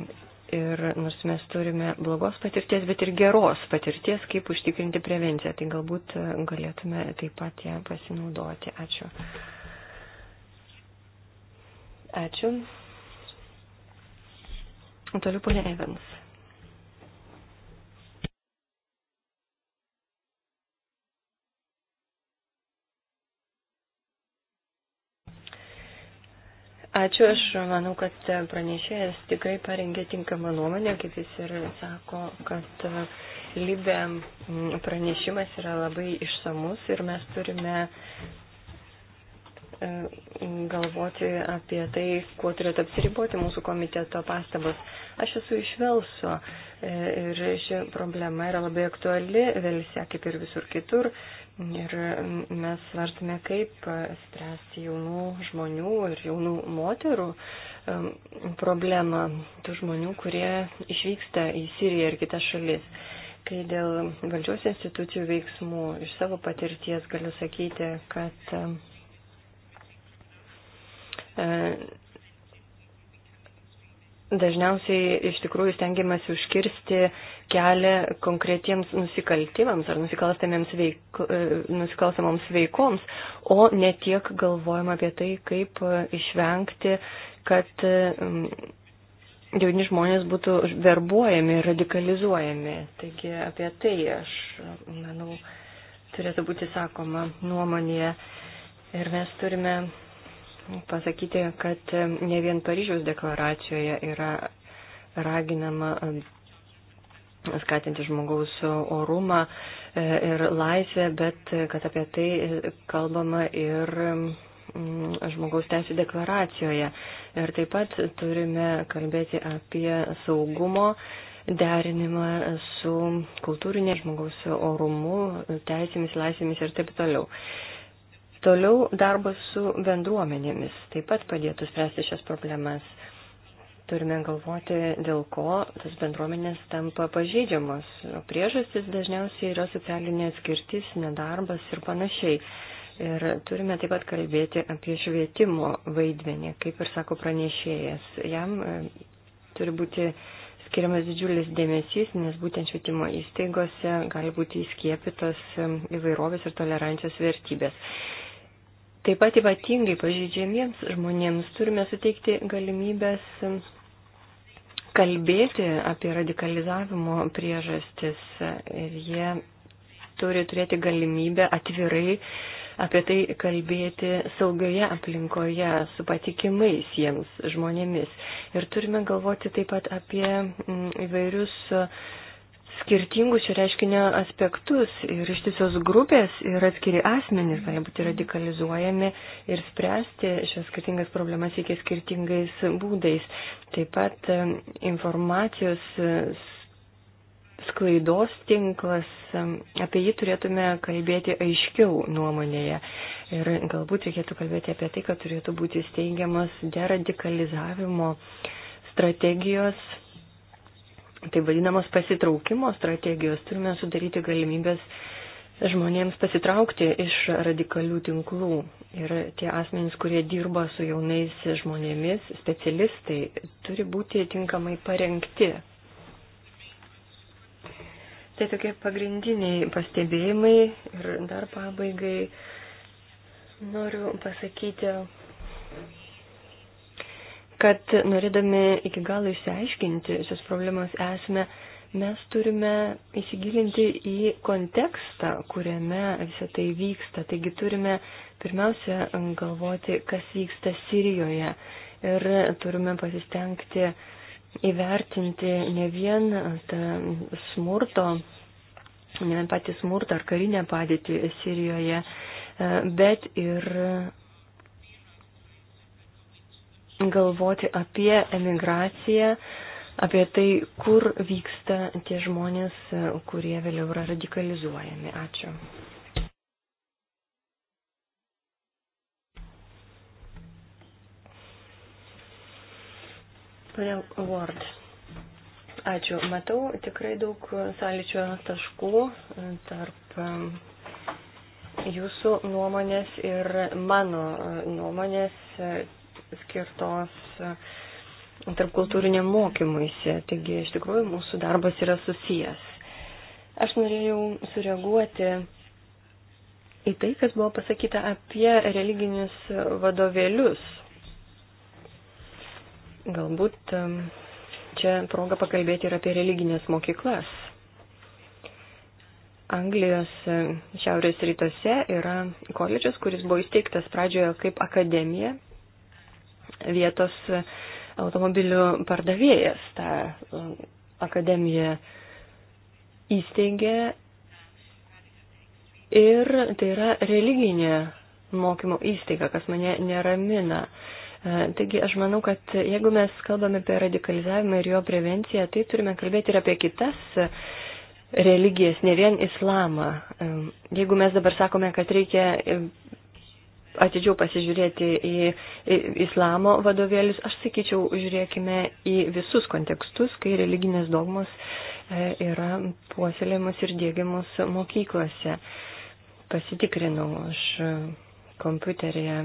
Ir nors mes turime blogos patirties, bet ir geros patirties, kaip užtikrinti prevenciją, tai galbūt galėtume taip pat ją pasinaudoti. Ačiū. Ačiū. Toliau, ponė Evans. Ačiū, aš manau, kad pranešėjas tikrai parengė tinkamą nuomonę, kaip jis ir sako, kad Libė pranešimas yra labai išsamus ir mes turime E, galvoti apie tai, kuo turėtų apsiriboti mūsų komiteto pastabos. Aš esu iš Velso e, ir ši problema yra labai aktuali Velse, kaip ir visur kitur. Ir mes svarstame, kaip spręsti jaunų žmonių ir jaunų moterų e, problemą tų žmonių, kurie išvyksta į Siriją ir kitas šalis kai dėl valdžios institucijų veiksmų iš savo patirties galiu sakyti, kad E, dažniausiai iš tikrųjų stengiamas užkirsti kelią konkretiems nusikaltimams ar veik, e, nusikalstamoms veikoms, o ne tiek galvojama apie tai, kaip e, išvengti, kad jauni žmonės būtų verbuojami, radikalizuojami. Taigi apie tai aš, manau, turėtų būti sakoma nuomonėje. Ir mes turime pasakyti, kad ne vien Paryžiaus deklaracijoje yra raginama e, skatinti žmogaus orumą e, ir laisvę, bet e, kad apie tai kalbama ir mm, žmogaus teisų deklaracijoje. Ir taip pat turime kalbėti apie saugumo derinimą su kultūrinė žmogaus orumu, teisėmis, laisvėmis ir taip toliau. Toliau darbas su bendruomenėmis taip pat padėtų spręsti šias problemas. Turime galvoti, dėl ko tas bendruomenės tampa pažeidžiamos. O priežastis dažniausiai yra socialinė atskirtis, nedarbas ir panašiai. Ir turime taip pat kalbėti apie švietimo vaidmenį, kaip ir sako pranešėjas. Jam e, turi būti skiriamas didžiulis dėmesys, nes būtent švietimo įstaigose gali būti įskiepytos e, įvairovės ir tolerancijos vertybės. Taip pat ypatingai pažydžiamiems žmonėms turime suteikti galimybės kalbėti apie radikalizavimo priežastis ir jie turi turėti galimybę atvirai apie tai kalbėti saugioje aplinkoje su patikimais jiems žmonėmis. Ir turime galvoti taip pat apie mm, įvairius skirtingus šio reiškinio aspektus ir ištisos grupės ir atskiri asmenys gali būti radikalizuojami ir spręsti šias skirtingas problemas iki skirtingais būdais. Taip pat e, informacijos e, sklaidos tinklas, e, apie jį turėtume kalbėti aiškiau nuomonėje. Ir galbūt reikėtų kalbėti apie tai, kad turėtų būti steigiamas deradikalizavimo strategijos tai vadinamos pasitraukimo strategijos, turime sudaryti galimybės žmonėms pasitraukti iš radikalių tinklų. Ir tie asmenys, kurie dirba su jaunais žmonėmis, specialistai, turi būti tinkamai parengti. Tai tokie pagrindiniai pastebėjimai ir dar pabaigai noriu pasakyti kad norėdami iki galo išsiaiškinti šios problemos esmę, mes turime įsigilinti į kontekstą, kuriame visą tai vyksta. Taigi turime pirmiausia galvoti, kas vyksta Sirijoje ir turime pasistengti įvertinti ne vien smurto, ne vien patį smurtą ar karinę padėtį Sirijoje, bet ir galvoti apie emigraciją, apie tai, kur vyksta tie žmonės, kurie vėliau yra radikalizuojami. Ačiū. Pane Ward, ačiū. Matau tikrai daug sąlyčio taškų tarp um, jūsų nuomonės ir mano nuomonės skirtos e, tarpkultūriniam mokymuisi. Taigi iš tikrųjų mūsų darbas yra susijęs. Aš norėjau sureaguoti į tai, kas buvo pasakyta apie religinius vadovėlius. Galbūt e, čia proga pakalbėti ir apie religinės mokyklas. Anglijos e, šiaurės rytuose yra koledžas, kuris buvo įsteigtas pradžioje kaip akademija vietos automobilių pardavėjas. Ta um, akademija įsteigė ir tai yra religinė mokymo įstaiga, kas mane neramina. E, taigi aš manau, kad jeigu mes kalbame apie radikalizavimą ir jo prevenciją, tai turime kalbėti ir apie kitas religijas, ne vien islamą. E, jeigu mes dabar sakome, kad reikia atidžiau pasižiūrėti į islamo vadovėlius, aš sakyčiau, žiūrėkime į visus kontekstus, kai religinės dogmos e, yra puoselėjimus ir dėgiamus mokyklose. Pasitikrinau aš kompiuterėje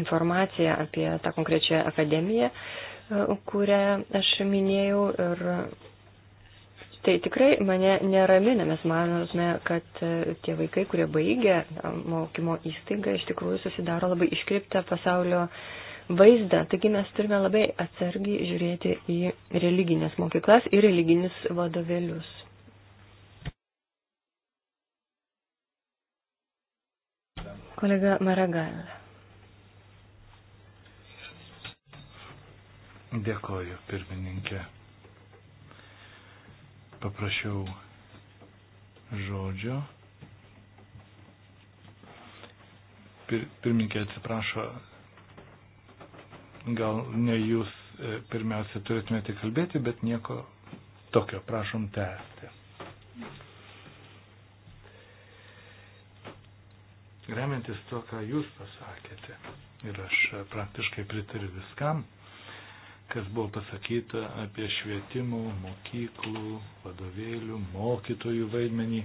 informaciją apie tą konkrečią akademiją, e, kurią aš minėjau ir Tai tikrai mane neramina, mes manome, kad e, tie vaikai, kurie baigia e, mokymo įstaigą, iš tikrųjų susidaro labai iškreiptą pasaulio vaizdą. Taigi mes turime labai atsargiai žiūrėti į religinės mokyklas ir religinis vadovėlius. Kolega Maragal. Dėkoju, pirmininkė paprašiau žodžio. Pir, pirminkė atsiprašo, gal ne jūs e, pirmiausia turėtumėte kalbėti, bet nieko tokio, prašom tęsti. Remiantis to, ką jūs pasakėte, ir aš praktiškai pritariu viskam, kas buvo pasakyta apie švietimo, mokyklų, vadovėlių, mokytojų vaidmenį.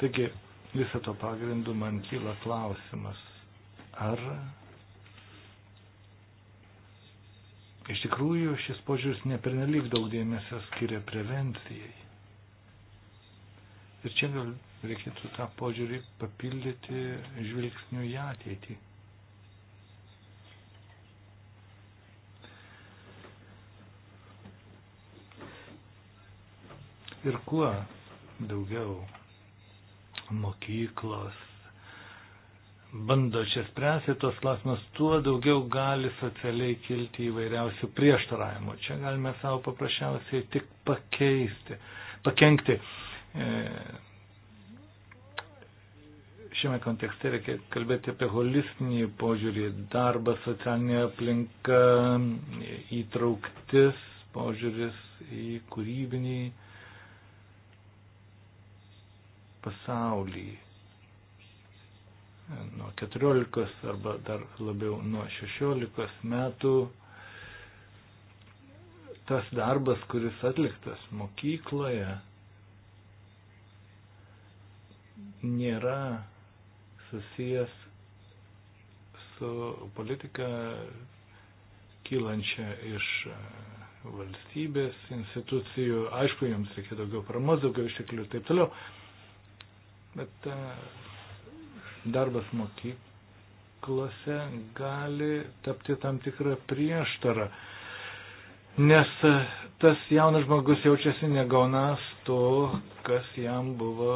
Taigi, viso to pagrindu man kyla klausimas, ar iš tikrųjų šis požiūris nepernelyg daug dėmesio skiria prevencijai. Ir čia gal reikėtų tą požiūrį papildyti žvilgsnių į ateitį. Ir kuo daugiau mokyklos bando čia spręsti tos klausimus, tuo daugiau gali socialiai kilti įvairiausių prieštaravimų. Čia galime savo paprasčiausiai tik pakeisti, pakengti. E, šiame kontekste reikia kalbėti apie holistinį požiūrį, darbą, socialinė aplinka, įtrauktis, požiūris į kūrybinį pasaulį nuo 14 arba dar labiau nuo 16 metų tas darbas, kuris atliktas mokykloje, nėra susijęs su politika kylančia iš e, valstybės institucijų. Aišku, jums reikia daugiau paramos, daugiau išteklių ir taip toliau. Bet e, darbas mokyklose gali tapti tam tikrą prieštarą, nes e, tas jaunas žmogus jaučiasi negaunas to, kas jam buvo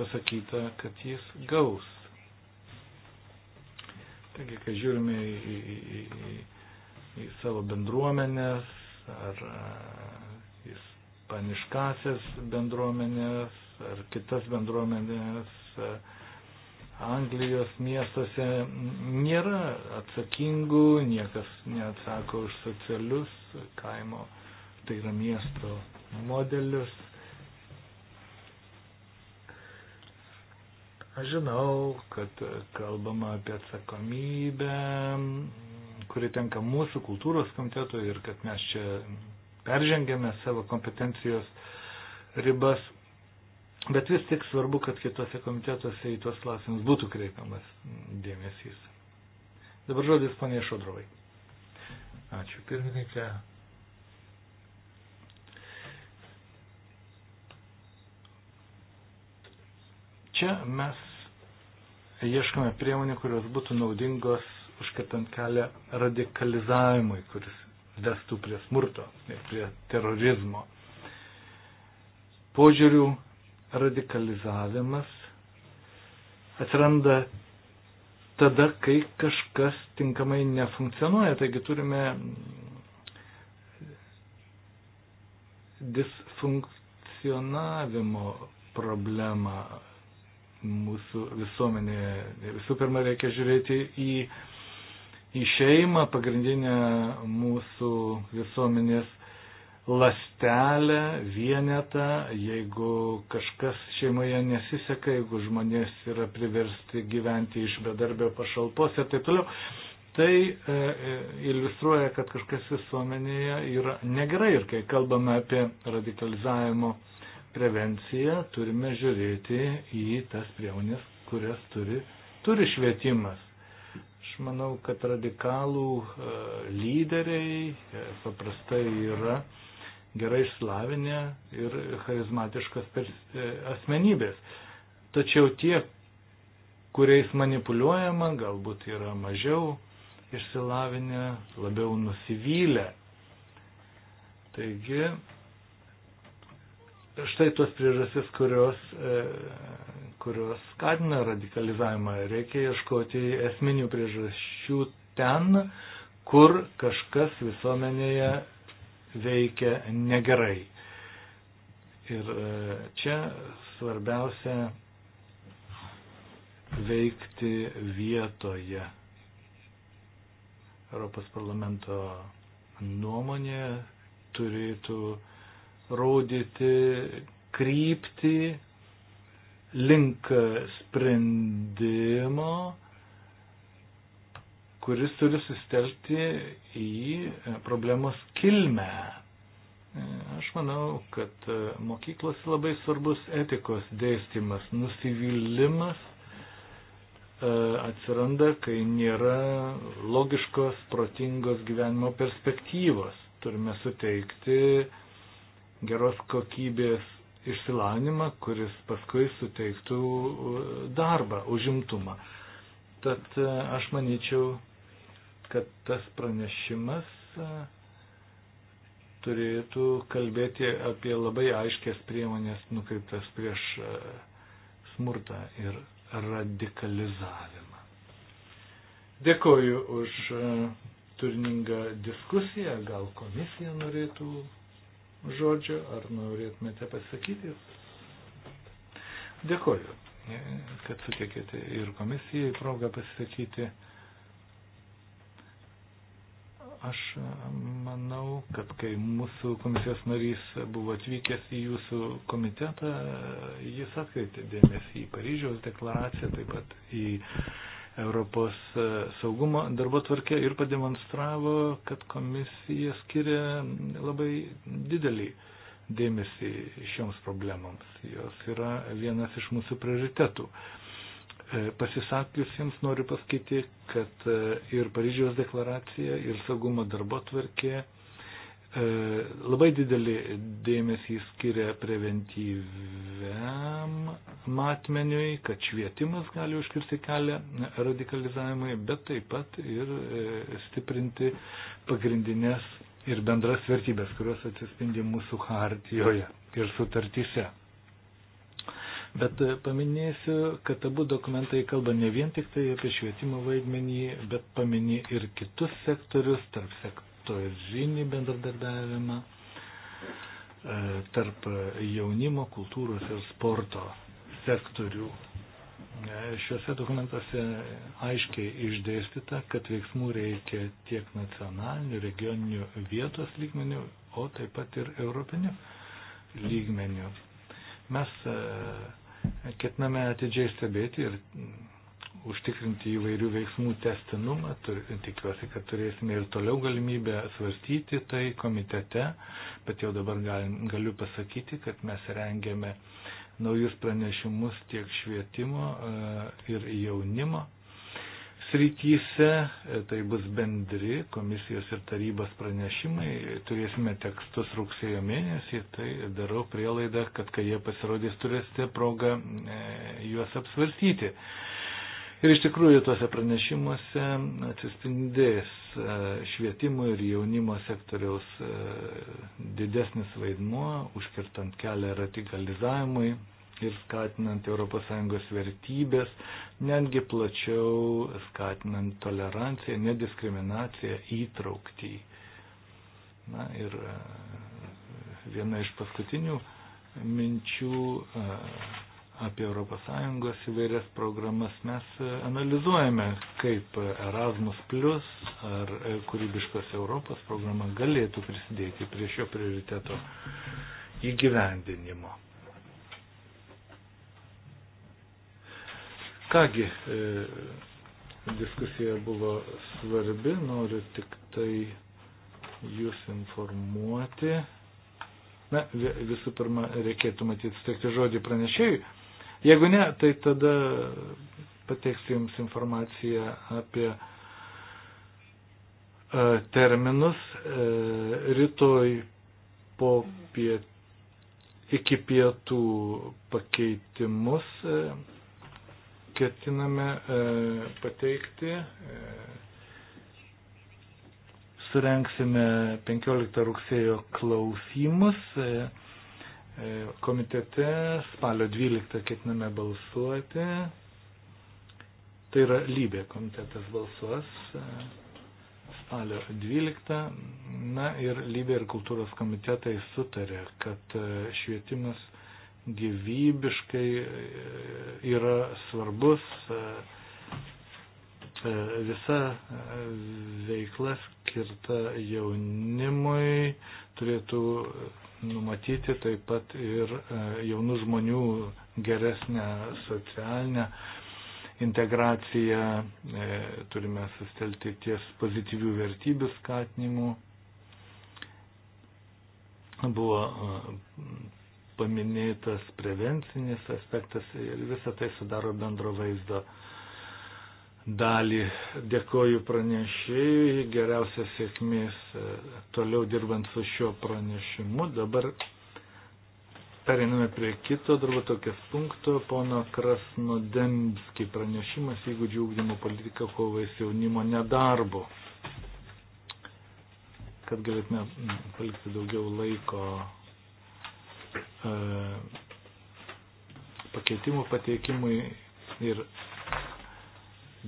pasakyta, kad jis gaus. Taigi, kai žiūrime į, į, į, į savo bendruomenės ar ispaniškasias e, bendruomenės, ar kitas bendruomenės e, Anglijos miestuose nėra atsakingų, niekas neatsako už socialius kaimo, tai yra miesto modelius. Aš žinau, kad kalbama apie atsakomybę, kuri tenka mūsų kultūros komitetui ir kad mes čia peržengėme savo kompetencijos ribas. Bet vis tik svarbu, kad kitose komitetuose į tuos klausimus būtų kreipiamas dėmesys. Dabar žodis ponė Šodrovai. Ačiū pirmininkė. Čia mes ieškome priemonių, kurios būtų naudingos užkirtant kelią radikalizavimui, kuris vestų prie smurto ir prie terorizmo. Požiūrių radikalizavimas atsiranda tada, kai kažkas tinkamai nefunkcionuoja. Taigi turime disfunkcionavimo problemą mūsų visuomenėje. Visų pirma, reikia žiūrėti į, į šeimą, pagrindinę mūsų visuomenės lastelę, vienetą, jeigu kažkas šeimoje nesiseka, jeigu žmonės yra priversti gyventi iš bedarbio pašalpos ir taip toliau. Tai e, e, iliustruoja, kad kažkas visuomenėje yra negerai ir kai kalbame apie radikalizavimo prevenciją, turime žiūrėti į tas priemonės, kurias turi, turi švietimas manau, kad radikalų e, lyderiai e, paprastai yra gerai išslavinę ir charizmatiškas e, asmenybės. Tačiau tie, kuriais manipuliuojama, galbūt yra mažiau išsilavinę, labiau nusivylę. Taigi, štai tos priežastis, kurios, e, kurios skatina radikalizavimą. Reikia ieškoti esminių priežasčių ten, kur kažkas visuomenėje veikia negerai. Ir e, čia svarbiausia veikti vietoje. Europos parlamento nuomonė turėtų rodyti kryptį link sprendimo, kuris turi sustelti į e, problemos kilmę. E, aš manau, kad e, mokyklos labai svarbus etikos dėstymas, nusivylimas atsiranda, kai nėra logiškos, protingos gyvenimo perspektyvos. Turime suteikti geros kokybės išsilavinimą, kuris paskui suteiktų darbą, užimtumą. Tad aš manyčiau, kad tas pranešimas turėtų kalbėti apie labai aiškės priemonės nukreiptas prieš smurtą ir radikalizavimą. Dėkoju už turiningą diskusiją. Gal komisija norėtų žodžio, ar norėtumėte pasakyti? Dėkoju, kad sutikėte ir komisijai progą pasakyti. Aš e, manau, kad kai mūsų komisijos narys buvo atvykęs į jūsų komitetą, jis atkreipė dėmesį į Paryžiaus deklaraciją, taip pat į Europos e, saugumo darbo tvarkę ir pademonstravo, kad komisija skiria labai didelį dėmesį šioms problemams. Jos yra vienas iš mūsų prioritetų. E, pasisakiusiems noriu pasakyti, kad e, ir Paryžiaus deklaracija, ir saugumo darbo tvarkė e, labai didelį dėmesį skiria preventyviam matmeniui, kad švietimas gali užkirsti kelią radikalizavimui, bet taip pat ir stiprinti pagrindinės ir bendras vertybės, kurios atsispindi mūsų hartijoje ir sutartyse. Bet e, paminėsiu, kad abu dokumentai kalba ne vien tik tai apie švietimo vaidmenį, bet paminė ir kitus sektorius, tarp sektorinį bendradarbiavimą, e, tarp jaunimo, kultūros ir sporto sektorių. E, šiuose dokumentuose aiškiai išdėstyta, kad veiksmų reikia tiek nacionalinių, regioninių, vietos lygmenių, o taip pat ir europinių lygmenių. Mes ketiname atidžiai stebėti ir mm, užtikrinti įvairių veiksmų testinumą. Tikiuosi, kad turėsime ir toliau galimybę svarstyti tai komitete, bet jau dabar galim, galiu pasakyti, kad mes rengiame naujus pranešimus tiek švietimo e, ir jaunimo srityse, e, tai bus bendri komisijos ir tarybos pranešimai, turėsime tekstus rugsėjo mėnesį, tai darau prielaidą, kad kai jie pasirodys, turėsite progą e, juos apsvarstyti. Ir iš tikrųjų tuose pranešimuose atsispindės e, švietimo ir jaunimo sektoriaus didesnis vaidmuo, užkirtant kelią radikalizavimui, ir skatinant ES vertybės, netgi plačiau skatinant toleranciją, nediskriminaciją, įtraukti. Na ir e, viena iš paskutinių minčių e, apie ES įvairias programas mes e, analizuojame, kaip Erasmus Plus ar kūrybiškos Europos programa galėtų prisidėti prie šio prioriteto įgyvendinimo. Kągi, e, diskusija buvo svarbi, noriu tik tai jūs informuoti. Na, visų pirma, reikėtų matyti sutikti žodį pranešėjui. Jeigu ne, tai tada pateiksiu jums informaciją apie e, terminus e, rytoj po piet, iki pietų pakeitimus ketiname e, pateikti. E, surenksime 15 rugsėjo klausimus. E, komitete spalio 12 ketiname balsuoti. Tai yra lybė komitetas balsuos spalio 12. Na ir lybė ir kultūros komitetai sutarė, kad švietimas gyvybiškai e, yra svarbus. E, e, visa veikla skirta jaunimui turėtų numatyti taip pat ir jaunų žmonių geresnę socialinę integraciją. Turime sustelti ties pozityvių vertybių skatinimu. Buvo paminėtas prevencinis aspektas ir visą tai sudaro bendro vaizdo dalį. Dėkoju pranešėjui, geriausia sėkmės e, toliau dirbant su šiuo pranešimu. Dabar Periname prie kito darbo tokias punkto, pono Krasnodemski pranešimas įgūdžių ūkdymo politika kovai su jaunimo nedarbu. Kad galėtume palikti daugiau laiko E, pakeitimų pateikimui ir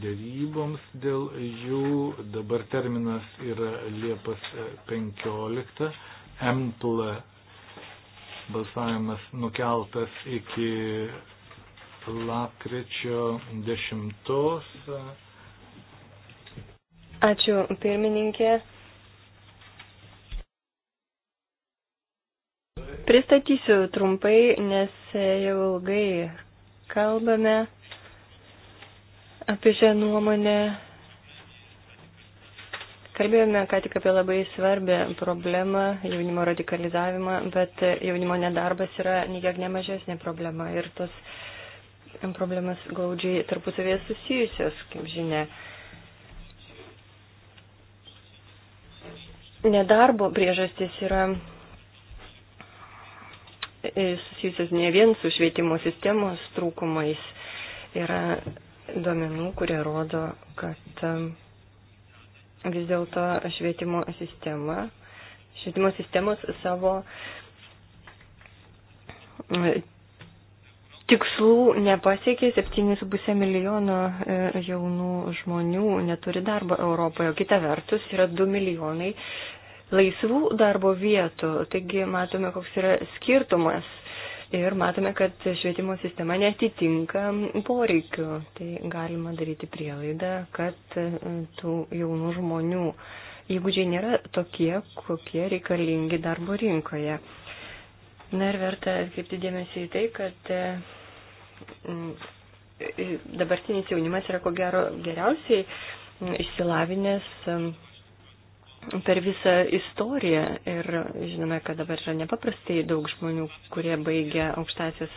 dėryboms dėl jų. Dabar terminas yra Liepas 15. MPL balsavimas nukeltas iki lapkričio 10. Ačiū pirmininkė. Pristatysiu trumpai, nes jau ilgai kalbame apie šią nuomonę. Kalbėjome ką tik apie labai svarbę problemą - jaunimo radikalizavimą, bet jaunimo nedarbas yra niekiek nemažesnė problema ir tos problemas glaudžiai tarpusavėje susijusios, kaip žinia. Nedarbo priežastis yra E, susijusios ne vien su švietimo sistemos trūkumais. Yra duomenų, kurie rodo, kad e, vis dėlto švietimo sistema, švietimo sistemos savo e, tikslų nepasiekė 7,5 milijono jaunų žmonių neturi darbo Europoje. Kita vertus yra 2 milijonai laisvų darbo vietų. Taigi matome, koks yra skirtumas ir matome, kad švietimo sistema netitinka poreikių. Tai galima daryti prielaidą, kad e, tų jaunų žmonių įgūdžiai nėra tokie, kokie reikalingi darbo rinkoje. Na ir verta atkreipti dėmesį į tai, kad e, dabartinis jaunimas yra ko gero geriausiai išsilavinęs per visą istoriją ir žinome, kad dabar yra nepaprastai daug žmonių, kurie baigia aukštasias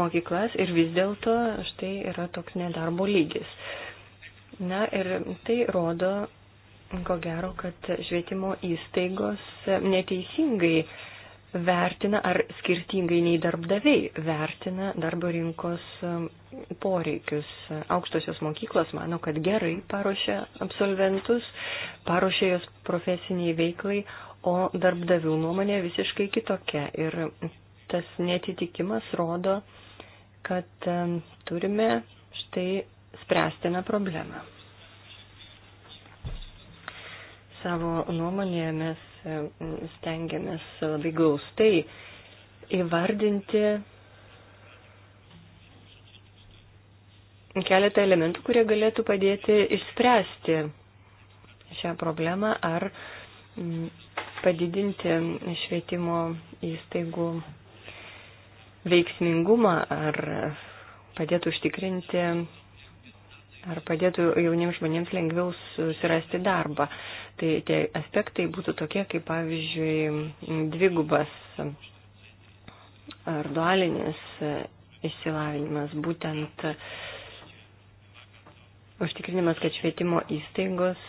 mokyklas ir vis dėlto štai yra toks nedarbo lygis. Na ir tai rodo, ko gero, kad švietimo įstaigos neteisingai vertina, ar skirtingai nei darbdaviai vertina darbo rinkos um, poreikius. Aukštosios mokyklos mano, kad gerai paruošia absolventus, paruošia jos profesiniai veiklai, o darbdavių nuomonė visiškai kitokia. Ir tas netitikimas rodo, kad um, turime štai spręstiną problemą. Savo nuomonėje mes E, stengiamės labai glaustai įvardinti keletą elementų, kurie galėtų padėti išspręsti šią problemą ar padidinti švietimo įstaigų veiksmingumą ar padėtų užtikrinti ar padėtų jauniems žmonėms lengviau susirasti darbą. Tai tie aspektai būtų tokie, kaip pavyzdžiui, dvigubas ar dualinis išsilavinimas, būtent uh, užtikrinimas, kad švietimo įstaigos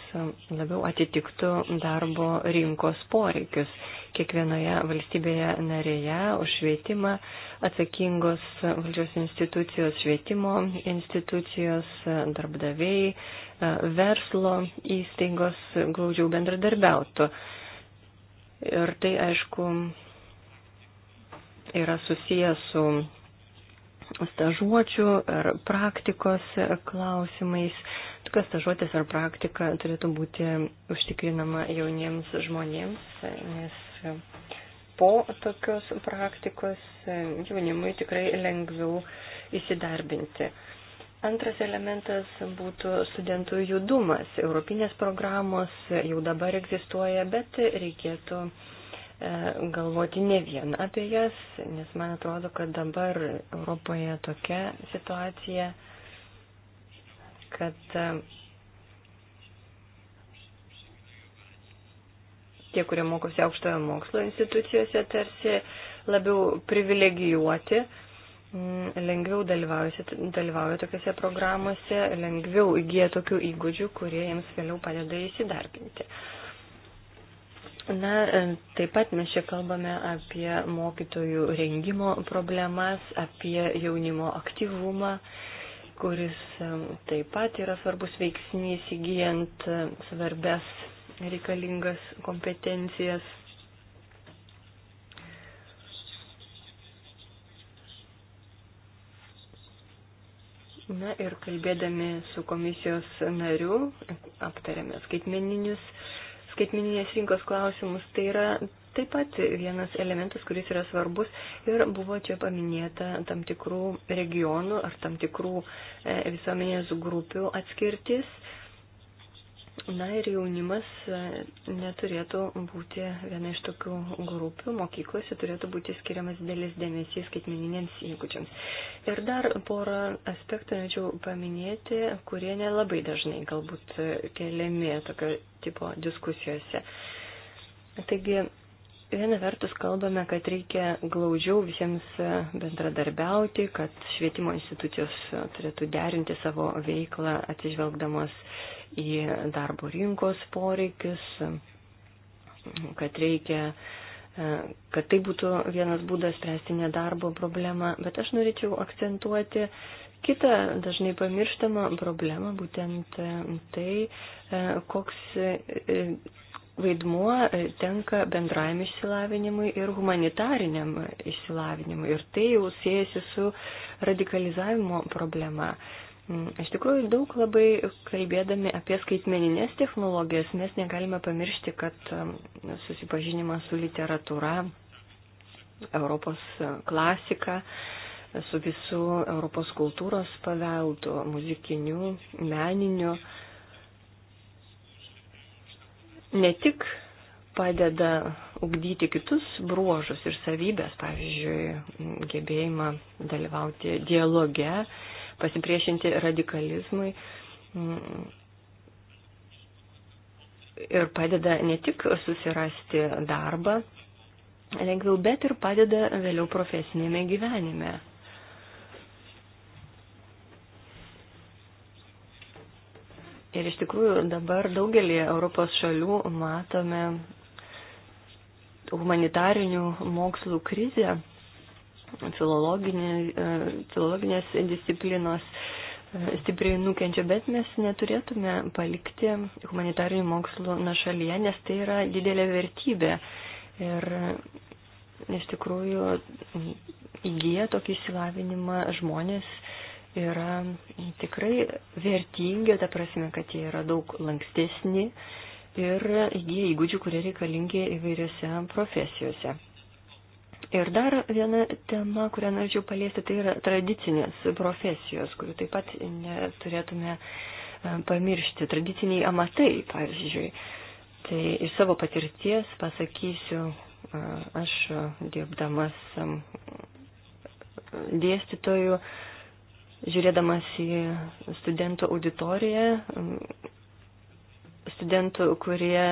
labiau atitiktų darbo rinkos poreikius. Kiekvienoje valstybėje narėje už švietimą atsakingos valdžios institucijos, švietimo institucijos, darbdaviai, verslo įstaigos glaudžiau bendradarbiautų. Ir tai, aišku, yra susijęs su stažuočių ar praktikos klausimais. Tokios stažuotės ar praktika turėtų būti užtikrinama jauniems žmonėms, nes po tokios praktikos jaunimui tikrai lengviau įsidarbinti. Antras elementas būtų studentų judumas. Europinės programos jau dabar egzistuoja, bet reikėtų uh, E, galvoti ne vien apie jas, nes man atrodo, kad dabar Europoje tokia situacija, kad e, tie, kurie mokosi aukštojo mokslo institucijose, tarsi labiau privilegijuoti, mm, lengviau dalyvauja, dalyvauja tokiuose programuose, lengviau įgyja tokių įgūdžių, kurie jiems vėliau padeda įsidarbinti. Na, e, taip pat mes čia kalbame apie mokytojų rengimo problemas, apie jaunimo aktyvumą, kuris e, taip pat yra svarbus veiksnys įgyjant e, svarbes reikalingas kompetencijas. Na ir kalbėdami su komisijos nariu aptarėme skaitmeninius skaitmininės rinkos klausimus. Tai yra taip pat vienas elementas, kuris yra svarbus ir buvo čia paminėta tam tikrų regionų ar tam tikrų e, visuomenės grupių atskirtis Na ir jaunimas e, neturėtų būti viena iš tokių grupių. Mokyklose turėtų būti skiriamas dėlis dėmesys skaitmeniniams įgūdžiams. Ir dar porą aspektų norėčiau paminėti, kurie nelabai dažnai galbūt e, keliami tokio tipo diskusijose. Taigi, Viena vertus kalbame, kad reikia glaudžiau visiems e, bendradarbiauti, kad švietimo institucijos e, turėtų derinti savo veiklą atsižvelgdamos į darbo rinkos poreikius, kad reikia, e, kad tai būtų vienas būdas spręsti nedarbo problemą, bet aš norėčiau akcentuoti kitą dažnai pamirštamą problemą, būtent tai, koks vaidmuo e, tenka bendrajam išsilavinimui ir humanitariniam išsilavinimui. Ir tai jau siejasi su radikalizavimo problema. Mm, iš tikrųjų, daug labai kalbėdami apie skaitmeninės technologijas mes negalime pamiršti, kad e, susipažinimas su literatūra, Europos klasika, su visų Europos kultūros paveldu, muzikiniu, meniniu ne tik padeda ugdyti kitus bruožus ir savybės, pavyzdžiui, gebėjimą dalyvauti dialoge, pasipriešinti radikalizmui. Mm, ir padeda ne tik susirasti darbą lengviau, bet ir padeda vėliau profesinėme gyvenime. Ir iš tikrųjų dabar daugelį Europos šalių matome humanitarinių mokslų krizę, e, filologinės disciplinos e, stipriai nukenčia, bet mes neturėtume palikti humanitarinių mokslų našalyje, nes tai yra didelė vertybė. Ir e, iš tikrųjų įgyja tokį įsilavinimą žmonės, yra tikrai vertingi, ta prasme, kad jie yra daug lankstesni ir įgyja įgūdžių, kurie reikalingi įvairiose profesijose. Ir dar viena tema, kurią norėčiau paliesti, tai yra tradicinės profesijos, kurių taip pat neturėtume e, pamiršti. Tradiciniai amatai, pavyzdžiui. Tai iš savo patirties pasakysiu, e, aš dirbdamas dėstytojų žiūrėdamas į studentų auditoriją, studentų, kurie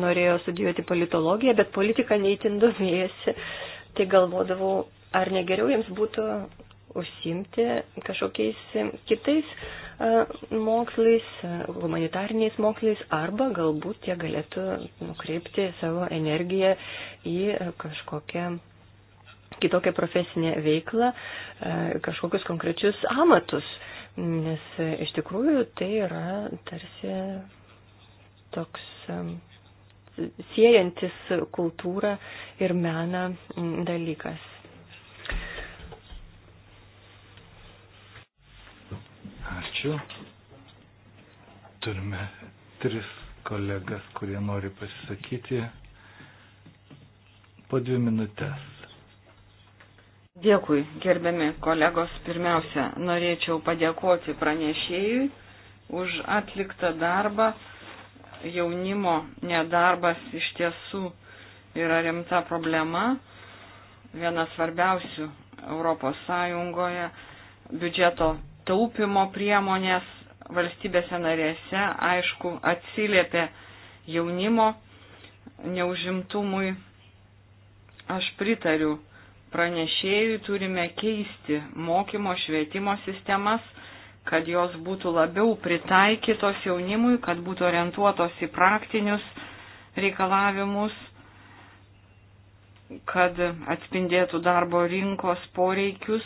norėjo studijuoti politologiją, bet politiką neįtin domėjasi, tai galvodavau, ar negeriau jiems būtų užsimti kažkokiais kitais mokslais, humanitariniais mokslais, arba galbūt jie galėtų nukreipti savo energiją į kažkokią kitokią profesinę veiklą, e, kažkokius konkrečius amatus, nes e, iš tikrųjų tai yra tarsi toks e, siejantis kultūrą ir meną dalykas. Ačiū. Turime tris kolegas, kurie nori pasisakyti po dvi minutės. Dėkui, gerbiami kolegos. Pirmiausia, norėčiau padėkoti pranešėjui už atliktą darbą. Jaunimo nedarbas iš tiesų yra rimta problema, viena svarbiausių Europos Sąjungoje. Biudžeto taupimo priemonės valstybėse narėse, aišku, atsiliepia jaunimo neužimtumui. Aš pritariu pranešėjui turime keisti mokymo švietimo sistemas, kad jos būtų labiau pritaikytos jaunimui, kad būtų orientuotos į praktinius reikalavimus, kad atspindėtų darbo rinkos poreikius.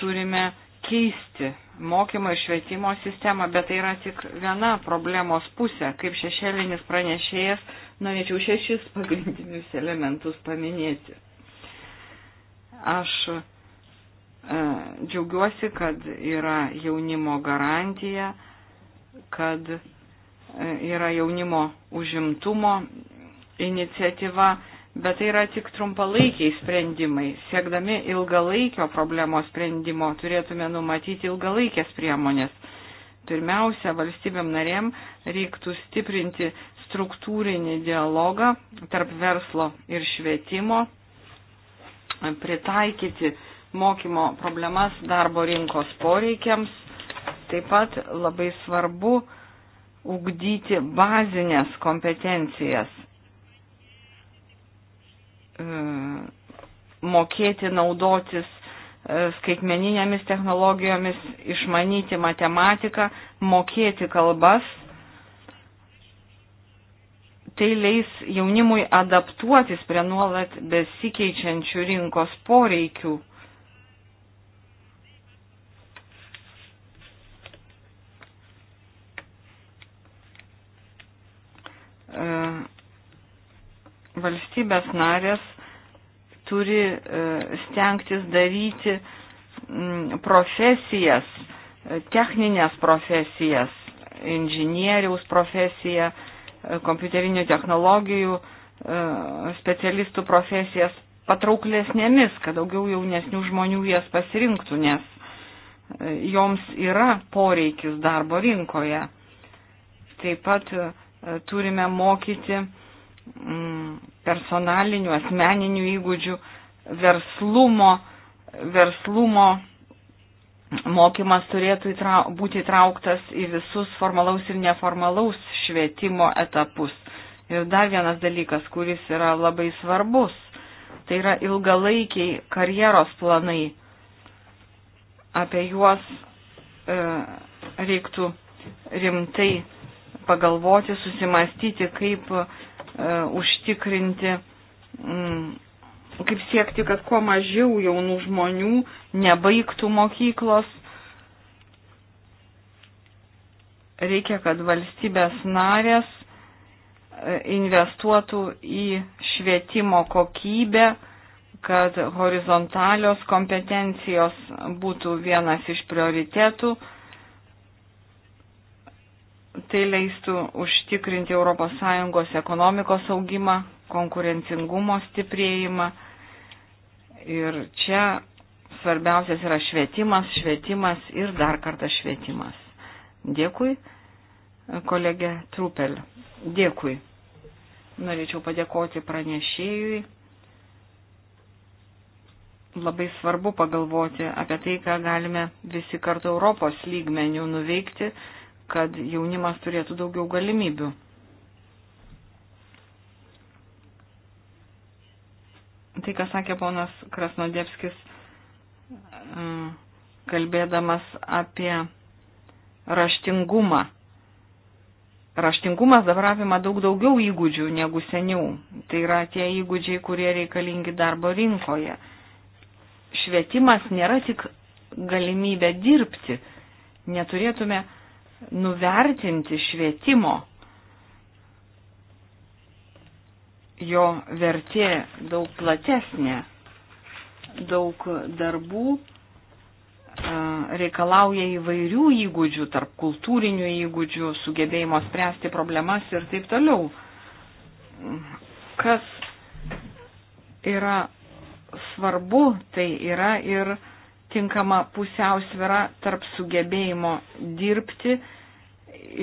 Turime keisti mokymo ir švietimo sistemą, bet tai yra tik viena problemos pusė. Kaip šešėlinis pranešėjas, norėčiau šešis pagrindinius elementus paminėti. Aš e, džiaugiuosi, kad yra jaunimo garantija, kad e, yra jaunimo užimtumo iniciatyva, bet tai yra tik trumpalaikiai sprendimai. Siekdami ilgalaikio problemos sprendimo turėtume numatyti ilgalaikės priemonės. Pirmiausia, valstybėm narėm reiktų stiprinti struktūrinį dialogą tarp verslo ir švietimo pritaikyti mokymo problemas darbo rinkos poreikiams. Taip pat labai svarbu ugdyti bazinės kompetencijas, e, mokėti naudotis e, skaitmeninėmis technologijomis, išmanyti matematiką, mokėti kalbas tai leis jaunimui adaptuotis prie nuolat besikeičiančių rinkos poreikių. E, valstybės narės turi e, stengtis daryti profesijas, techninės profesijas, inžinieriaus profesiją, kompiuterinių technologijų e, specialistų profesijas patrauklesnėmis, kad daugiau jaunesnių žmonių jas pasirinktų, nes e, joms yra poreikis darbo rinkoje. Taip pat e, turime mokyti mm, personalinių, asmeninių įgūdžių, verslumo, verslumo mokymas turėtų įtrau, būti įtrauktas į visus formalaus ir neformalaus švietimo etapus. Ir dar vienas dalykas, kuris yra labai svarbus, tai yra ilgalaikiai karjeros planai. Apie juos e, reiktų rimtai pagalvoti, susimastyti, kaip e, užtikrinti m, kaip siekti, kad kuo mažiau jaunų žmonių nebaigtų mokyklos. Reikia, kad valstybės narės e, investuotų į švietimo kokybę, kad horizontalios kompetencijos būtų vienas iš prioritetų Tai leistų užtikrinti ES ekonomikos augimą, konkurencingumo stiprėjimą. Ir čia svarbiausias yra švietimas, švietimas ir dar kartą švietimas. Dėkui, kolegė Trupel. Dėkui. Norėčiau padėkoti pranešėjui labai svarbu pagalvoti apie tai, ką galime visi kartu Europos lygmenių nuveikti, kad jaunimas turėtų daugiau galimybių. Tai, ką sakė ponas Krasnodėpskis, mm, kalbėdamas apie raštingumą. Raštingumas dabar apima daug daugiau įgūdžių negu seniau. Tai yra tie įgūdžiai, kurie reikalingi darbo rinkoje. Švietimas nėra tik galimybė dirbti. Neturėtume uh, nuvertinti švietimo. Jo vertė daug platesnė, daug darbų reikalauja įvairių įgūdžių, tarp kultūrinių įgūdžių, sugebėjimo spręsti problemas ir taip toliau. Kas yra svarbu, tai yra ir tinkama pusiausvėra tarp sugebėjimo dirbti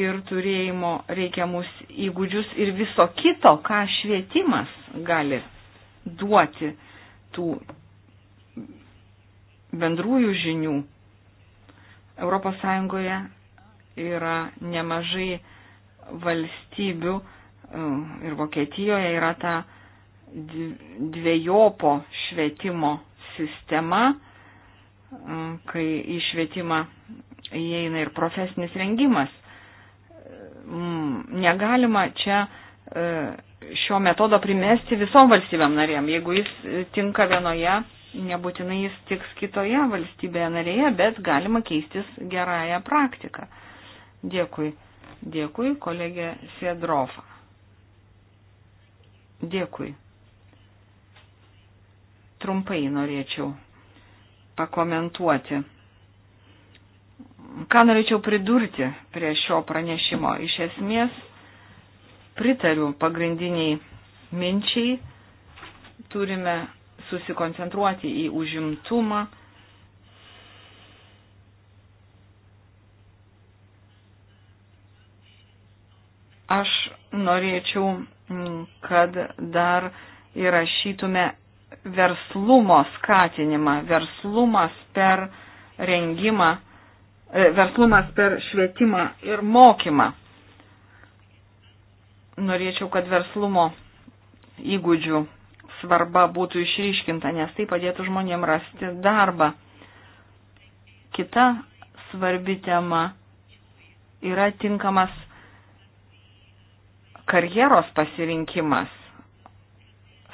ir turėjimo reikiamus įgūdžius ir viso kito, ką švietimas gali duoti tų bendrųjų žinių. ES yra nemažai valstybių e, ir Vokietijoje yra ta dviejopo švietimo sistema kai į švietimą įeina ir profesinis rengimas. Mm, negalima čia e, šio metodo primesti visom valstybėm narėm. Jeigu jis e, tinka vienoje, nebūtinai jis tiks kitoje valstybėje narėje, bet galima keistis gerąją praktiką. Dėkui. Dėkui, kolegė Sėdrofa. Dėkui. Trumpai norėčiau pakomentuoti. Ką norėčiau pridurti prie šio pranešimo? Iš esmės pritariu pagrindiniai minčiai, turime susikoncentruoti į užimtumą. Aš norėčiau, mm, kad dar įrašytume verslumo skatinimą, verslumas per rengimą, e, verslumas per švietimą ir mokymą. Norėčiau, kad verslumo įgūdžių svarba būtų išryškinta, nes tai padėtų žmonėm rasti darbą. Kita svarbi tema yra tinkamas karjeros pasirinkimas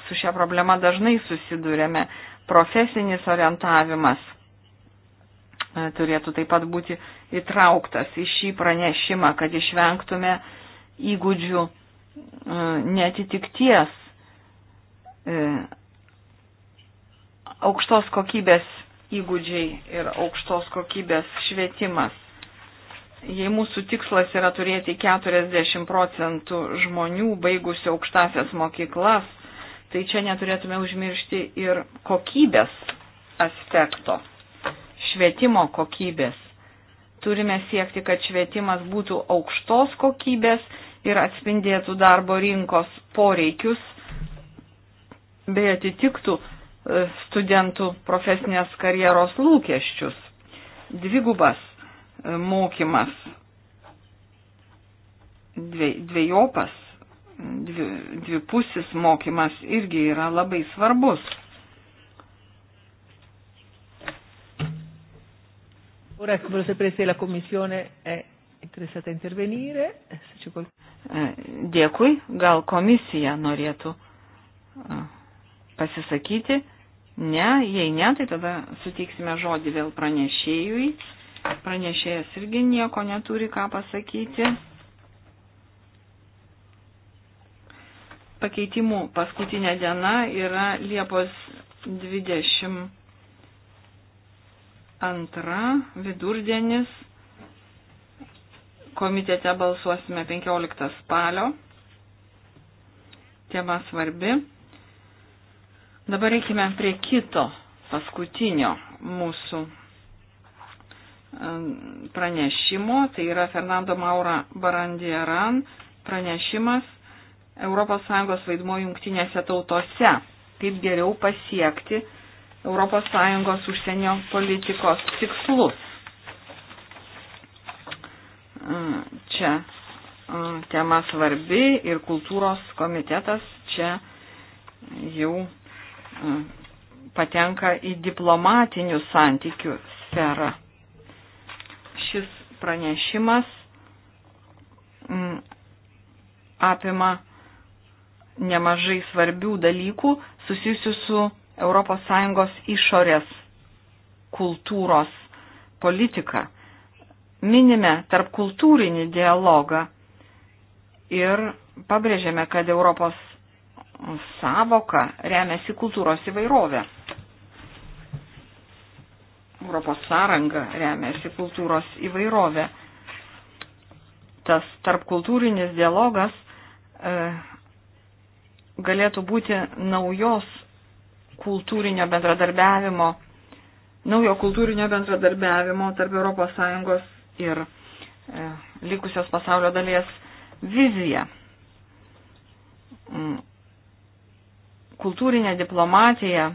su šia problema dažnai susidurėme. Profesinis orientavimas e, turėtų taip pat būti įtrauktas į šį pranešimą, kad išvengtume įgūdžių e, netitikties e, aukštos kokybės įgūdžiai ir aukštos kokybės švietimas. Jei mūsų tikslas yra turėti 40 procentų žmonių baigusių aukštasias mokyklas, Tai čia neturėtume užmiršti ir kokybės aspekto, švietimo kokybės. Turime siekti, kad švietimas būtų aukštos kokybės ir atspindėtų darbo rinkos poreikius, bei atitiktų e, studentų profesinės karjeros lūkesčius. Dvigubas e, mokymas, dviejopas dvi, dvipusis mokymas irgi yra labai svarbus. Ora ecco, volevo sapere se la Commissione è interessata a intervenire. Se c'è qualcuno. E, dėkui, gal komisija norėtų e, pasisakyti. Ne, jei ne, tai tada suteiksime žodį vėl pranešėjui. Pranešėjas irgi nieko neturi ką pasakyti. Pakeitimų paskutinė diena yra Liepos 22 vidurdienis. Komitete balsuosime 15 spalio. Tema svarbi. Dabar reikime prie kito paskutinio mūsų e, pranešimo, tai yra Fernando Maura Barandieran pranešimas ES vaidmo jungtinėse tautose, kaip geriau pasiekti ES užsienio politikos tikslus. Mm, čia mm, tema svarbi ir kultūros komitetas čia jau mm, patenka į diplomatinių santykių sferą. Šis pranešimas apima nemažai svarbių dalykų susijusių su ES išorės kultūros politika. Minime tarp kultūrinį dialogą ir pabrėžiame, kad Europos savoka remiasi kultūros įvairovę. Europos sąranga remiasi kultūros įvairovę. Tas tarpkultūrinis dialogas e, galėtų būti naujos kultūrinio bendradarbiavimo, naujo kultūrinio bendradarbiavimo tarp ES ir e, likusios pasaulio dalies vizija. Mm. Kultūrinė diplomatija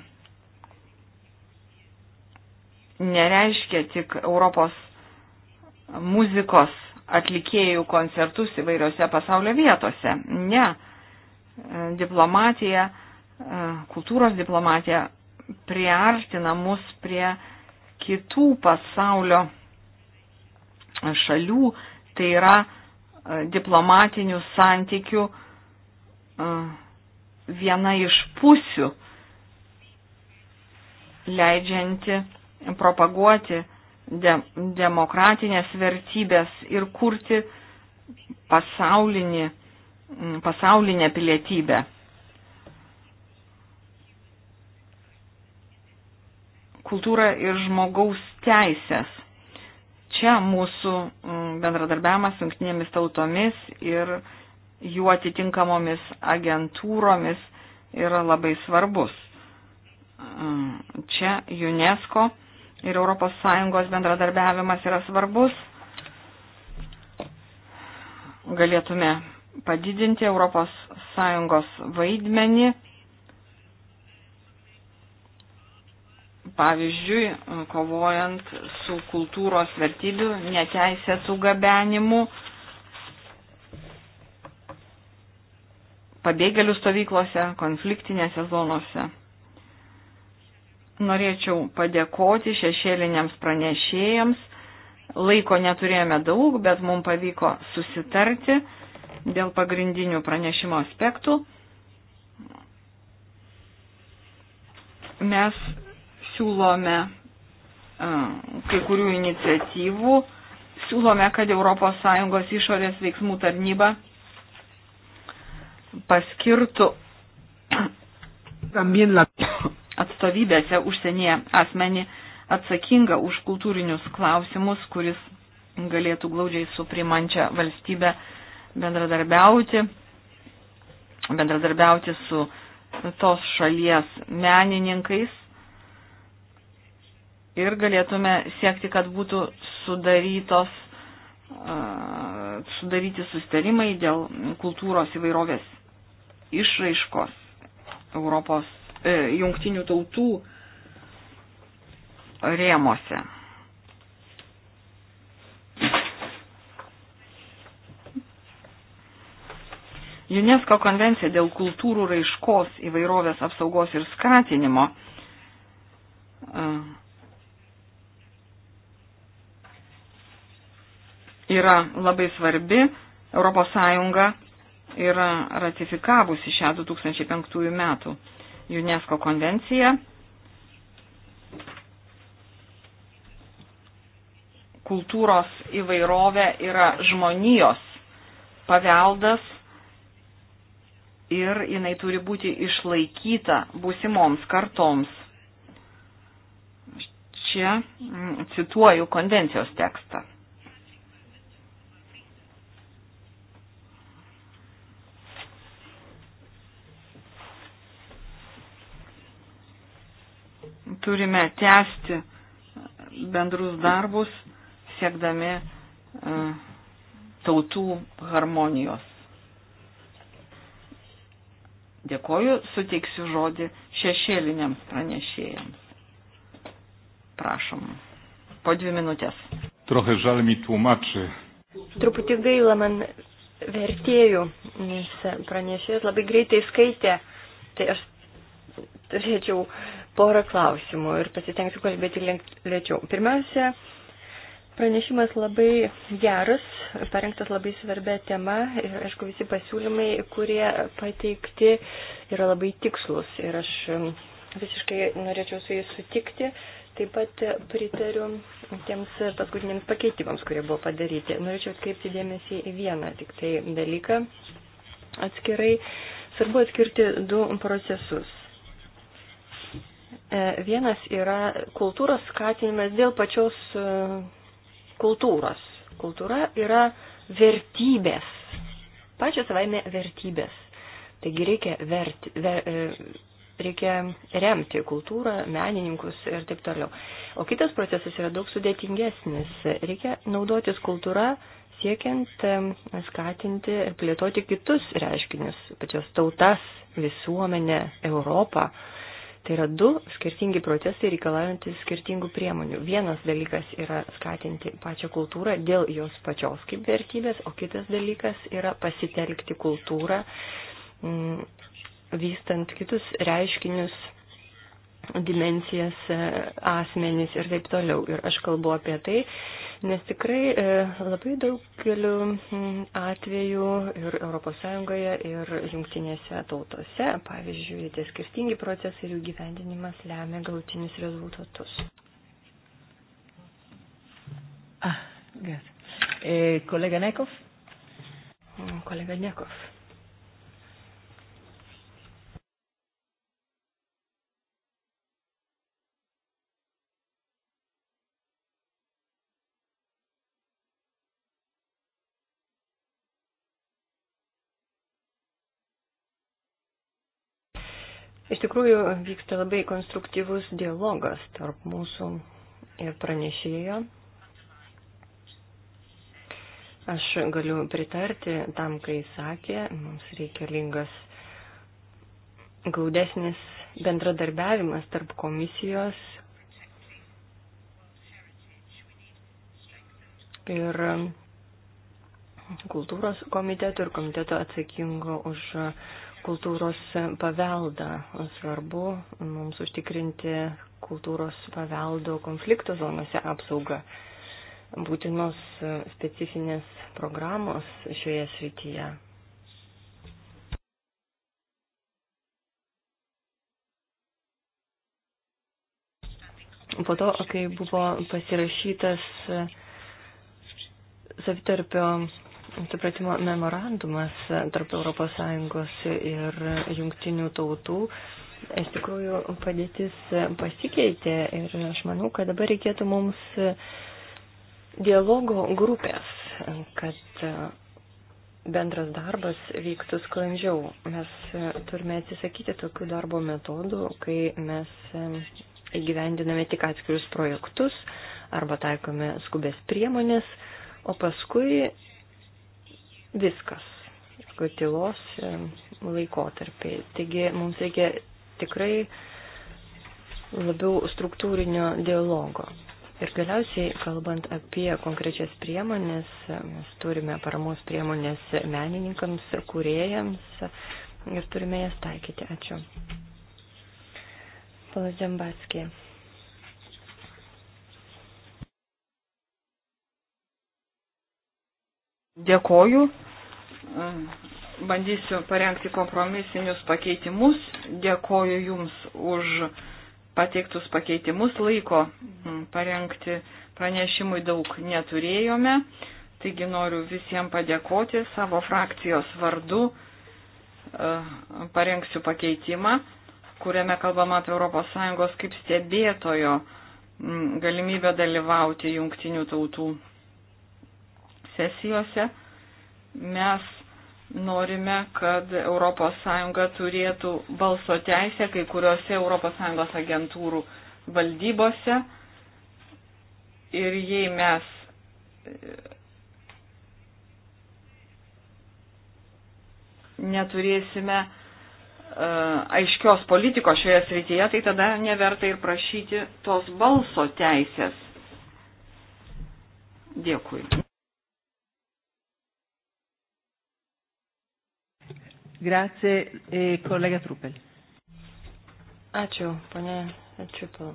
nereiškia tik Europos muzikos atlikėjų koncertus įvairiose pasaulio vietose. Ne diplomatija, e, kultūros diplomatija priartina mus prie kitų pasaulio šalių, tai yra e, diplomatinių santykių e, viena iš pusių, leidžianti propaguoti de demokratinės vertybės ir kurti pasaulinį Mm, pasaulinę pilietybę, kultūrą ir žmogaus teisės. Čia mūsų mm, bendradarbiavimas su jungtinėmis tautomis ir jų atitinkamomis agentūromis yra labai svarbus. Mm, čia UNESCO ir ES bendradarbiavimas yra svarbus. Galėtume padidinti ES vaidmenį. Pavyzdžiui, kovojant su kultūros vertybių neteisėtų gabenimu, pabėgėlių stovyklose, konfliktinėse zonose. Norėčiau padėkoti šešėliniams pranešėjams. Laiko neturėjome daug, bet mums pavyko susitarti dėl pagrindinių pranešimo aspektų. Mes siūlome kai kurių iniciatyvų, siūlome, kad ES išorės veiksmų tarnyba paskirtų atstovybėse užsienyje asmenį atsakingą už kultūrinius klausimus, kuris galėtų glaudžiai su primančia valstybė uh, bendradarbiauti, bendradarbiauti su tos šalies menininkais ir galėtume siekti, kad būtų sudarytos, sudaryti sustarimai dėl kultūros įvairovės išraiškos Europos e, jungtinių tautų rėmose. UNESCO konvencija dėl kultūrų raiškos įvairovės apsaugos ir skatinimo e, yra labai svarbi. ES yra ratifikavusi šią 2005 metų UNESCO konvenciją. Kultūros įvairovė yra žmonijos paveldas ir jinai turi būti išlaikyta būsimoms kartoms. Čia mm, cituoju konvencijos tekstą. Turime tęsti bendrus darbus, siekdami e, tautų harmonijos. Dėkoju, suteiksiu žodį šešėliniams pranešėjams. Prašom. Po dvi minutės. Trochę žal mi tłumaczy. Truputį gaila man vertėjų, nes pranešėjas labai greitai skaitė. Tai aš turėčiau porą klausimų ir pasitengsiu kalbėti lėčiau. Pirmiausia, Pranešimas labai geras, parengtas labai svarbia tema ir, aišku, visi pasiūlymai, kurie pateikti, yra labai tikslus ir aš um, visiškai norėčiau su jais sutikti. Taip pat pritariu tiems paskutiniams pakeitimams, kurie buvo padaryti. Norėčiau atkreipti dėmesį į vieną tik tai dalyką atskirai. Svarbu atskirti du procesus. E, vienas yra kultūros skatinimas dėl pačios e, kultūros. Kultūra yra vertybės, pačio savaime vertybės. Taigi reikia, verti, ver, e, reikia remti kultūrą, menininkus ir taip toliau. O kitas procesas yra daug sudėtingesnis. Reikia naudotis kultūra siekiant e, skatinti ir plėtoti kitus reiškinius, pačias tautas, visuomenę, Europą. Tai yra du skirtingi procesai reikalaujantis skirtingų priemonių. Vienas dalykas yra skatinti pačią kultūrą dėl jos pačios kaip vertybės, o kitas dalykas yra pasitelkti kultūrą, mm, vystant kitus reiškinius dimensijas, e, asmenys ir taip toliau. Ir aš kalbu apie tai, nes tikrai e, labai daugeliu atvejų ir ES ir jungtinėse tautose, pavyzdžiui, tie skirtingi procesai ir jų gyvendinimas lemia galutinius rezultatus. Ah, gerai. E, eh, kolega Nekov. Kolega Nekov. Iš tikrųjų vyksta labai konstruktyvus dialogas tarp mūsų ir pranešėjo. Aš galiu pritarti tam, kai sakė, mums reikalingas gaudesnis bendradarbiavimas tarp komisijos ir kultūros komiteto ir komiteto atsakingo už kultūros paveldą. Svarbu mums užtikrinti kultūros paveldo konflikto zonose apsaugą. Būtinos specifinės programos šioje srityje. Po to, kai buvo pasirašytas savitarpio supratimo memorandumas tarp ES ir jungtinių tautų. Iš tikrųjų, padėtis pasikeitė ir aš manau, kad dabar reikėtų mums dialogo grupės, kad bendras darbas vyktų sklandžiau. Mes turime atsisakyti tokių darbo metodų, kai mes įgyvendiname tik atskirius projektus arba taikome skubės priemonės, o paskui viskas. Tylos laikotarpiai. Taigi mums reikia tikrai labiau struktūrinio dialogo. Ir galiausiai, kalbant apie konkrečias priemonės, mes turime paramos priemonės menininkams, kuriejams ir turime jas taikyti. Ačiū. Palas Džambatskė. Dėkoju. Mm, bandysiu parengti kompromisinius pakeitimus. Dėkoju Jums už pateiktus pakeitimus. Laiko mm, parengti pranešimui daug neturėjome. Taigi noriu visiems padėkoti savo frakcijos vardu. Mm, parengsiu pakeitimą, kuriame kalbama apie ES kaip stebėtojo galimybę dalyvauti jungtinių tautų sesijose. Mes norime, kad ES turėtų balso teisę kai kuriuose ES agentūrų valdybose. Ir jei mes e, neturėsime e, aiškios politikos šioje srityje, tai tada neverta ir prašyti tos balso teisės. Dėkui. Grazie, e eh, kolega Trupel. Ačiū, ponė Čiupel.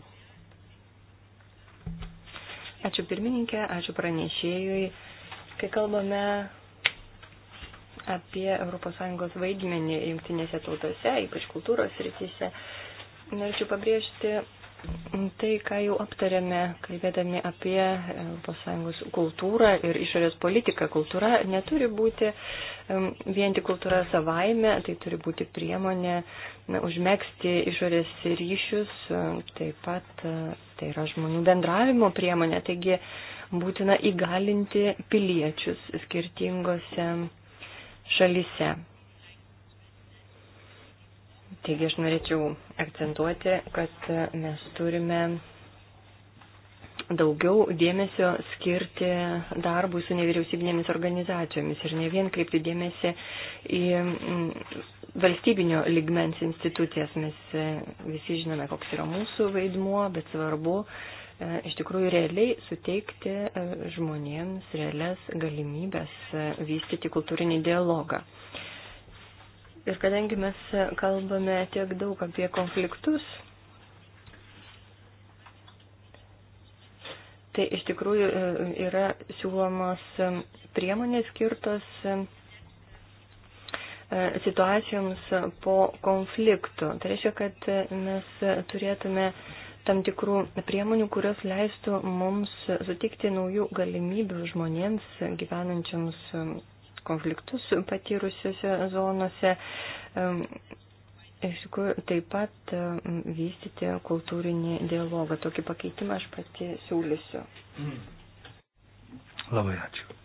Ačiū pirmininkė, ačiū pranešėjui. Kai kalbame apie ES vaidmenį jungtinėse tautose, ypač kultūros rytise, norėčiau pabrėžti Tai, ką jau aptarėme, kalbėdami apie ES kultūrą ir išorės politiką, kultūra neturi būti vien tik kultūra savaime, tai turi būti priemonė na, užmėgsti išorės ryšius, taip pat e, tai yra žmonių bendravimo priemonė, taigi būtina įgalinti piliečius skirtingose šalise. Taigi aš norėčiau akcentuoti, kad mes turime daugiau dėmesio skirti darbui su nevyriausybinėmis organizacijomis ir ne vien kreipti dėmesį į mm, valstybinio ligmens institucijas. Mes e, visi žinome, koks yra mūsų vaidmuo, bet svarbu e, iš tikrųjų realiai suteikti e, žmonėms realias galimybės vystyti kultūrinį dialogą. Ir kadangi mes kalbame tiek daug apie konfliktus, tai iš tikrųjų e, yra siūlomos e, priemonės skirtos e, situacijoms po konfliktų. Tai reiškia, kad mes turėtume tam tikrų priemonių, kurios leistų mums sutikti naujų galimybių žmonėms gyvenančiams konfliktus patyrusiuose zonuose. Iš tikrųjų, taip pat vystyti kultūrinį dialogą. Tokį pakeitimą aš pati siūlysiu. Labai ačiū.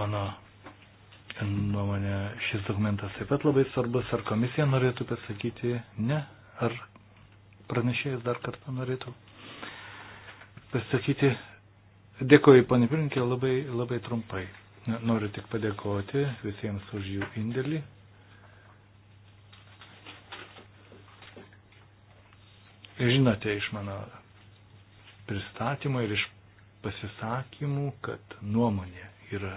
Mano nuomonė, šis dokumentas taip pat labai svarbus. Ar komisija norėtų pasakyti ne? Ar pranešėjas dar kartą norėtų pasakyti. Dėkoju, panė Pirinkė, labai, labai trumpai. Noriu tik padėkoti visiems už jų indėlį. Žinote iš mano pristatymo ir iš pasisakymų, kad nuomonė yra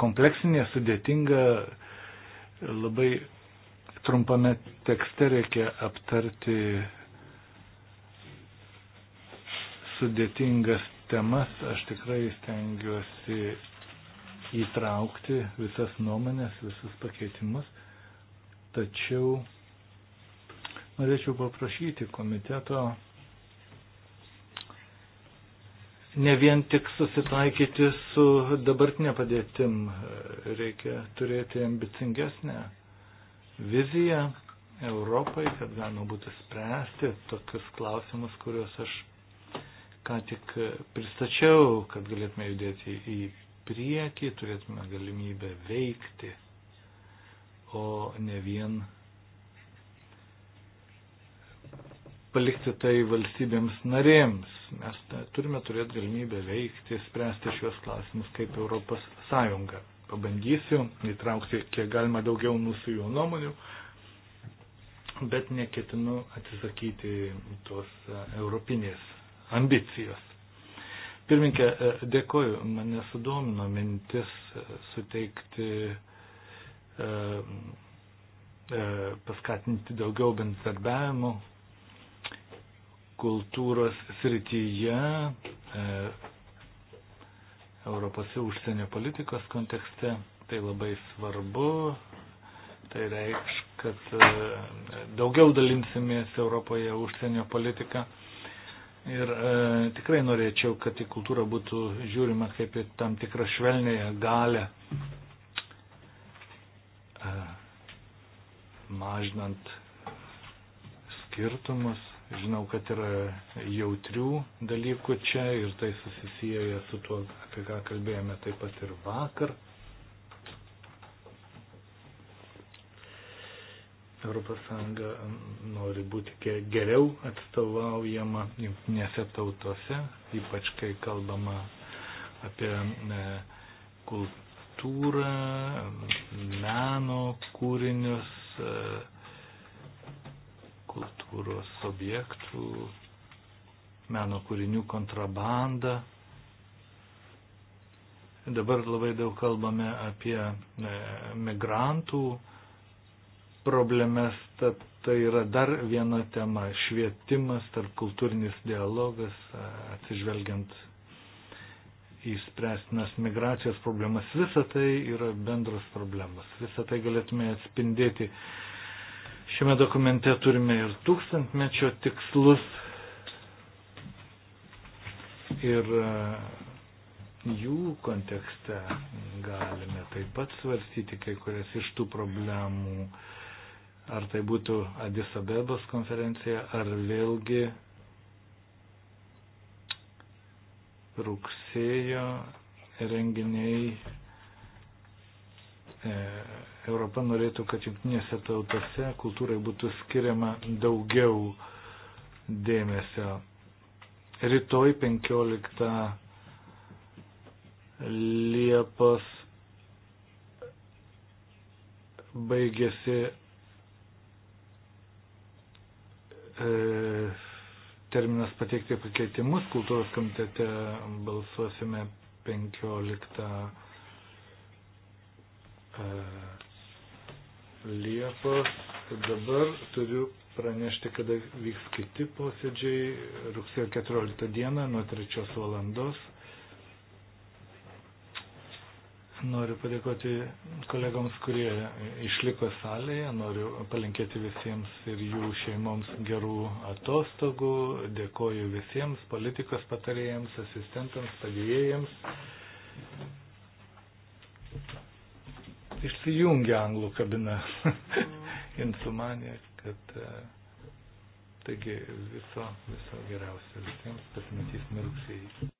kompleksinė, sudėtinga, labai trumpame tekste reikia aptarti sudėtingas temas aš tikrai stengiuosi įtraukti visas nuomonės, visus pakeitimus, tačiau norėčiau paprašyti komiteto ne vien tik susitaikyti su dabartinė padėtim, reikia turėti ambicingesnę viziją Europai, kad galima būtų spręsti tokius klausimus, kuriuos aš ką tik pristačiau, kad galėtume judėti į priekį, turėtume galimybę veikti, o ne vien palikti tai valstybėms narėms. Mes turime turėti galimybę veikti, spręsti šios klausimus kaip Europos Sąjunga. Pabandysiu įtraukti kiek galima daugiau mūsų jų nuomonių, bet neketinu atsisakyti tos europinės ambicijos. Pirminkė, e, dėkoju, mane sudomino mintis e, suteikti, e, paskatinti daugiau bendradarbiavimo kultūros srityje, Europos užsienio politikos kontekste. Tai labai svarbu, tai reikš, kad daugiau dalinsimės Europoje užsienio politiką. Ir e, tikrai norėčiau, kad į kultūrą būtų žiūrima kaip į tam tikrą švelnėje galę, e, mažinant skirtumus. Žinau, kad yra jautrių dalykų čia ir tai susisieja su tuo, apie ką kalbėjome taip pat ir vakar. E, ES nori būti geriau atstovaujama jungtinėse tautose, ypač kai kalbama apie e, kultūrą, meno kūrinius, e, kultūros objektų, meno kūrinių kontrabandą. Dabar labai daug kalbame apie e, migrantų, problemas, tad tai yra dar viena tema - švietimas, tarp kultūrinis dialogas, atsižvelgiant įspręstinas migracijos problemas. Visa tai yra bendros problemas. Visą tai galėtume atspindėti. Šiame dokumente turime ir tūkstantmečio tikslus ir jų kontekste galime taip pat svarstyti kai kurias iš tų problemų. Uh, ar tai būtų Adis Abebos konferencija, ar vėlgi rugsėjo renginiai. E, Europa norėtų, kad jungtinėse tautose kultūrai būtų skiriama daugiau dėmesio. Rytoj 15 Liepos baigėsi E, terminas pateikti pakeitimus kultūros komitete balsuosime 15 e, Liepos. Dabar turiu pranešti, kada vyks kiti posėdžiai. Rugsėjo 14 dieną nuo 3 valandos Noriu padėkoti kolegoms, kurie išliko salėje, noriu palinkėti visiems ir jų šeimoms gerų atostogų, dėkoju visiems politikos patarėjams, asistentams, padėjėjams. Išsijungia anglų kabina insumanė, kad e, taigi viso, viso geriausio visiems, pasimatysime rugsėjai.